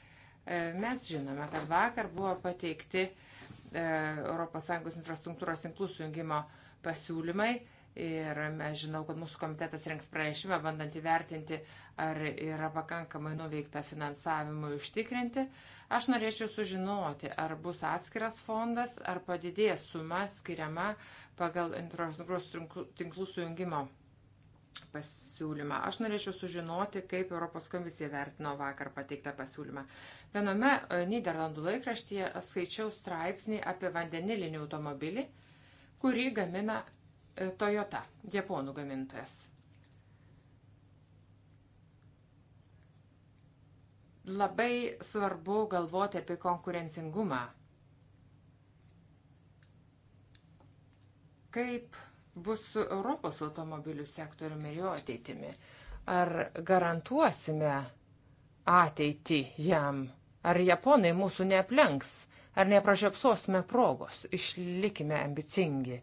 E, mes žinome, kad vakar buvo pateikti ES infrastruktūros tinklų sujungimo pasiūlymai ir mes žinau, kad mūsų komitetas rengs pranešimą, bandant įvertinti, ar yra pakankamai nuveikta finansavimui užtikrinti. Aš norėčiau sužinoti, ar bus atskiras fondas, ar padidės suma skiriama pagal infrastruktūros tinklų sujungimo pasiūlymą. Aš norėčiau sužinoti, kaip Europos komisija vertino vakar pateiktą pasiūlymą. Viename e, Niderlandų laikraštyje skaičiau straipsnį apie vandenilinį automobilį, kurį gamina e, Toyota, japonų gamintojas. Labai svarbu galvoti apie konkurencingumą. Kaip bus su Europos automobilių sektoriumi ir jo ateitimi? Ar garantuosime ateitį jam? Ar japonai mūsų neaplenks? Ar nepražiopsosime progos? Išlikime ambicingi.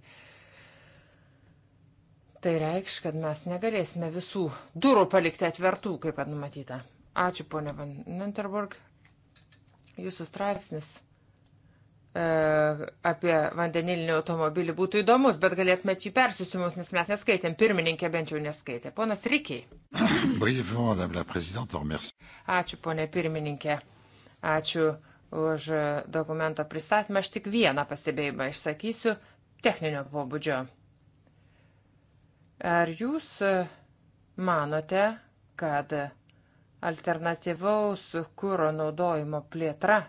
Tai reikš, kad mes negalėsime visų durų palikti atvertų, kaip kad numatyta. Ačiū, ponia Van Ninterburg. Jūsų straipsnis E, apie vandenilinį automobilį būtų įdomus, bet galėtumėt jį persisimus, nes mes neskaitėm, pirmininkė bent jau neskaitė. Ponas Rikiai. Ačiū, ponė pirmininkė. Ačiū už dokumento pristatymą. Aš tik vieną pastebėjimą išsakysiu techninio pobūdžio. Ar jūs manote, kad alternatyvaus kūro naudojimo plėtra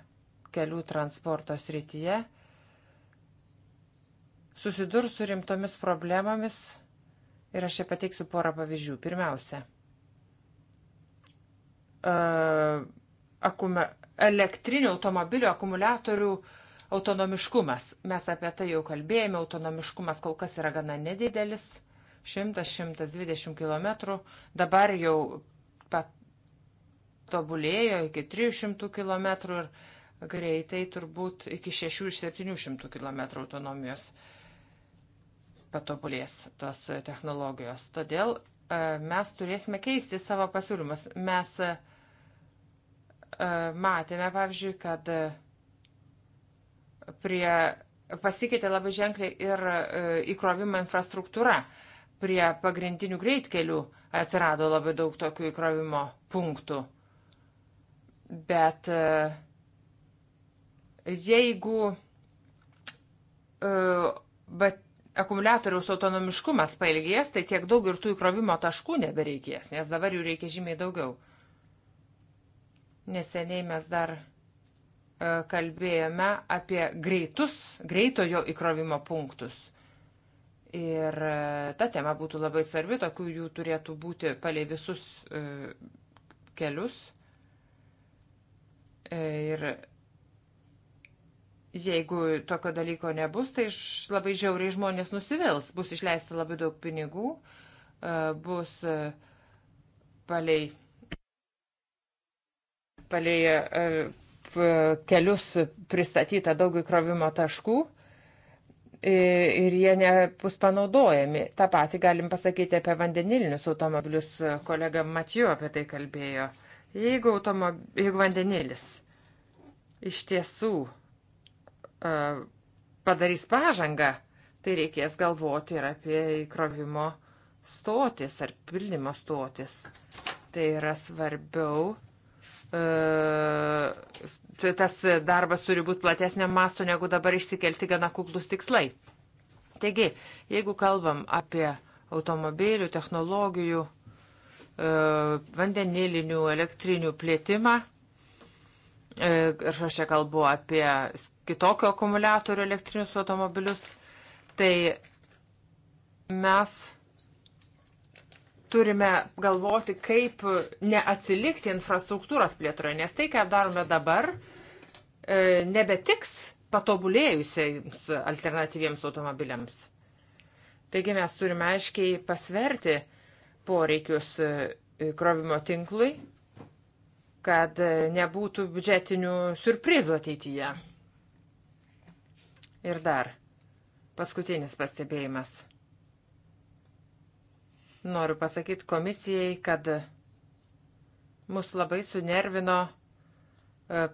kelių transporto srityje susidurs su rimtomis problemomis ir aš čia pateiksiu porą pavyzdžių. Pirmiausia, e, akume, elektrinio automobilio akumuliatorių autonomiškumas. Mes apie tai jau kalbėjome, autonomiškumas kol kas yra gana nedidelis - 100-120 km, dabar jau patobulėjo iki 300 km ir greitai turbūt iki 6 iš 700 km autonomijos patobulės tos technologijos. Todėl e, mes turėsime keisti savo pasiūlymus. Mes e, e, matėme, pavyzdžiui, kad prie pasikeitė labai ženkliai ir įkrovimo infrastruktūra. Prie pagrindinių greitkelių atsirado labai daug tokių įkrovimo punktų. Bet uh, Jeigu e, bet akumuliatoriaus autonomiškumas pailgės, tai tiek daug ir tų įkrovimo taškų nebereikės, nes dabar jų reikia žymiai daugiau. Neseniai mes dar e, kalbėjome apie greitus, greitojo įkrovimo punktus. Ir e, ta tema būtų labai svarbi, tokių jų turėtų būti palei visus kelius. Ir Jeigu tokio dalyko nebus, tai labai žiauriai žmonės nusivils, bus išleista labai daug pinigų, e, bus e, palei, palei e, kelius pristatyta daug įkrovimo taškų ir jie nebus panaudojami. Ta pati galim pasakyti apie vandenilinius automobilius, kolega Matijo apie tai kalbėjo. Jeigu, automob... Jeigu vandenilis iš tiesų E, padarys pažangą, tai reikės galvoti ir apie įkrovimo stotis ar pildymo stotis. Tai yra svarbiau. E, tai tas darbas turi būti platesnio masto, negu dabar išsikelti gana kuklus tikslai. Taigi, jeigu kalbam apie automobilių, technologijų, e, vandenilinių, elektrinių plėtimą, E, ir aš čia kalbu apie kitokio akumuliatorių elektrinius automobilius, tai mes turime galvoti, kaip neatsilikti infrastruktūros plėtroje, nes tai, ką darome dabar, e, nebetiks patobulėjusiems alternatyviems automobiliams. Taigi mes turime aiškiai pasverti poreikius e, krovimo tinklui kad nebūtų biudžetinių surprizų ateityje. Ir dar paskutinis pastebėjimas. Noriu pasakyti komisijai, kad mus labai sunervino e,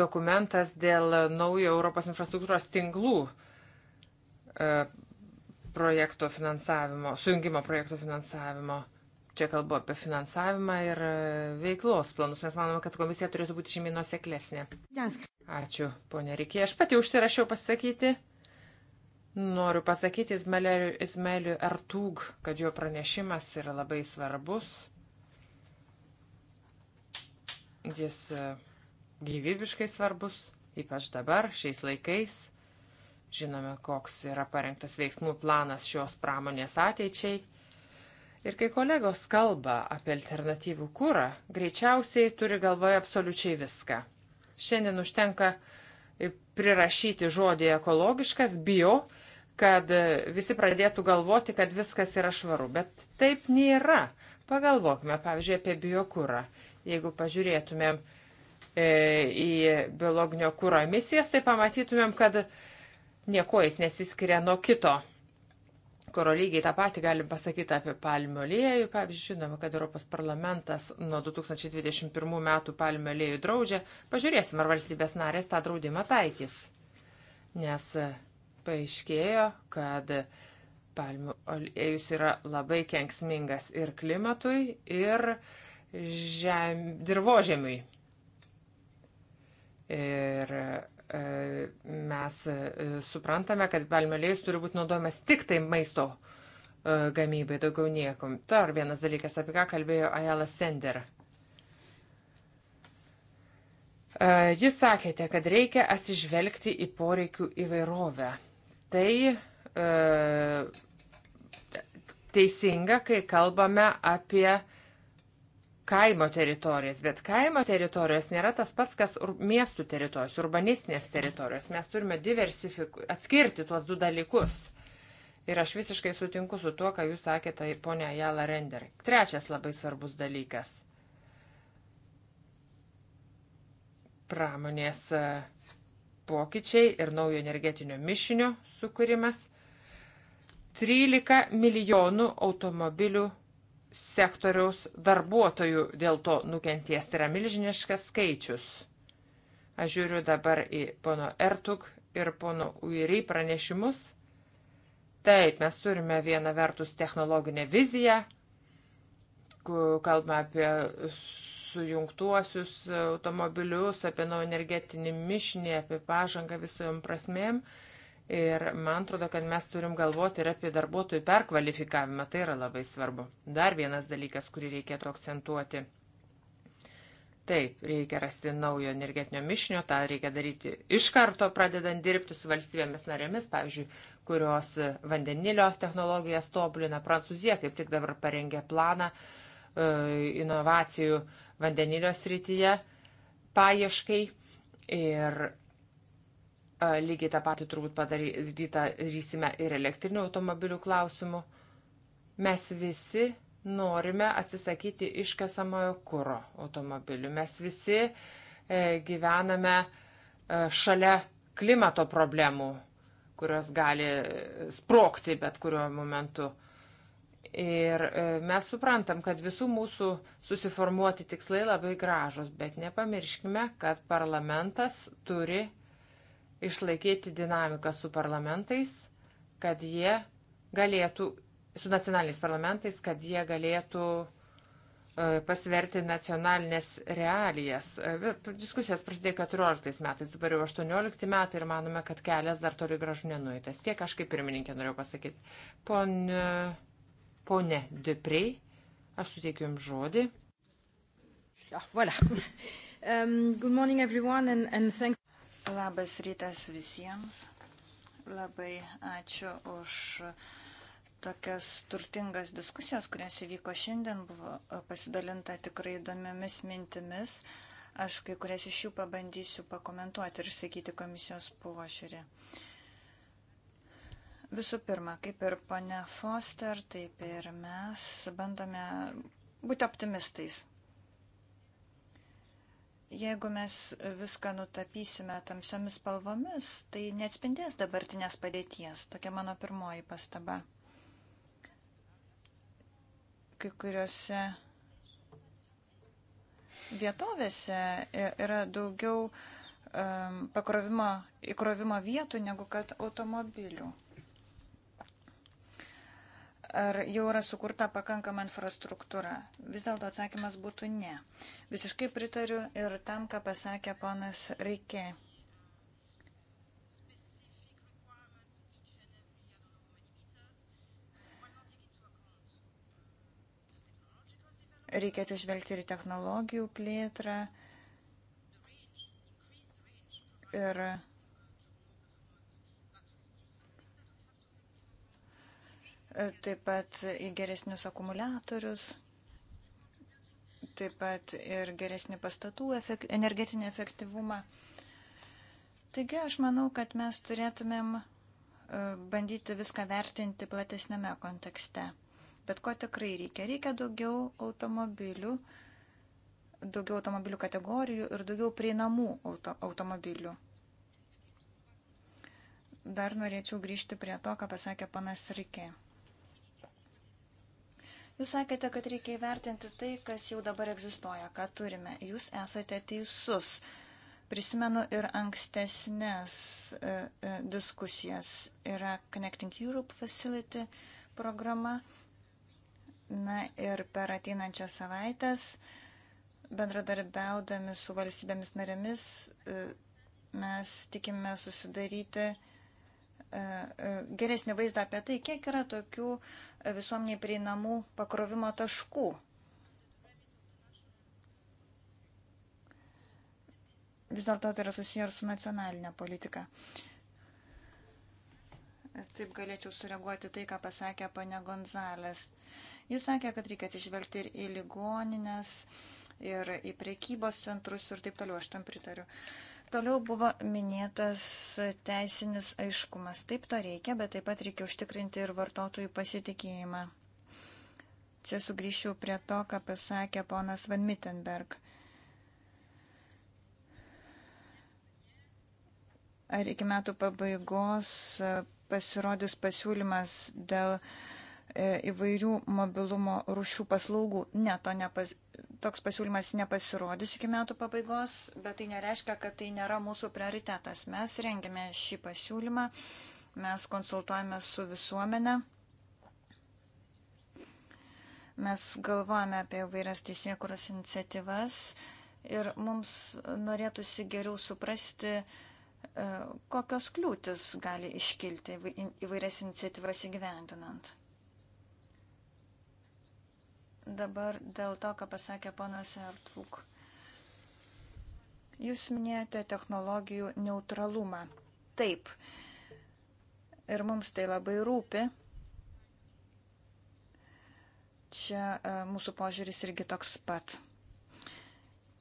dokumentas dėl naujo Europos infrastruktūros tinklų e, projekto finansavimo, sujungimo projekto finansavimo. Čia kalbu apie finansavimą ir e, veiklos planus. Mes manome, kad komisija turėtų būti šimiai nuseklesnė. Ačiū, ponė Rikė. Aš pati užsirašiau pasakyti. Noriu pasakyti Izmaeliui Artūg, kad jo pranešimas yra labai svarbus. Jis e, gyvybiškai svarbus, ypač dabar, šiais laikais. Žinome, koks yra parengtas veiksmų planas šios pramonės ateičiai Ir kai kolegos kalba apie alternatyvų kūrą, greičiausiai turi galvoje absoliučiai viską. Šiandien užtenka prirašyti žodį ekologiškas, bio, kad visi pradėtų galvoti, kad viskas yra švaru. Bet taip nėra. Pagalvokime, pavyzdžiui, apie biokūrą. Jeigu pažiūrėtumėm e, į biologinio kūro emisijas, tai pamatytumėm, kad nieko jis nesiskiria nuo kito kuro lygiai tą patį galim pasakyti apie palmių aliejų. Pavyzdžiui, žinome, kad Europos parlamentas nuo 2021 metų palmių aliejų draudžia. Pažiūrėsim, ar valstybės narės tą draudimą taikys. Nes e, paaiškėjo, kad palmių aliejus yra labai kenksmingas ir klimatui, ir žem, dirbožemiui. Ir mes e, suprantame, kad palmių aliejus turi būti naudojamas tik tai maisto e, gamybai, daugiau niekom. Dar vienas dalykas, apie ką kalbėjo Ajala Sender. E, jis sakėte, kad reikia atsižvelgti į poreikių įvairovę. Tai teisinga, kai kalbame apie kaimo teritorijas, bet kaimo teritorijos nėra tas pats, kas ur, miestų teritorijos, urbanistinės teritorijos. Mes turime diversifiku, atskirti tuos du dalykus. Ir aš visiškai sutinku su tuo, ką jūs sakėte, tai ponia Jala Render. Trečias labai svarbus dalykas. Pramonės e, pokyčiai ir naujo energetinio mišinio sukūrimas. 13 milijonų automobilių sektoriaus darbuotojų dėl to nukenties. Tai yra milžiniškas skaičius. Aš žiūriu dabar į pono Ertuk ir pono Uiry pranešimus. Taip, mes turime vieną vertus technologinę viziją, kalbame apie sujungtuosius automobilius, apie naują energetinį mišinį, apie pažangą visom prasmėm. Uh, Ir man atrodo, kad mes turim galvoti ir apie darbuotojų perkvalifikavimą. Tai yra labai svarbu. Dar vienas dalykas, kurį reikėtų akcentuoti. Taip, reikia rasti naujo energetinio mišinio, tą reikia daryti iš karto pradedant dirbti su valstybėmis narėmis, pavyzdžiui, kurios vandenilio technologijas tobulina. Prancūzija kaip tik dabar parengė planą e, inovacijų vandenilio srityje paieškai ir Lygiai tą patį turbūt padarysime ir elektrinių automobilių klausimų. Mes visi norime atsisakyti iškasamojo kūro automobilių. Mes visi e, gyvename e, šalia klimato problemų, kurios gali e, sprokti bet kuriuo momentu. Ir e, mes suprantam, kad visų mūsų susiformuoti tikslai labai gražus, bet nepamirškime, kad parlamentas turi išlaikyti dinamiką su parlamentais, kad jie galėtų, su nacionaliniais parlamentais, kad jie galėtų e, pasverti nacionalinės realijas. E, diskusijos prasidėjo 14 metais, dabar jau 18 metai ir manome, kad kelias dar toli gražu nenuėtas. Tiek aš kaip pirmininkė norėjau pasakyti. Pone, pone Duprei, aš suteikiu jums žodį. Ja, voilà. um, good morning everyone and, and thanks. Labas rytas visiems. Labai ačiū už tokias turtingas diskusijas, kurios įvyko šiandien. Buvo e, pasidalinta tikrai įdomiamis mintimis. Aš kai kurias iš jų pabandysiu pakomentuoti ir išsakyti komisijos požiūrį. Visų pirma, kaip ir ponia Foster, taip ir mes bandome būti optimistais. Jeigu mes viską nutapysime tamsiomis spalvomis, tai neatspindės dabartinės padėties. Tokia mano pirmoji pastaba. Kai kuriuose vietovėse yra daugiau um, pakrovimo, įkrovimo vietų negu kad automobilių ar jau yra sukurta pakankama infrastruktūra? Vis dėlto atsakymas būtų ne. Visiškai pritariu ir tam, ką pasakė ponas Reikė. Reikia atsižvelgti ir technologijų plėtrą ir taip pat į geresnius akumuliatorius, taip pat ir geresnį pastatų efekt, energetinį efektyvumą. Taigi aš manau, kad mes turėtumėm e, bandyti viską vertinti platesnėme kontekste. Bet ko tikrai reikia? Reikia daugiau automobilių, daugiau automobilių kategorijų ir daugiau prieinamų auto, automobilių. Dar norėčiau grįžti prie to, ką pasakė panas Rikė. Jūs sakėte, kad reikia įvertinti tai, kas jau dabar egzistuoja, ką turime. Jūs esate teisus. Prisimenu ir ankstesnės e, e, diskusijas. Yra Connecting Europe Facility programa. Na ir per ateinančias savaitės, bendradarbiaudami su valstybėmis narėmis, e, mes tikime susidaryti e, e, geresnį vaizdą apie tai, kiek yra tokių uh, visuomeniai prieinamų pakrovimo taškų. Vis dėlto tai yra susiję ir su nacionalinė politika. Taip galėčiau sureaguoti tai, ką pasakė pane Gonzalės. Jis sakė, kad reikia atsižvelgti ir į ligoninės, ir į prekybos centrus ir taip toliau, aš tam pritariu. Uh, Toliau buvo minėtas teisinis aiškumas. Taip to reikia, bet taip pat reikia užtikrinti ir vartotojų pasitikėjimą. Čia sugrįžčiau prie to, ką pasakė ponas Van Mittenberg. Ar iki metų pabaigos pasirodys pasiūlymas dėl e, įvairių mobilumo rušių paslaugų? Ne, to nepas toks pasiūlymas nepasirodys iki metų pabaigos, bet tai nereiškia, kad tai nėra mūsų prioritetas. Mes rengėme šį pasiūlymą, mes konsultuojame su visuomenė, mes galvojame apie vairias teisėkuros iniciatyvas ir mums norėtųsi geriau suprasti, e, kokios kliūtis gali iškilti įvairias iniciatyvas įgyvendinant. Dabar dėl to, ką pasakė ponas Artvuk. Jūs minėjote technologijų neutralumą. Taip. Ir mums tai labai rūpi. Čia e, mūsų požiūris irgi toks pat.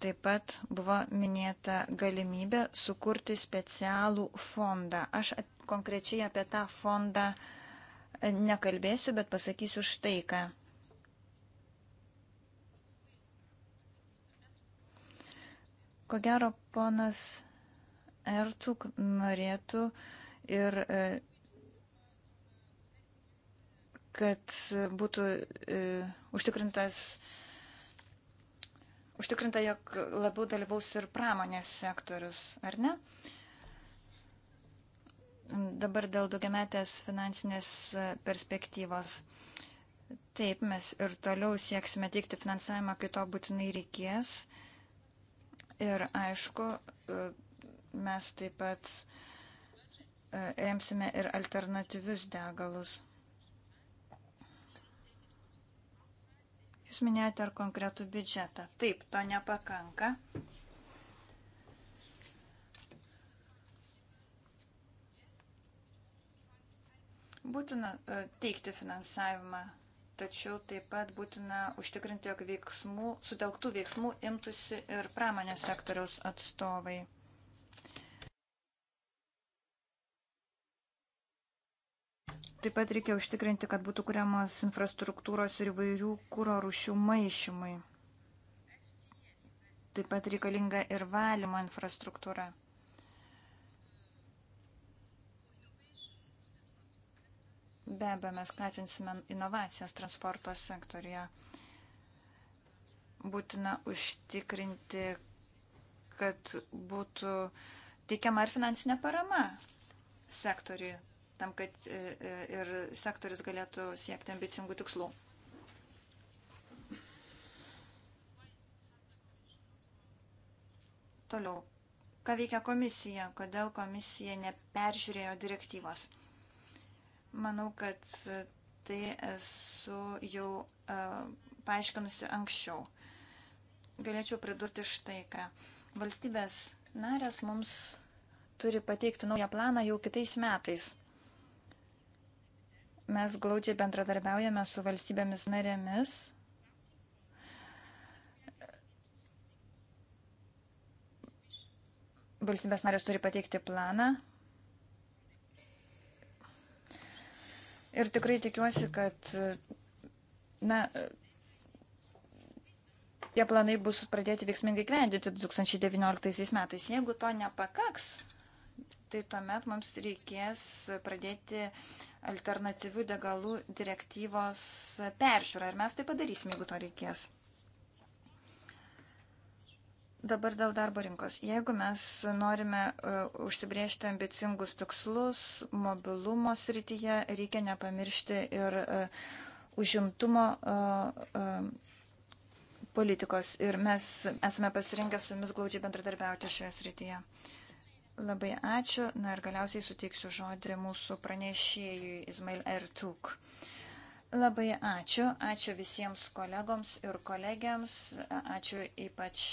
Taip pat buvo minėta galimybė sukurti specialų fondą. Aš konkrečiai apie tą fondą e, nekalbėsiu, bet pasakysiu štai ką. Ko gero, ponas Ertuk norėtų ir e, kad būtų e, užtikrintas užtikrinta, jog labiau dalyvaus ir pramonės sektorius, ar ne? Dabar dėl daugiametės finansinės perspektyvos. Taip, mes ir toliau sieksime teikti finansavimą, kai to būtinai reikės. Uh, Ir aišku, e, mes taip pat e, remsime ir alternatyvius degalus. Jūs minėjote ar konkretų biudžetą. Taip, to nepakanka. Būtina e, teikti finansavimą tačiau taip pat būtina užtikrinti, jog veiksmų, sutelktų veiksmų imtųsi ir pramonės sektoriaus atstovai. Taip pat reikia užtikrinti, kad būtų kuriamas infrastruktūros ir įvairių kūro rušių maišymui. Taip pat reikalinga ir valymo infrastruktūra. Be abejo, mes skatinsime inovacijas transporto sektorija. Būtina užtikrinti, kad būtų teikiama ir finansinė parama sektoriui, tam, kad e, e, ir sektorius galėtų siekti ambicingų tikslų. Toliau. Ką veikia komisija? Kodėl komisija neperžiūrėjo direktyvos? Manau, kad tai esu jau e, paaiškinusi anksčiau. Galėčiau pridurti štai ką. Valstybės narės mums turi pateikti naują planą jau kitais metais. Mes glaudžiai bendradarbiaujame su valstybėmis narėmis. Valstybės narės turi pateikti planą, Ir tikrai tikiuosi, kad na, tie planai bus pradėti veiksmingai kvendyti 2019 metais. Jeigu to nepakaks, tai tuomet mums reikės pradėti alternatyvių degalų direktyvos peržiūrą. Ir mes tai padarysime, jeigu to reikės. Dabar dėl darbo rinkos. Jeigu mes norime uh, užsibriežti ambicingus tikslus mobilumo srityje, reikia nepamiršti ir uh, užimtumo uh, uh, politikos. Ir mes esame pasirinkę su jumis glaudžiai bendradarbiauti šioje srityje. Labai ačiū. Na ir galiausiai suteiksiu žodį mūsų pranešėjui Izmail Ertuk. Uh, Labai ačiū. Ačiū visiems kolegoms ir kolegiams. Ačiū ypač,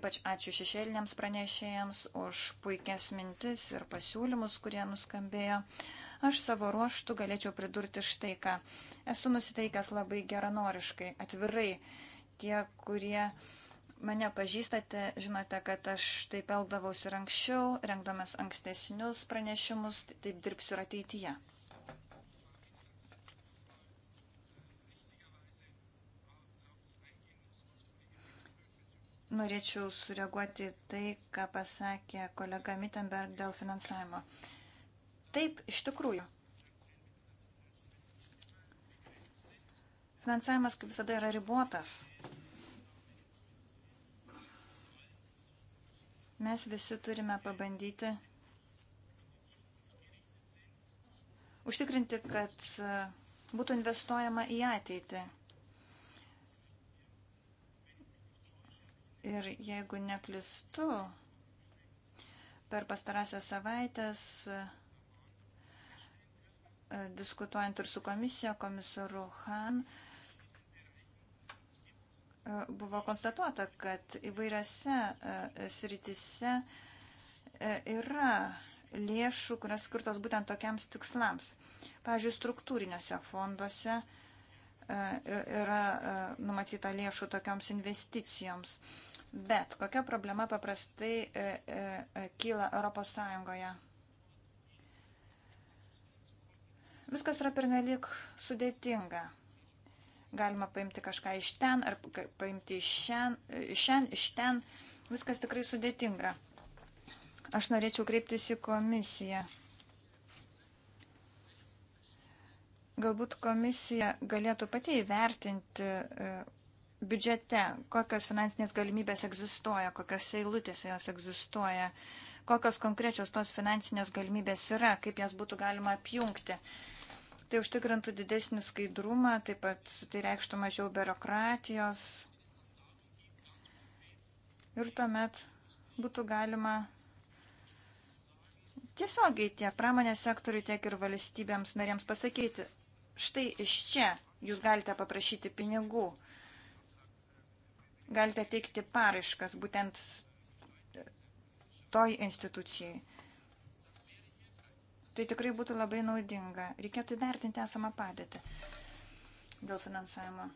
ypač ačiū šešėliniams pranešėjams už puikias mintis ir pasiūlymus, kurie nuskambėjo. Aš savo ruoštų galėčiau pridurti štai ką. Esu nusiteikęs labai geranoriškai, atvirai. Tie, kurie mane pažįstate, žinote, kad aš taip eldavausi ir anksčiau, rengdamas ankstesnius pranešimus, taip dirbsiu ir ateityje. Norėčiau sureaguoti tai, ką pasakė kolega Mittenberg dėl finansavimo. Taip, iš tikrųjų. Finansavimas, kaip visada, yra ribotas. Mes visi turime pabandyti užtikrinti, kad būtų investuojama į ateitį. Ir jeigu neklistu, per pastarąsias savaitės e, diskutuojant ir su komisija, komisaru Han, e, buvo konstatuota, kad įvairiose e, sritise yra lėšų, kurios skirtos būtent tokiams tikslams. Pavyzdžiui, struktūriniuose fonduose yra numatyta lėšų tokioms investicijoms. Bet kokia problema paprastai e, e, e, kyla Europos Sąjungoje? Viskas yra pernelik sudėtinga. Galima paimti kažką iš ten ar paimti iš šiandien, iš, e, šian, iš ten. Viskas tikrai sudėtinga. Aš norėčiau kreiptis į komisiją. Galbūt komisija galėtų pati įvertinti e, biudžete, kokios finansinės galimybės egzistuoja, kokiose eilutėse jos egzistuoja, kokios konkrečios tos finansinės galimybės yra, kaip jas būtų galima apjungti. Tai užtikrintų didesnį skaidrumą, taip pat tai reikštų mažiau biurokratijos. Ir tuomet būtų galima tiesiogiai tiek pramonės sektoriui, tiek ir valstybėms narėms pasakyti, štai iš čia jūs galite paprašyti pinigų galite teikti paraiškas būtent toj institucijai. Tai tikrai būtų labai naudinga. Reikėtų įvertinti esamą padėtį dėl finansavimo.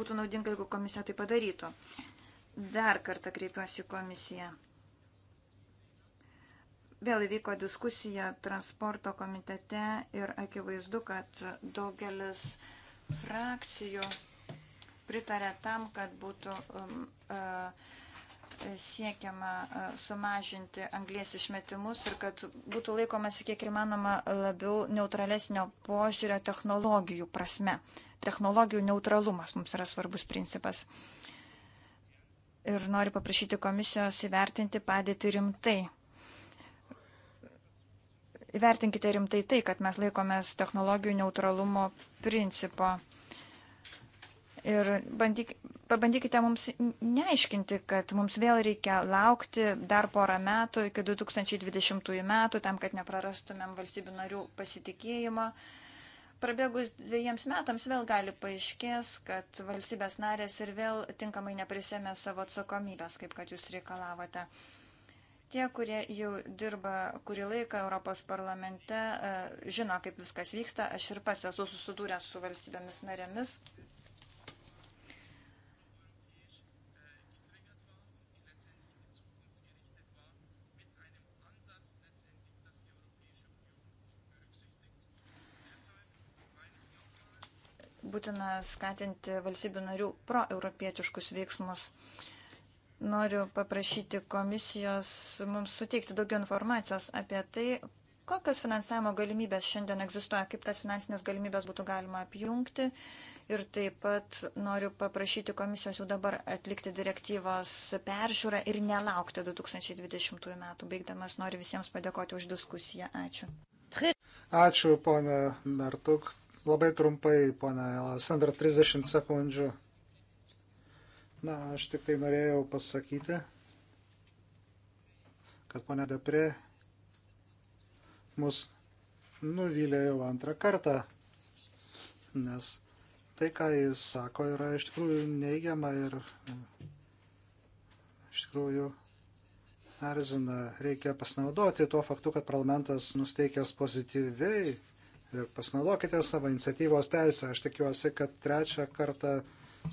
Būtų naudinga, jeigu komisija tai padarytų. Dar kartą kreipiuosi į komisiją. Vėl įvyko diskusija transporto komitete ir akivaizdu, kad daugelis frakcijų pritarė tam, kad būtų um, e, siekiama e, sumažinti anglės išmetimus ir kad būtų laikomasi kiek įmanoma labiau neutralesnio požiūrio technologijų prasme. Technologijų neutralumas mums yra svarbus principas. Ir noriu paprašyti komisijos įvertinti padėti rimtai. Įvertinkite rimtai tai, kad mes laikomės technologijų neutralumo principo. Ir bandyk, pabandykite mums neaiškinti, kad mums vėl reikia laukti dar porą metų iki 2020 metų, tam, kad neprarastumėm valstybių narių pasitikėjimo. Prabėgus dviejiems metams vėl gali paaiškės, kad valstybės narės ir vėl tinkamai neprisėmė savo atsakomybės, kaip kad jūs reikalavote. Tie, kurie jau dirba kurį laiką Europos parlamente, e, žino, kaip viskas vyksta. Aš ir pats esu susidūręs su valstybėmis narėmis, būtina skatinti valstybių narių proeuropietiškus veiksmus. Noriu paprašyti komisijos mums suteikti daugiau informacijos apie tai, kokios finansavimo galimybės šiandien egzistuoja, kaip tas finansinės galimybės būtų galima apjungti. Ir taip pat noriu paprašyti komisijos jau dabar atlikti direktyvos peržiūrą ir nelaukti 2020 metų. Baigdamas noriu visiems padėkoti už diskusiją. Ačiū. Ačiū, ponė Mertuk. Labai trumpai, ponia Sandra, 30 sekundžių. Na, aš tik tai norėjau pasakyti, kad ponia Depre mus nuvylė jau antrą kartą, nes tai, ką jis sako, yra iš tikrųjų neigiama ir iš tikrųjų erzina. Reikia pasinaudoti tuo faktu, kad parlamentas nusteikęs pozityviai ir pasinaudokite savo iniciatyvos teisę. Aš tikiuosi, kad trečią kartą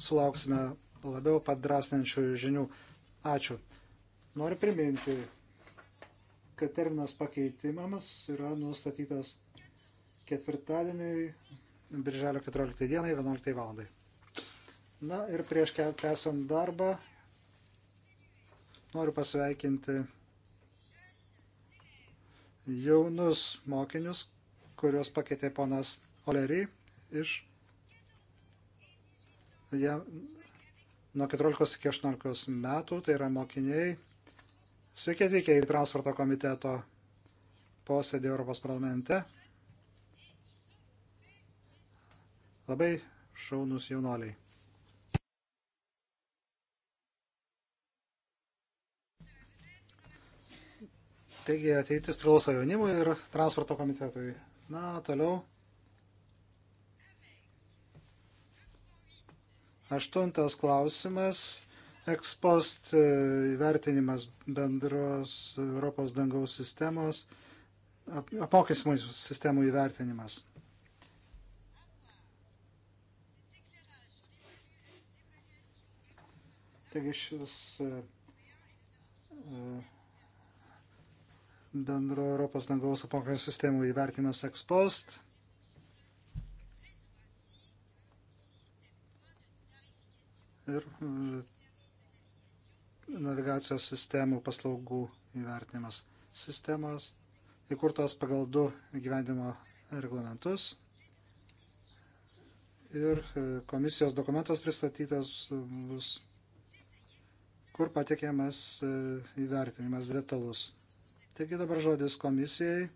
sulauksime labiau padrasnančių žinių. Ačiū. Noriu priminti, kad terminas pakeitimams yra nustatytas ketvirtadieniui, birželio 14 dienai, 11 valandai. Na ir prieš tęsiant darbą noriu pasveikinti jaunus mokinius, kurios pakeitė ponas Olerį iš ja, nuo 14 iki 18 metų, tai yra mokiniai. Sveiki atvykę į transporto komiteto posėdį Europos parlamente. Labai šaunus jaunoliai. Taigi ateitis priklauso jaunimui ir transporto komitetui. Na, toliau. Aštuntas klausimas. Ekspost e, įvertinimas bendros Europos dangaus sistemos, apmokestimų sistemų įvertinimas. Taigi šis uh, bendro Europos dangaus apmokestinimo sistemų įvertimas ekspost. Ir e, navigacijos sistemų paslaugų įvertinimas sistemos įkurtos pagal du gyvendimo reglamentus. Ir e, komisijos dokumentas pristatytas bus, kur patikėmas e, įvertinimas detalus. Taigi dabar žodis komisijai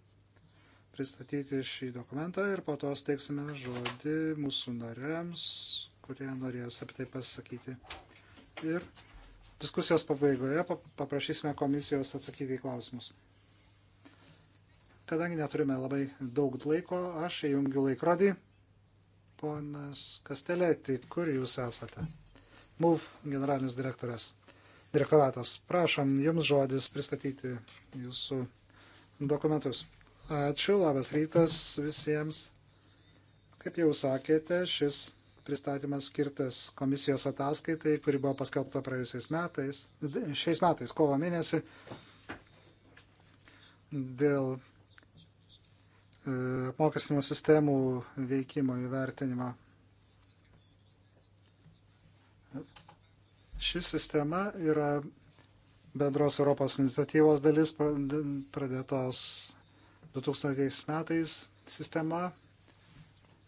pristatyti šį dokumentą ir po to steiksime žodį mūsų nariams, kurie norės apie tai pasakyti. Ir diskusijos pabaigoje paprašysime komisijos atsakyti į klausimus. Kadangi neturime labai daug laiko, aš įjungiu laikrodį. Ponas Kastelėti, kur jūs esate? MUV generalinis direktorės direktoratas. Prašom, jums žodis pristatyti jūsų dokumentus. Ačiū, labas rytas visiems. Kaip jau sakėte, šis pristatymas skirtas komisijos ataskaitai, kuri buvo paskelbta praėjusiais metais, šiais metais, kovo mėnesį, dėl e, apmokestinimo sistemų veikimo įvertinimo Ši sistema yra bendros Europos iniciatyvos dalis pradėtos 2000 metais sistema.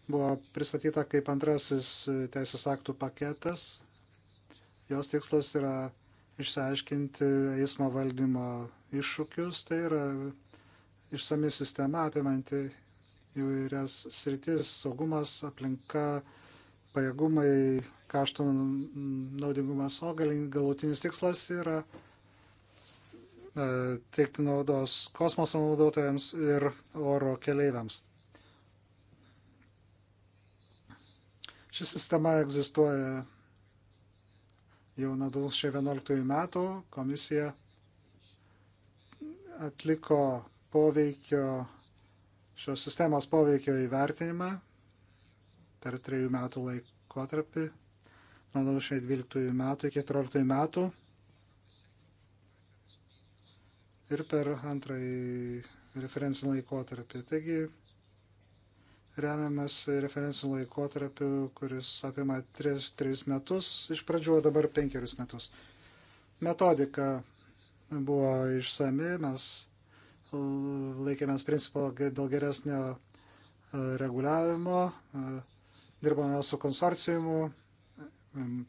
Buvo pristatyta kaip antrasis teisės aktų paketas. Jos tikslas yra išsiaiškinti eismo valdymo iššūkius. Tai yra išsami sistema apimanti įvairias sritis - saugumas, aplinka, pajėgumai, kaštų naudingumas, o galutinis tikslas yra e, teikti naudos kosmoso naudotojams ir oro keleiviams. Ši sistema egzistuoja jau nuo 2011 metų. Komisija atliko poveikio, šios sistemos poveikio įvertinimą per trejų metų laikotarpį nuo 2012 metų iki 2014 metų ir per antrąjį referencinį laikotarpį. Taigi remiamas referenciniu laikotarpiu, kuris apima 3, 3 metus, iš pradžių dabar 5 metus. Metodika buvo išsami, mes laikėmės principo dėl geresnio e, reguliavimo, e, dirbame su konsorcijumu,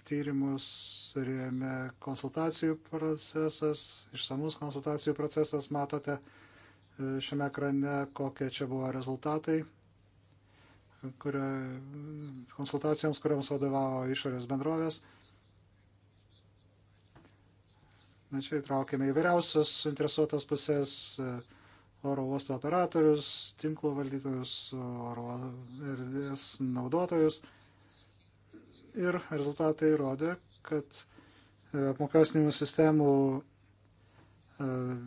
tyrimus, turėjome konsultacijų procesas, išsamus konsultacijų procesas, matote e, šiame ekrane, kokie čia buvo rezultatai kurio, konsultacijoms, kuriams vadovavo išorės bendrovės. Na čia įtraukėme įvairiausios suinteresuotas pusės e, oro uosto operatorius, tinklų valdytojus, oro erdvės naudotojus ir rezultatai rodė, kad e, apmokestinimų sistemų e,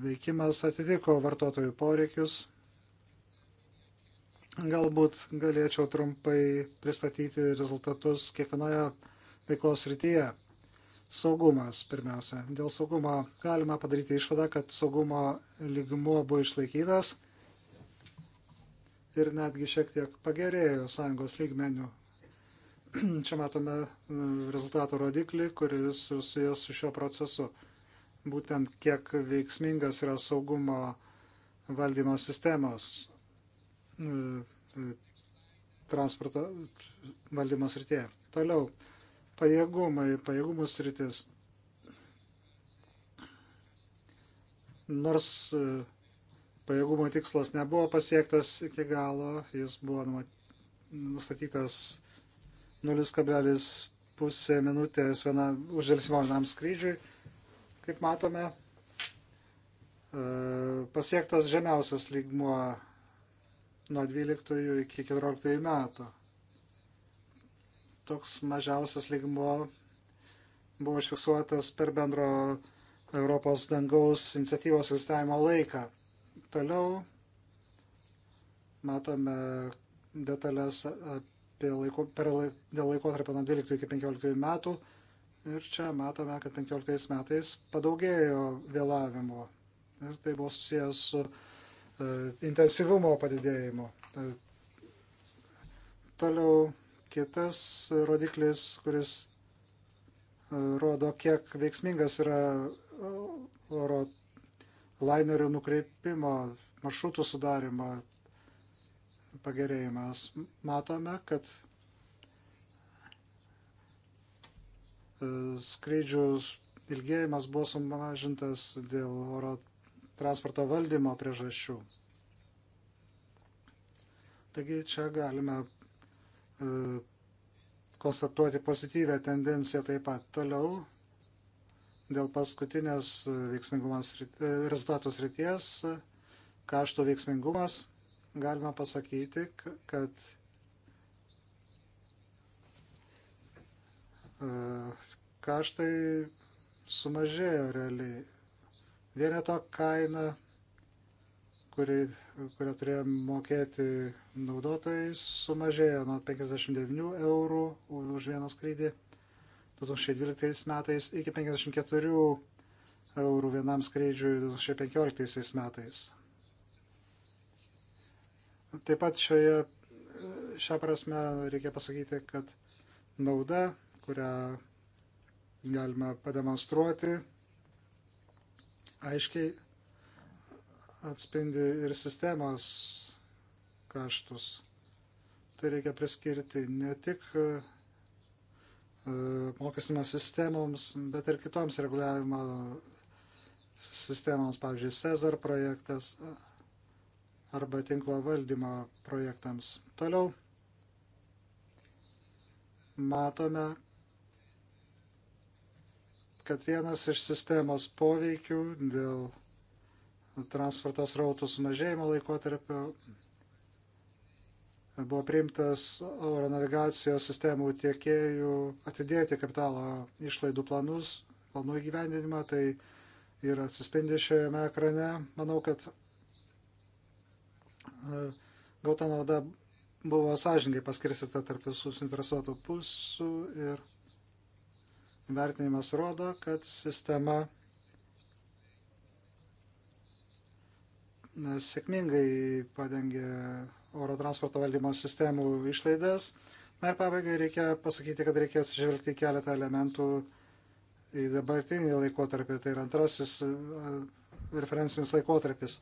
veikimas atitiko vartotojų poreikius. Galbūt galėčiau trumpai pristatyti rezultatus kiekvienoje veiklos rytyje. Saugumas pirmiausia. Dėl saugumo galima padaryti išvadą, kad saugumo lygmuo buvo išlaikytas ir netgi šiek tiek pagerėjo sąjungos lygmenių čia matome mm, rezultato rodiklį, kuris susijęs su šio procesu. Būtent kiek veiksmingas yra saugumo valdymo sistemos mm, transporto valdymo srityje. Toliau, pajėgumai, pajėgumų sritis. Nors mm, pajėgumo tikslas nebuvo pasiektas iki galo, jis buvo nustatytas 0,5 minutės viena, uždėlsimo vienam skrydžiui, kaip matome, e, pasiektas žemiausias lygmuo nuo 12 iki 14 metų. Toks mažiausias lygmuo buvo užfiksuotas per bendro Europos dangaus iniciatyvos egzistavimo laiką. Toliau matome detalės apie laiko, per, dėl laikotarpio nuo 12 iki 15 metų. Ir čia matome, kad 15 metais padaugėjo vėlavimo. Ir tai buvo susijęs su uh, intensyvumo padidėjimu. Uh, toliau kitas rodiklis, kuris uh, rodo, kiek veiksmingas yra oro lainerių nukreipimo, maršrutų sudarimo pagerėjimas. Matome, kad e, skrydžių ilgėjimas buvo sumažintas dėl oro transporto valdymo priežasčių. Taigi čia galime e, konstatuoti pozityvę tendenciją taip pat toliau. Dėl paskutinės e, veiksmingumas rezultatos ryties, kaštų veiksmingumas galima pasakyti, kad e, kaštai sumažėjo realiai. Vieneto kaina, kuri, kurią turėjo mokėti naudotojai, sumažėjo nuo 59 eurų už vieną skrydį 2012 metais iki 54 eurų vienam skrydžiui 2015 metais. Taip pat šioje, šią prasme reikia pasakyti, kad nauda, kurią galima pademonstruoti, aiškiai atspindi ir sistemos kaštus. Tai reikia priskirti ne tik e, mokestinimo sistemoms, bet ir kitoms reguliavimo sistemoms, pavyzdžiui, Cezar projektas arba tinklo valdymo projektams. Toliau matome, kad vienas iš sistemos poveikių dėl transporto srautų sumažėjimo laikotarpio buvo priimtas oro navigacijos sistemų tiekėjų atidėti kapitalo išlaidų planus, planų įgyvendinimą, tai ir atsispindi šioje ekrane. Manau, kad gauta nauda buvo sąžininkai paskirstyta tarp visų suinteresuotų pusių ir vertinimas rodo, kad sistema sėkmingai padengė oro transporto valdymo sistemų išlaidas. Na ir pabaigai reikia pasakyti, kad reikės žvelgti keletą elementų į dabartinį laikotarpį, tai yra antrasis referencinis laikotarpis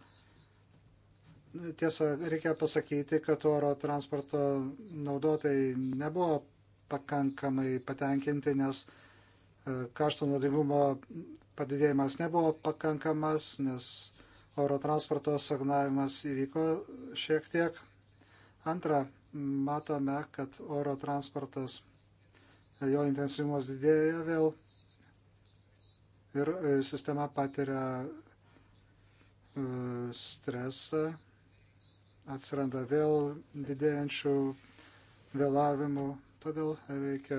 tiesa, reikia pasakyti, kad oro transporto naudotojai nebuvo pakankamai patenkinti, nes e, kaštų naudingumo padidėjimas nebuvo pakankamas, nes oro transporto sagnavimas įvyko šiek tiek. Antra, matome, kad oro transportas, e, jo intensyvumas didėja vėl ir e, sistema patiria stresą atsiranda vėl didėjančių vėlavimų, todėl reikia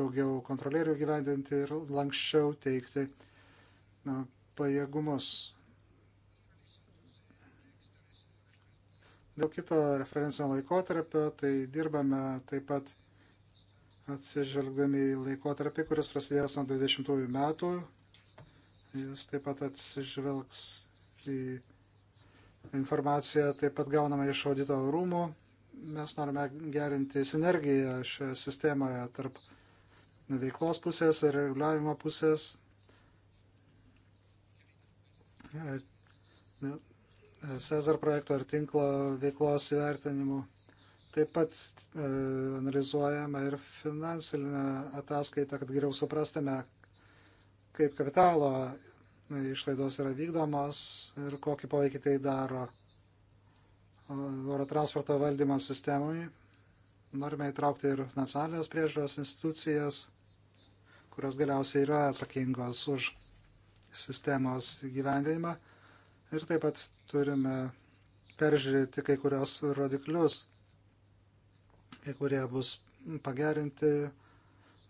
daugiau kontrolierių gyvendinti ir lankščiau teikti na, pajėgumus. Dėl kito referencinio laikotarpio, tai dirbame taip pat atsižvelgdami į laikotarpį, kuris prasidės nuo 20 metų. Jis taip pat atsižvelgs į Informaciją taip pat gauname iš audito rūmų. Mes norime gerinti sinergiją šioje sistemoje tarp veiklos pusės ir reguliavimo pusės. Cezar projekto ar tinklo veiklos įvertinimu. Taip pat e, analizuojame ir finansinę ataskaitą, kad geriau suprastume, kaip kapitalo išlaidos yra vykdomos ir kokį poveikį tai daro oro transporto valdymo sistemui. Norime įtraukti ir nacionalinės priežiūros institucijas, kurios galiausiai yra atsakingos už sistemos gyvendinimą. Ir taip pat turime peržiūrėti kai kurios rodiklius, kai kurie bus pagerinti,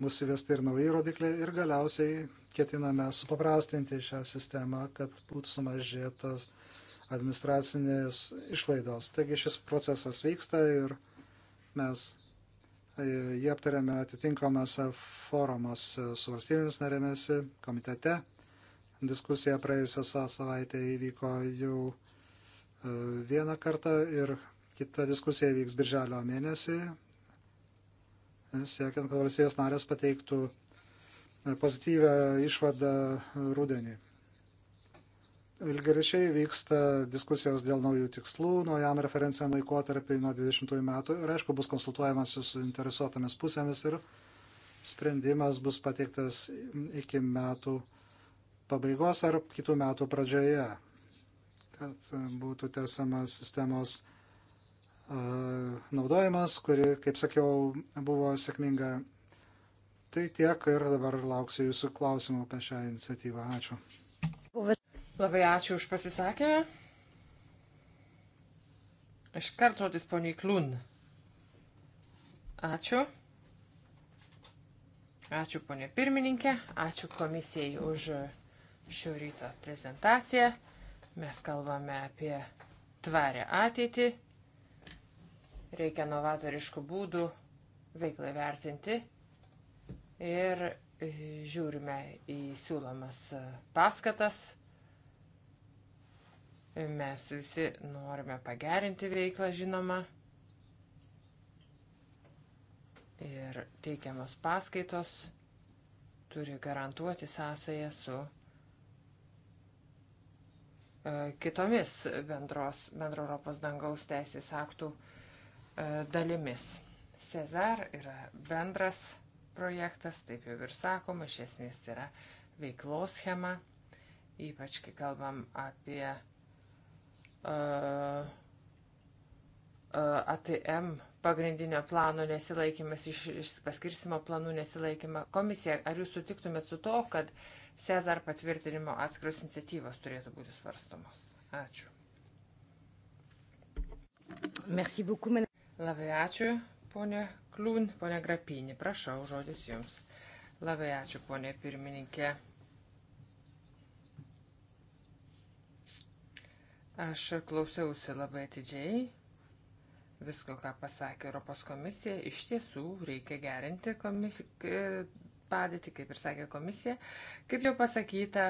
bus įvesti ir nauji rodikliai ir galiausiai ketiname supaprastinti šią sistemą, kad būtų sumažėtas administracinės išlaidos. Taigi šis procesas vyksta ir mes e, jį aptarėme atitinkamose forumuose su valstybėmis narėmis komitete. Diskusija praėjusią savaitę įvyko jau e, vieną kartą ir kita diskusija vyks birželio mėnesį, siekiant, kad valstybės narės pateiktų pozityvę išvadą rudenį. Ilgarišiai vyksta diskusijos dėl naujų tikslų, naujam referenciniam laikotarpiai nuo 20 metų ir aišku bus konsultuojamas su interesuotomis pusėmis ir sprendimas bus pateiktas iki metų pabaigos ar kitų metų pradžioje, kad būtų tęsiamas sistemos naudojimas, kuri, kaip sakiau, buvo sėkminga Tai tiek ir dabar lauksiu jūsų klausimų apie šią iniciatyvą. Ačiū. Labai ačiū už pasisakymą. Iškart žodis poniai Klun. Ačiū. Ačiū ponė pirmininkė, ačiū komisijai už šio ryto prezentaciją. Mes kalbame apie tvarę ateitį. Reikia novatoriškų būdų veiklai vertinti ir e, žiūrime į siūlomas paskatas. Mes visi norime pagerinti veiklą, žinoma. Ir teikiamos paskaitos turi garantuoti sąsąją su e, kitomis bendros, bendro Europos dangaus teisės aktų e, dalimis. Cezar yra bendras projektas, taip jau ir sakoma, iš esmės yra veiklos schema, ypač kai kalbam apie uh, ATM pagrindinio plano nesilaikymas, iš, iš paskirstimo planų nesilaikymą. Komisija, ar jūs sutiktumėt su to, kad Cezar patvirtinimo atskiros iniciatyvos turėtų būti svarstomos? Ačiū. Merci beaucoup, man... Labai ačiū, Pone Kliūn, pone Grapinį, prašau, žodis jums. Labai ačiū, ponė pirmininkė. Aš klausiausi labai atidžiai visko, ką pasakė Europos komisija. Iš tiesų reikia gerinti komisiją, padėtį, kaip ir sakė komisija. Kaip jau pasakyta,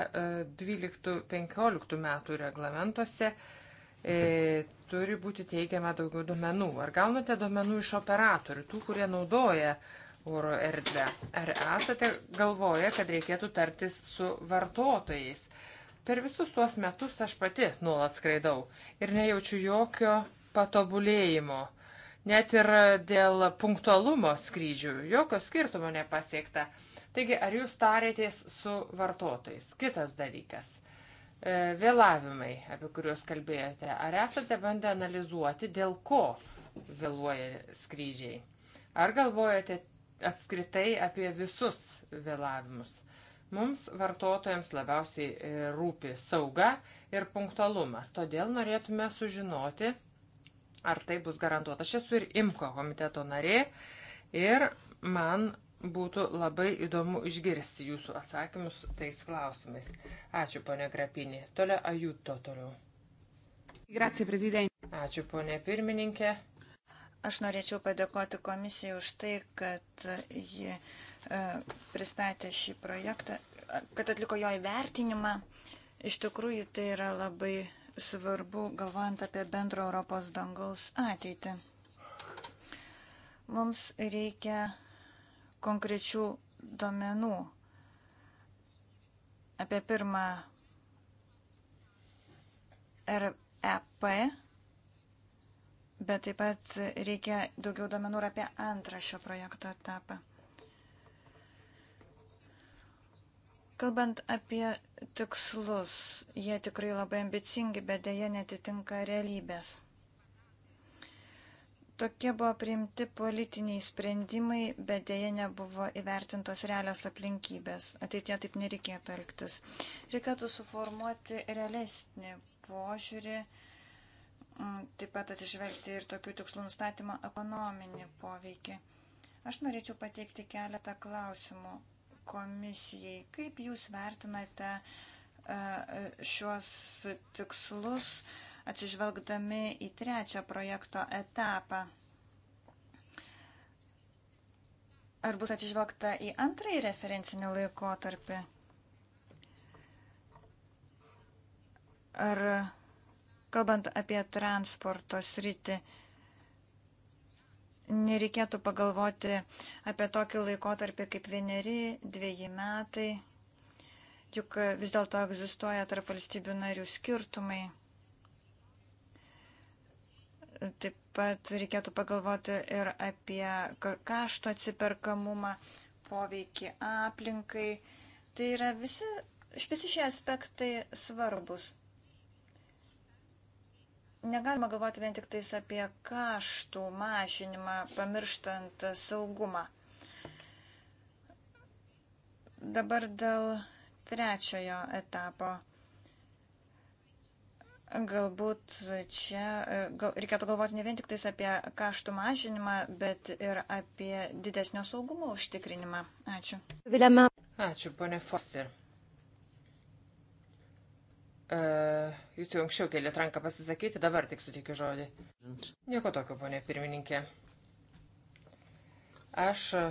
12-15 e, metų reglamentuose e, turi būti teikiama daugiau duomenų. Ar gaunate duomenų iš operatorių, tų, kurie naudoja oro erdvę? Ar esate galvoję, kad reikėtų tartis su vartotojais? Per visus tuos metus aš pati nuolat skraidau ir nejaučiu jokio patobulėjimo. Net ir dėl punktualumo skrydžių jokio skirtumo nepasiekta. Taigi, ar jūs tarėtės su vartotojais? Kitas dalykas. E, vėlavimai, apie kuriuos kalbėjote. Ar esate bandę analizuoti, dėl ko vėluoja skrydžiai? Ar galvojate apskritai apie visus vėlavimus? Mums vartotojams labiausiai e, rūpi sauga ir punktualumas, todėl norėtume sužinoti, ar tai bus garantuota. Aš esu ir IMKO komiteto narė ir man Būtų labai įdomu išgirsti jūsų atsakymus tais klausimais. Ačiū, ponė Grapinė. Toliau Ajuto toliau. Grazie, prezidentė. Ačiū, ponė pirmininkė. Aš norėčiau padėkoti komisijai už tai, kad ji e, pristatė šį projektą, kad atliko jo įvertinimą. Iš tikrųjų, tai yra labai svarbu, galvojant apie bendro Europos dangaus ateitį. Mums reikia konkrečių domenų. Apie pirmą REP, bet taip pat reikia daugiau domenų ir apie antrą šio projekto etapą. Kalbant apie tikslus, jie tikrai labai ambicingi, bet dėje netitinka realybės. Tokie buvo priimti politiniai sprendimai, bet dėje nebuvo įvertintos realios aplinkybės. Ateitie taip nereikėtų elgtis. Reikėtų suformuoti realesnį požiūrį, mm, taip pat atsižvelgti ir tokių tikslų nustatymą ekonominį poveikį. Aš norėčiau pateikti keletą klausimų komisijai. Kaip jūs vertinate e, e, šiuos tikslus? atsižvelgdami į trečią projekto etapą. Ar bus atsižvelgta į antrąjį referencinį laikotarpį? Ar, kalbant apie transporto sritį, nereikėtų pagalvoti apie tokį laikotarpį kaip vieneri, dviejai metai, juk vis dėlto egzistuoja tarp valstybių narių skirtumai. Taip pat reikėtų pagalvoti ir apie kašto atsiperkamumą, poveikį aplinkai. Tai yra visi, visi šie aspektai svarbus. Negalima galvoti vien tik tais apie kaštų mažinimą, pamirštant saugumą. Dabar dėl trečiojo etapo Galbūt čia e, gal, reikėtų galvoti ne vien tik apie kaštų mažinimą, bet ir apie didesnio saugumo užtikrinimą. Ačiū. Vilema. Ačiū, ponė Foster. Uh, jūs jau anksčiau kėlėt ranką pasisakyti, dabar tik sutikiu žodį. Nieko tokio, ponė pirmininkė. Aš e,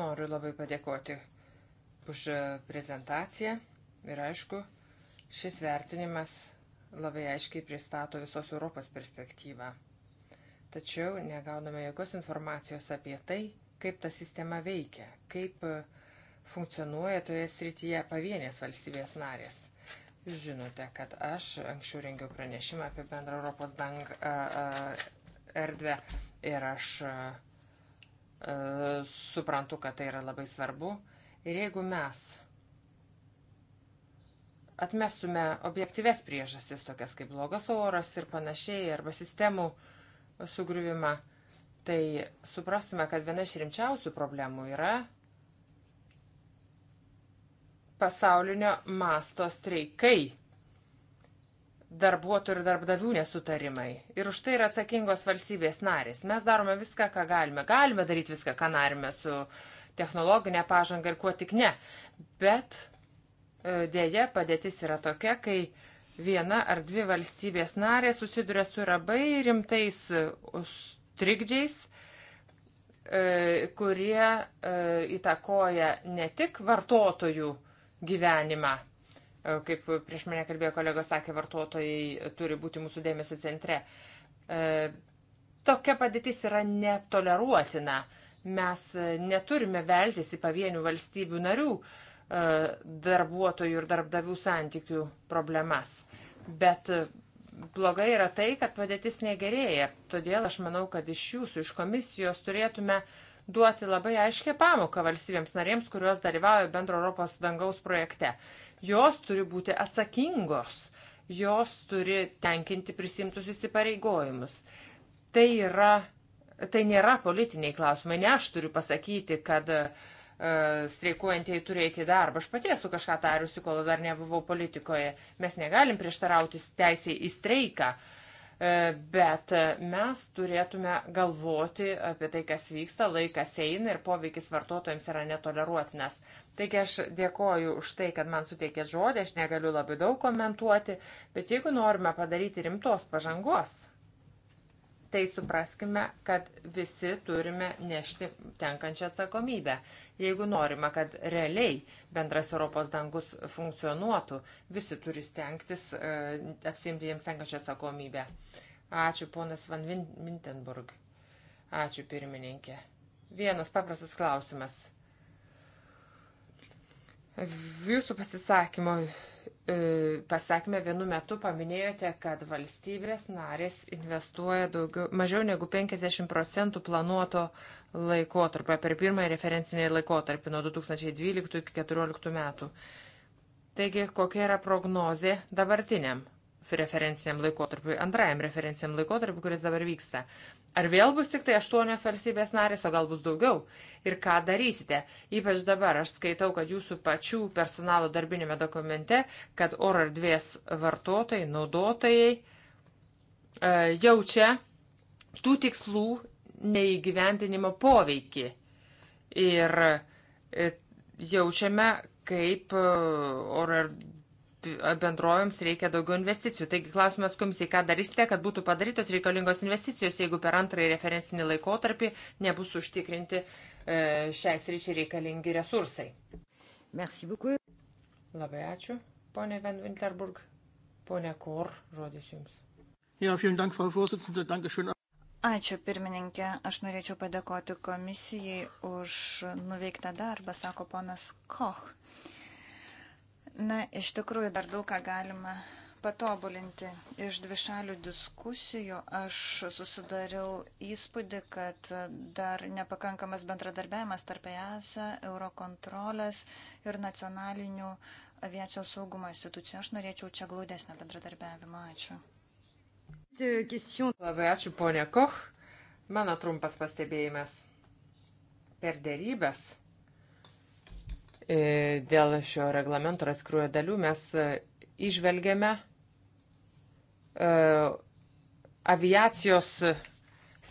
noriu labai padėkoti už prezentaciją ir aišku, šis vertinimas labai aiškiai pristato visos Europos perspektyvą. Tačiau negauname jokios informacijos apie tai, kaip ta sistema veikia, kaip e, funkcionuoja toje srityje pavienės valstybės narės. Jūs žinote, kad aš anksčiau rengiau pranešimą apie bendrą Europos dang, a, a, erdvę ir aš a, e, a, e, suprantu, kad tai yra labai svarbu. Ir jeigu mes atmestume objektyves priežastis, tokias kaip blogas oras ir panašiai, arba sistemų sugriuvimą, tai suprastume, kad viena iš rimčiausių problemų yra pasaulinio masto streikai, darbuotojų ir darbdavių nesutarimai. Ir už tai yra atsakingos valstybės narės. Mes darome viską, ką galime. Galime daryti viską, ką norime su technologinė pažanga ir kuo tik ne. Bet E, dėja, padėtis yra tokia, kai viena ar dvi valstybės narė susiduria su labai rimtais e, trikdžiais, e, kurie įtakoja ne tik vartotojų gyvenimą, kaip prieš mane kalbėjo kolegos, sakė, vartotojai turi būti mūsų dėmesio centre. Tokia padėtis yra netoleruotina. Mes neturime veltis į pavienių valstybių narių uh, E, darbuotojų ir darbdavių santykių problemas. Bet blogai yra tai, kad padėtis negerėja. Todėl aš manau, kad iš jūsų, iš komisijos turėtume duoti labai aiškę pamoką valstybėms narėms, kurios dalyvauja bendro Europos dangaus projekte. Jos turi būti atsakingos, jos turi tenkinti prisimtus įsipareigojimus. Tai, yra, tai nėra politiniai klausimai. Ne aš turiu pasakyti, kad uh, E, streikuojantieji turi eiti į darbą. Aš pati esu kažką tariusi, kol dar nebuvau politikoje. Mes negalim prieštarauti teisiai į streiką, e, bet e, mes turėtume galvoti apie tai, kas vyksta, laikas eina ir poveikis vartotojams yra netoleruotinas. Taigi aš dėkoju už tai, kad man suteikėt žodį, aš negaliu labai daug komentuoti, bet jeigu norime padaryti rimtos pažangos, tai supraskime, kad visi turime nešti tenkančią atsakomybę. Jeigu norime, kad realiai bendras Europos dangus funkcionuotų, visi turi stengtis e, apsimti jiems tenkančią atsakomybę. Ačiū, ponas Van Mintenburg. Ačiū, pirmininkė. Vienas paprastas klausimas. Jūsų pasisakymo E, pasakymę vienu metu paminėjote, kad valstybės narės investuoja daugiau, mažiau negu 50 procentų planuoto laikotarpio per pirmąjį referencinį laikotarpį nuo 2012 iki 2014 metų. Taigi, kokia yra prognozė dabartiniam referenciniam laikotarpiu, antrajam referenciniam laikotarpiu, kuris dabar vyksta. Ar vėl bus tik tai aštuonios valstybės narės, o gal bus daugiau? Ir ką darysite? Ypač dabar aš skaitau, kad jūsų pačių personalo darbinėme dokumente, kad oro erdvės vartotojai, naudotojai e, jaučia tų tikslų neįgyvendinimo poveikį. Ir e, jaučiame, kaip e, oro erdvės bendrovėms reikia daugiau investicijų. Taigi klausimas komisijai, ką darysite, kad būtų padarytos reikalingos investicijos, jeigu per antrąjį referencinį laikotarpį nebus užtikrinti šiais e, ryšiai reikalingi resursai. Merci beaucoup. Labai ačiū, ponė Van Winterburg. Pone Kor, žodis jums. Ja, vielen Dank, Frau Vorsitzende. Dankeschön. Ačiū pirmininkė. Aš norėčiau padėkoti komisijai už nuveiktą darbą, sako ponas Koch. Na, iš tikrųjų, dar daug ką galima patobulinti. Iš dvišalių diskusijų aš susidariau įspūdį, kad dar nepakankamas bendradarbiavimas tarp EASA, Eurokontrolės ir nacionalinių aviacijos saugumo institucijų. Aš norėčiau čia glaudesnio bendradarbiavimo. Ačiū. Labai ačiū, ponė Koch. Mano trumpas pastebėjimas. Per dėrybęs E, dėl šio reglamento ir atskirųjų dalių mes e, išvelgiame e, aviacijos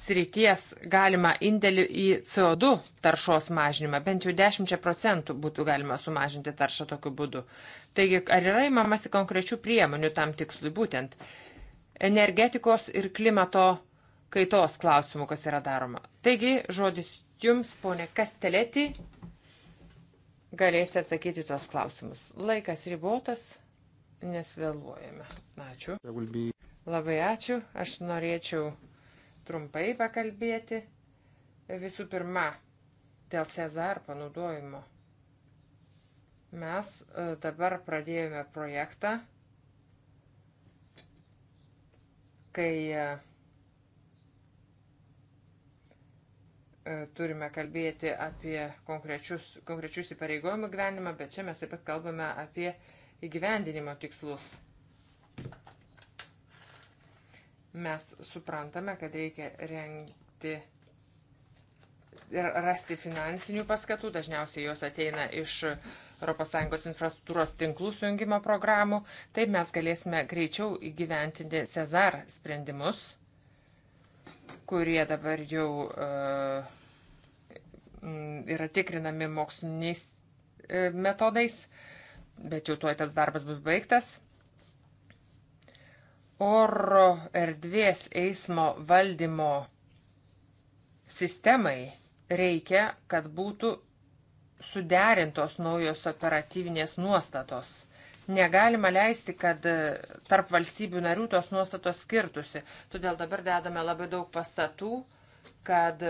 srities galima indėlį į CO2 taršos mažinimą, bent jau 10 procentų būtų galima sumažinti taršą tokiu būdu. Taigi, ar yra įmamasi konkrečių priemonių tam tikslui būtent energetikos ir klimato kaitos klausimų, kas yra daroma. Taigi, žodis jums, ponė Kastelėti, galėsite atsakyti tuos klausimus. Laikas ribotas, nes vėluojame. Ačiū. Labai ačiū. Aš norėčiau trumpai pakalbėti. Visų pirma, dėl Cezar panaudojimo. Mes e, dabar pradėjome projektą, kai e, E, turime kalbėti apie konkrečius, konkrečius įpareigojimų gyvenimą, bet čia mes taip pat kalbame apie įgyvendinimo tikslus. Mes suprantame, kad reikia rengti ir rasti finansinių paskatų, dažniausiai jos ateina iš ES infrastruktūros tinklų sujungimo programų, taip mes galėsime greičiau įgyventinti Cezar sprendimus kurie dabar jau e, yra tikrinami moksliniais e, metodais, bet jau tuoj tas darbas bus baigtas. Oro erdvės eismo valdymo sistemai reikia, kad būtų suderintos naujos operatyvinės nuostatos Negalima leisti, kad e, tarp valstybių narių tos nuostatos skirtusi. Todėl dabar dedame labai daug pastatų, kad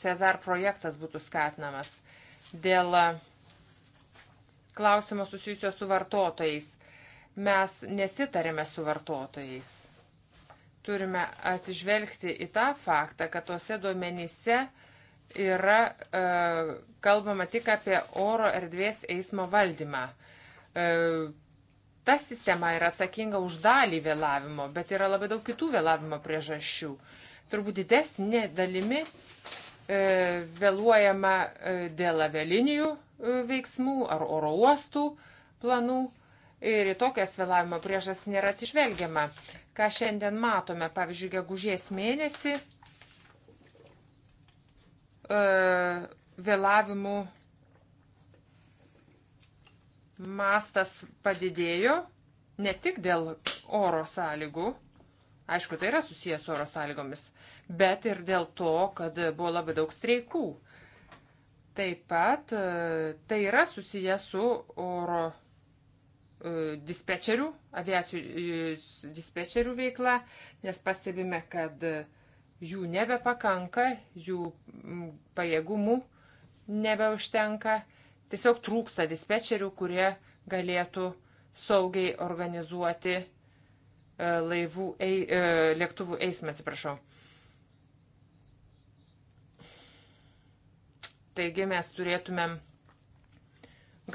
Cezar projektas būtų skatinamas. Dėl e, klausimo susijusio su vartotojais. Mes nesitarėme su vartotojais. Turime atsižvelgti į tą faktą, kad tose duomenyse yra e, kalbama tik apie oro erdvės eismo valdymą. E, E, ta sistema yra atsakinga už dalį vėlavimo, bet yra labai daug kitų vėlavimo priežasčių. Turbūt didesnė dalimi e, vėluojama e, dėl avialinijų veiksmų ar oro uostų planų ir į tokias vėlavimo priežastis nėra atsižvelgiama. Ką šiandien matome, pavyzdžiui, gegužės mėnesį vėlavimų mastas padidėjo ne tik dėl oro sąlygų, aišku, tai yra susijęs su oro sąlygomis, bet ir dėl to, kad buvo labai daug streikų. Taip pat e, tai yra susijęs su oro e, dispečerių, aviacijos e, dispečerių veikla, nes pastebime, kad jų nebepakanka, jų pajėgumų nebeužtenka Tiesiog trūksta dispečerių, kurie galėtų saugiai organizuoti e, laivų, ei, e, lėktuvų eismą, atsiprašau. Taigi mes turėtumėm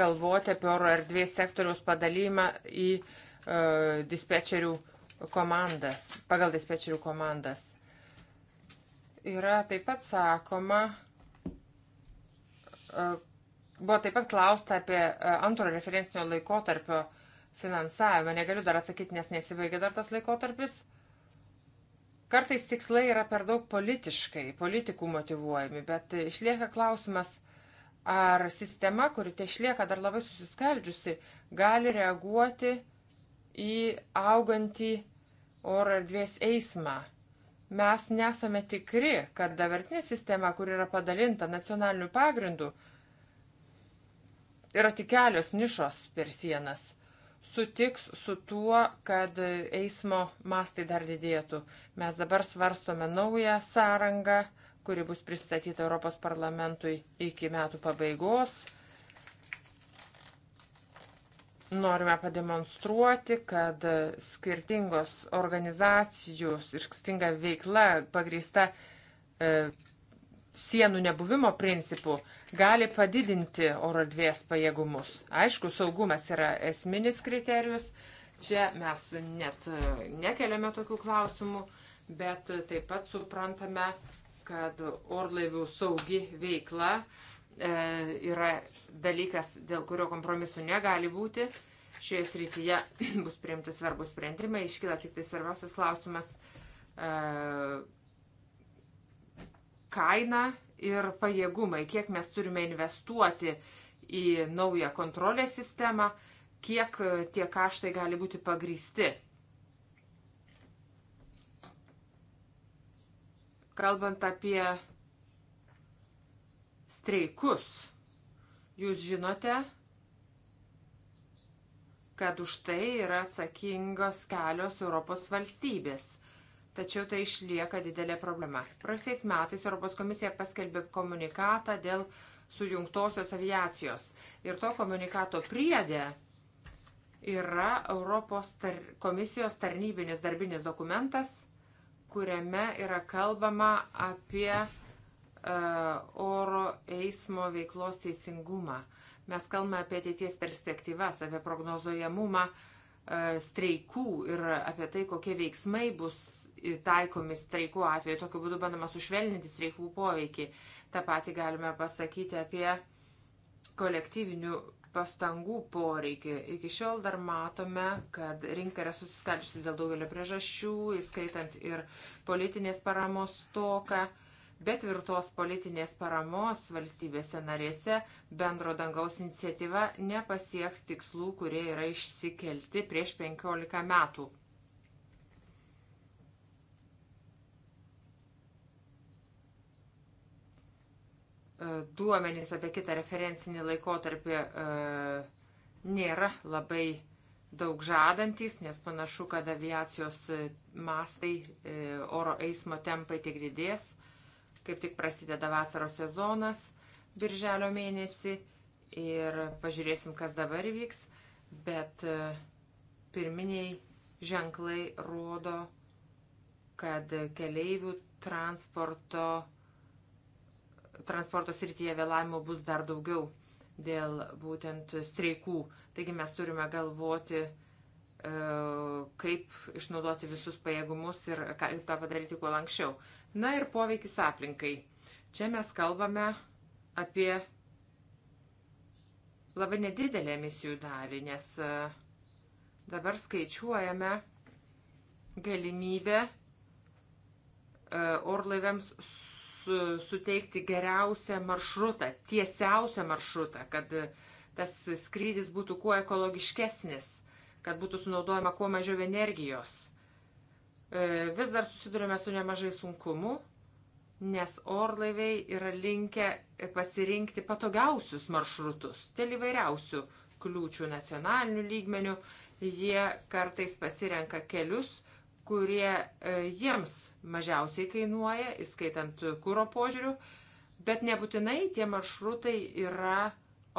galvoti apie oro erdvės sektoriaus padalymą į e, dispečerių komandas, pagal dispečerių komandas. Yra taip pat sakoma, e, Buvo taip pat klausta apie e, antro referencinio laikotarpio finansavimą. Negaliu dar atsakyti, nes nesibaigia dar tas laikotarpis. Kartais tikslai yra per daug politiškai, politikų motivuojami, bet išlieka klausimas, ar sistema, kuri te išlieka dar labai susiskaldžiusi, gali reaguoti į augantį oro erdvės eismą. Mes nesame tikri, kad dabartinė sistema, kur yra padalinta nacionaliniu pagrindu, yra tik kelios nišos per sienas, sutiks su tuo, kad eismo mastai dar didėtų. Mes dabar svarstome naują sąrangą, kuri bus pristatyta Europos parlamentui iki metų pabaigos. Norime pademonstruoti, kad skirtingos organizacijos ir skirtinga veikla pagrįsta e, sienų nebuvimo principų gali padidinti oro erdvės pajėgumus. Aišku, saugumas yra esminis kriterijus, čia mes net e, nekeliame tokių klausimų, bet taip pat suprantame, kad orlaivių saugi veikla e, yra dalykas, dėl kurio kompromisų negali būti. Šioje srityje bus priimti svarbus sprendimai, iškyla tik tai svarbiausias klausimas e, kaina ir pajėgumai, kiek mes turime investuoti į naują kontrolės sistemą, kiek e, tie kaštai gali būti pagrysti. Kalbant apie streikus, jūs žinote, kad už tai yra atsakingos kelios Europos valstybės – tačiau tai išlieka didelė problema. Praėjusiais metais Europos komisija paskelbė komunikatą dėl sujungtosios aviacijos. Ir to komunikato priedė yra Europos tar komisijos tarnybinis darbinis dokumentas, kuriame yra kalbama apie uh, oro eismo veiklos teisingumą. Mes kalbame apie ateities perspektyvas, apie prognozuojamumą uh, streikų ir apie tai, kokie veiksmai bus taikomi streikų atveju. Tokiu būdu bandoma sušvelninti streikų poveikį. Ta pati galime pasakyti apie kolektyvinių pastangų poreikį. Iki šiol dar matome, kad rinka yra susiskaldžiusi dėl daugelio priežasčių, įskaitant ir politinės paramos toką, bet tvirtos politinės paramos valstybėse narėse bendro dangaus iniciatyva nepasieks tikslų, kurie yra išsikelti prieš 15 metų. duomenys apie kitą referencinį laikotarpį e, nėra labai daug žadantis, nes panašu, kad aviacijos e, mastai, e, oro eismo tempai tik didės. Kaip tik prasideda vasaros sezonas birželio mėnesį ir pažiūrėsim, kas dabar vyks. Bet pirminiai ženklai rodo, kad keleivių transporto transporto srityje vėlavimo bus dar daugiau dėl būtent streikų. Taigi mes turime galvoti, e, kaip išnaudoti visus pajėgumus ir kaip tą padaryti kuo anksčiau. Na ir poveikis aplinkai. Čia mes kalbame apie labai nedidelę emisijų dalį, nes e, dabar skaičiuojame galimybę e, orlaiviams suteikti geriausią maršrutą, tiesiausią maršrutą, kad tas skrydis būtų kuo ekologiškesnis, kad būtų sunaudojama kuo mažiau energijos. E, vis dar susidurime su nemažai sunkumu, nes orlaiviai yra linkę pasirinkti patogiausius maršrutus, dėl įvairiausių kliūčių nacionalinių lygmenių. Jie kartais pasirenka kelius, kurie e, jiems mažiausiai kainuoja, įskaitant kūro požiūrių, bet nebūtinai tie maršrutai yra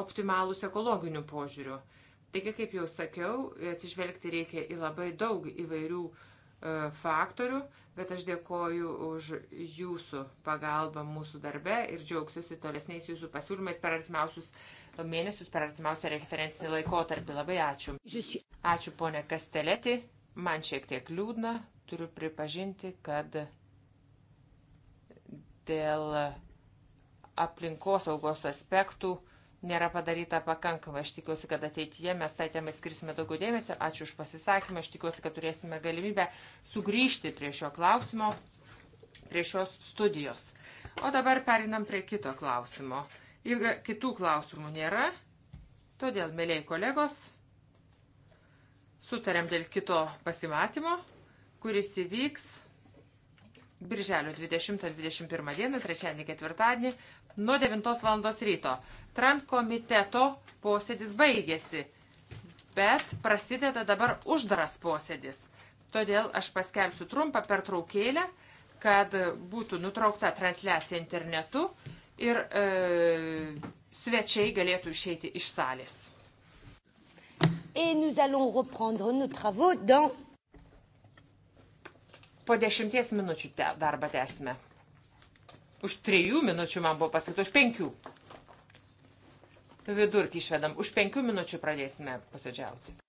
optimalūs ekologiniu požiūriu. Taigi, kaip jau sakiau, atsižvelgti reikia į labai daug įvairių e, faktorių, bet aš dėkoju už jūsų pagalbą mūsų darbe ir džiaugsiuosi tolesniais jūsų pasiūlymais per artimiausius mėnesius, per artimiausią referencinį laikotarpį. Labai ačiū. Ačiū ponė Kastelėti. Man šiek tiek liūdna, turiu pripažinti, kad dėl aplinkosaugos aspektų nėra padaryta pakankamai. Aš tikiuosi, kad ateityje mes tai temai skirsime daugiau dėmesio. Ačiū už pasisakymą. Aš tikiuosi, kad turėsime galimybę sugrįžti prie šio klausimo, prie šios studijos. O dabar perinam prie kito klausimo. Ilga, kitų klausimų nėra. Todėl, mėlyi kolegos, Sutarėm dėl kito pasimatymo, kuris įvyks Birželio 20-21 dieną, trečiadienį, ketvirtadienį, nuo 9 val. ryto. Trant komiteto posėdis baigėsi, bet prasideda dabar uždaras posėdis. Todėl aš paskelbsiu trumpą pertraukėlę, kad būtų nutraukta transliacija internetu ir e, svečiai galėtų išeiti iš salės et nous allons reprendre nos travaux dans. Po dešimties minučių te, darbą tęsime. Už trijų minučių man buvo pasakyta, už penkių. Vidurkį išvedam. Už penkių minučių pradėsime posėdžiauti.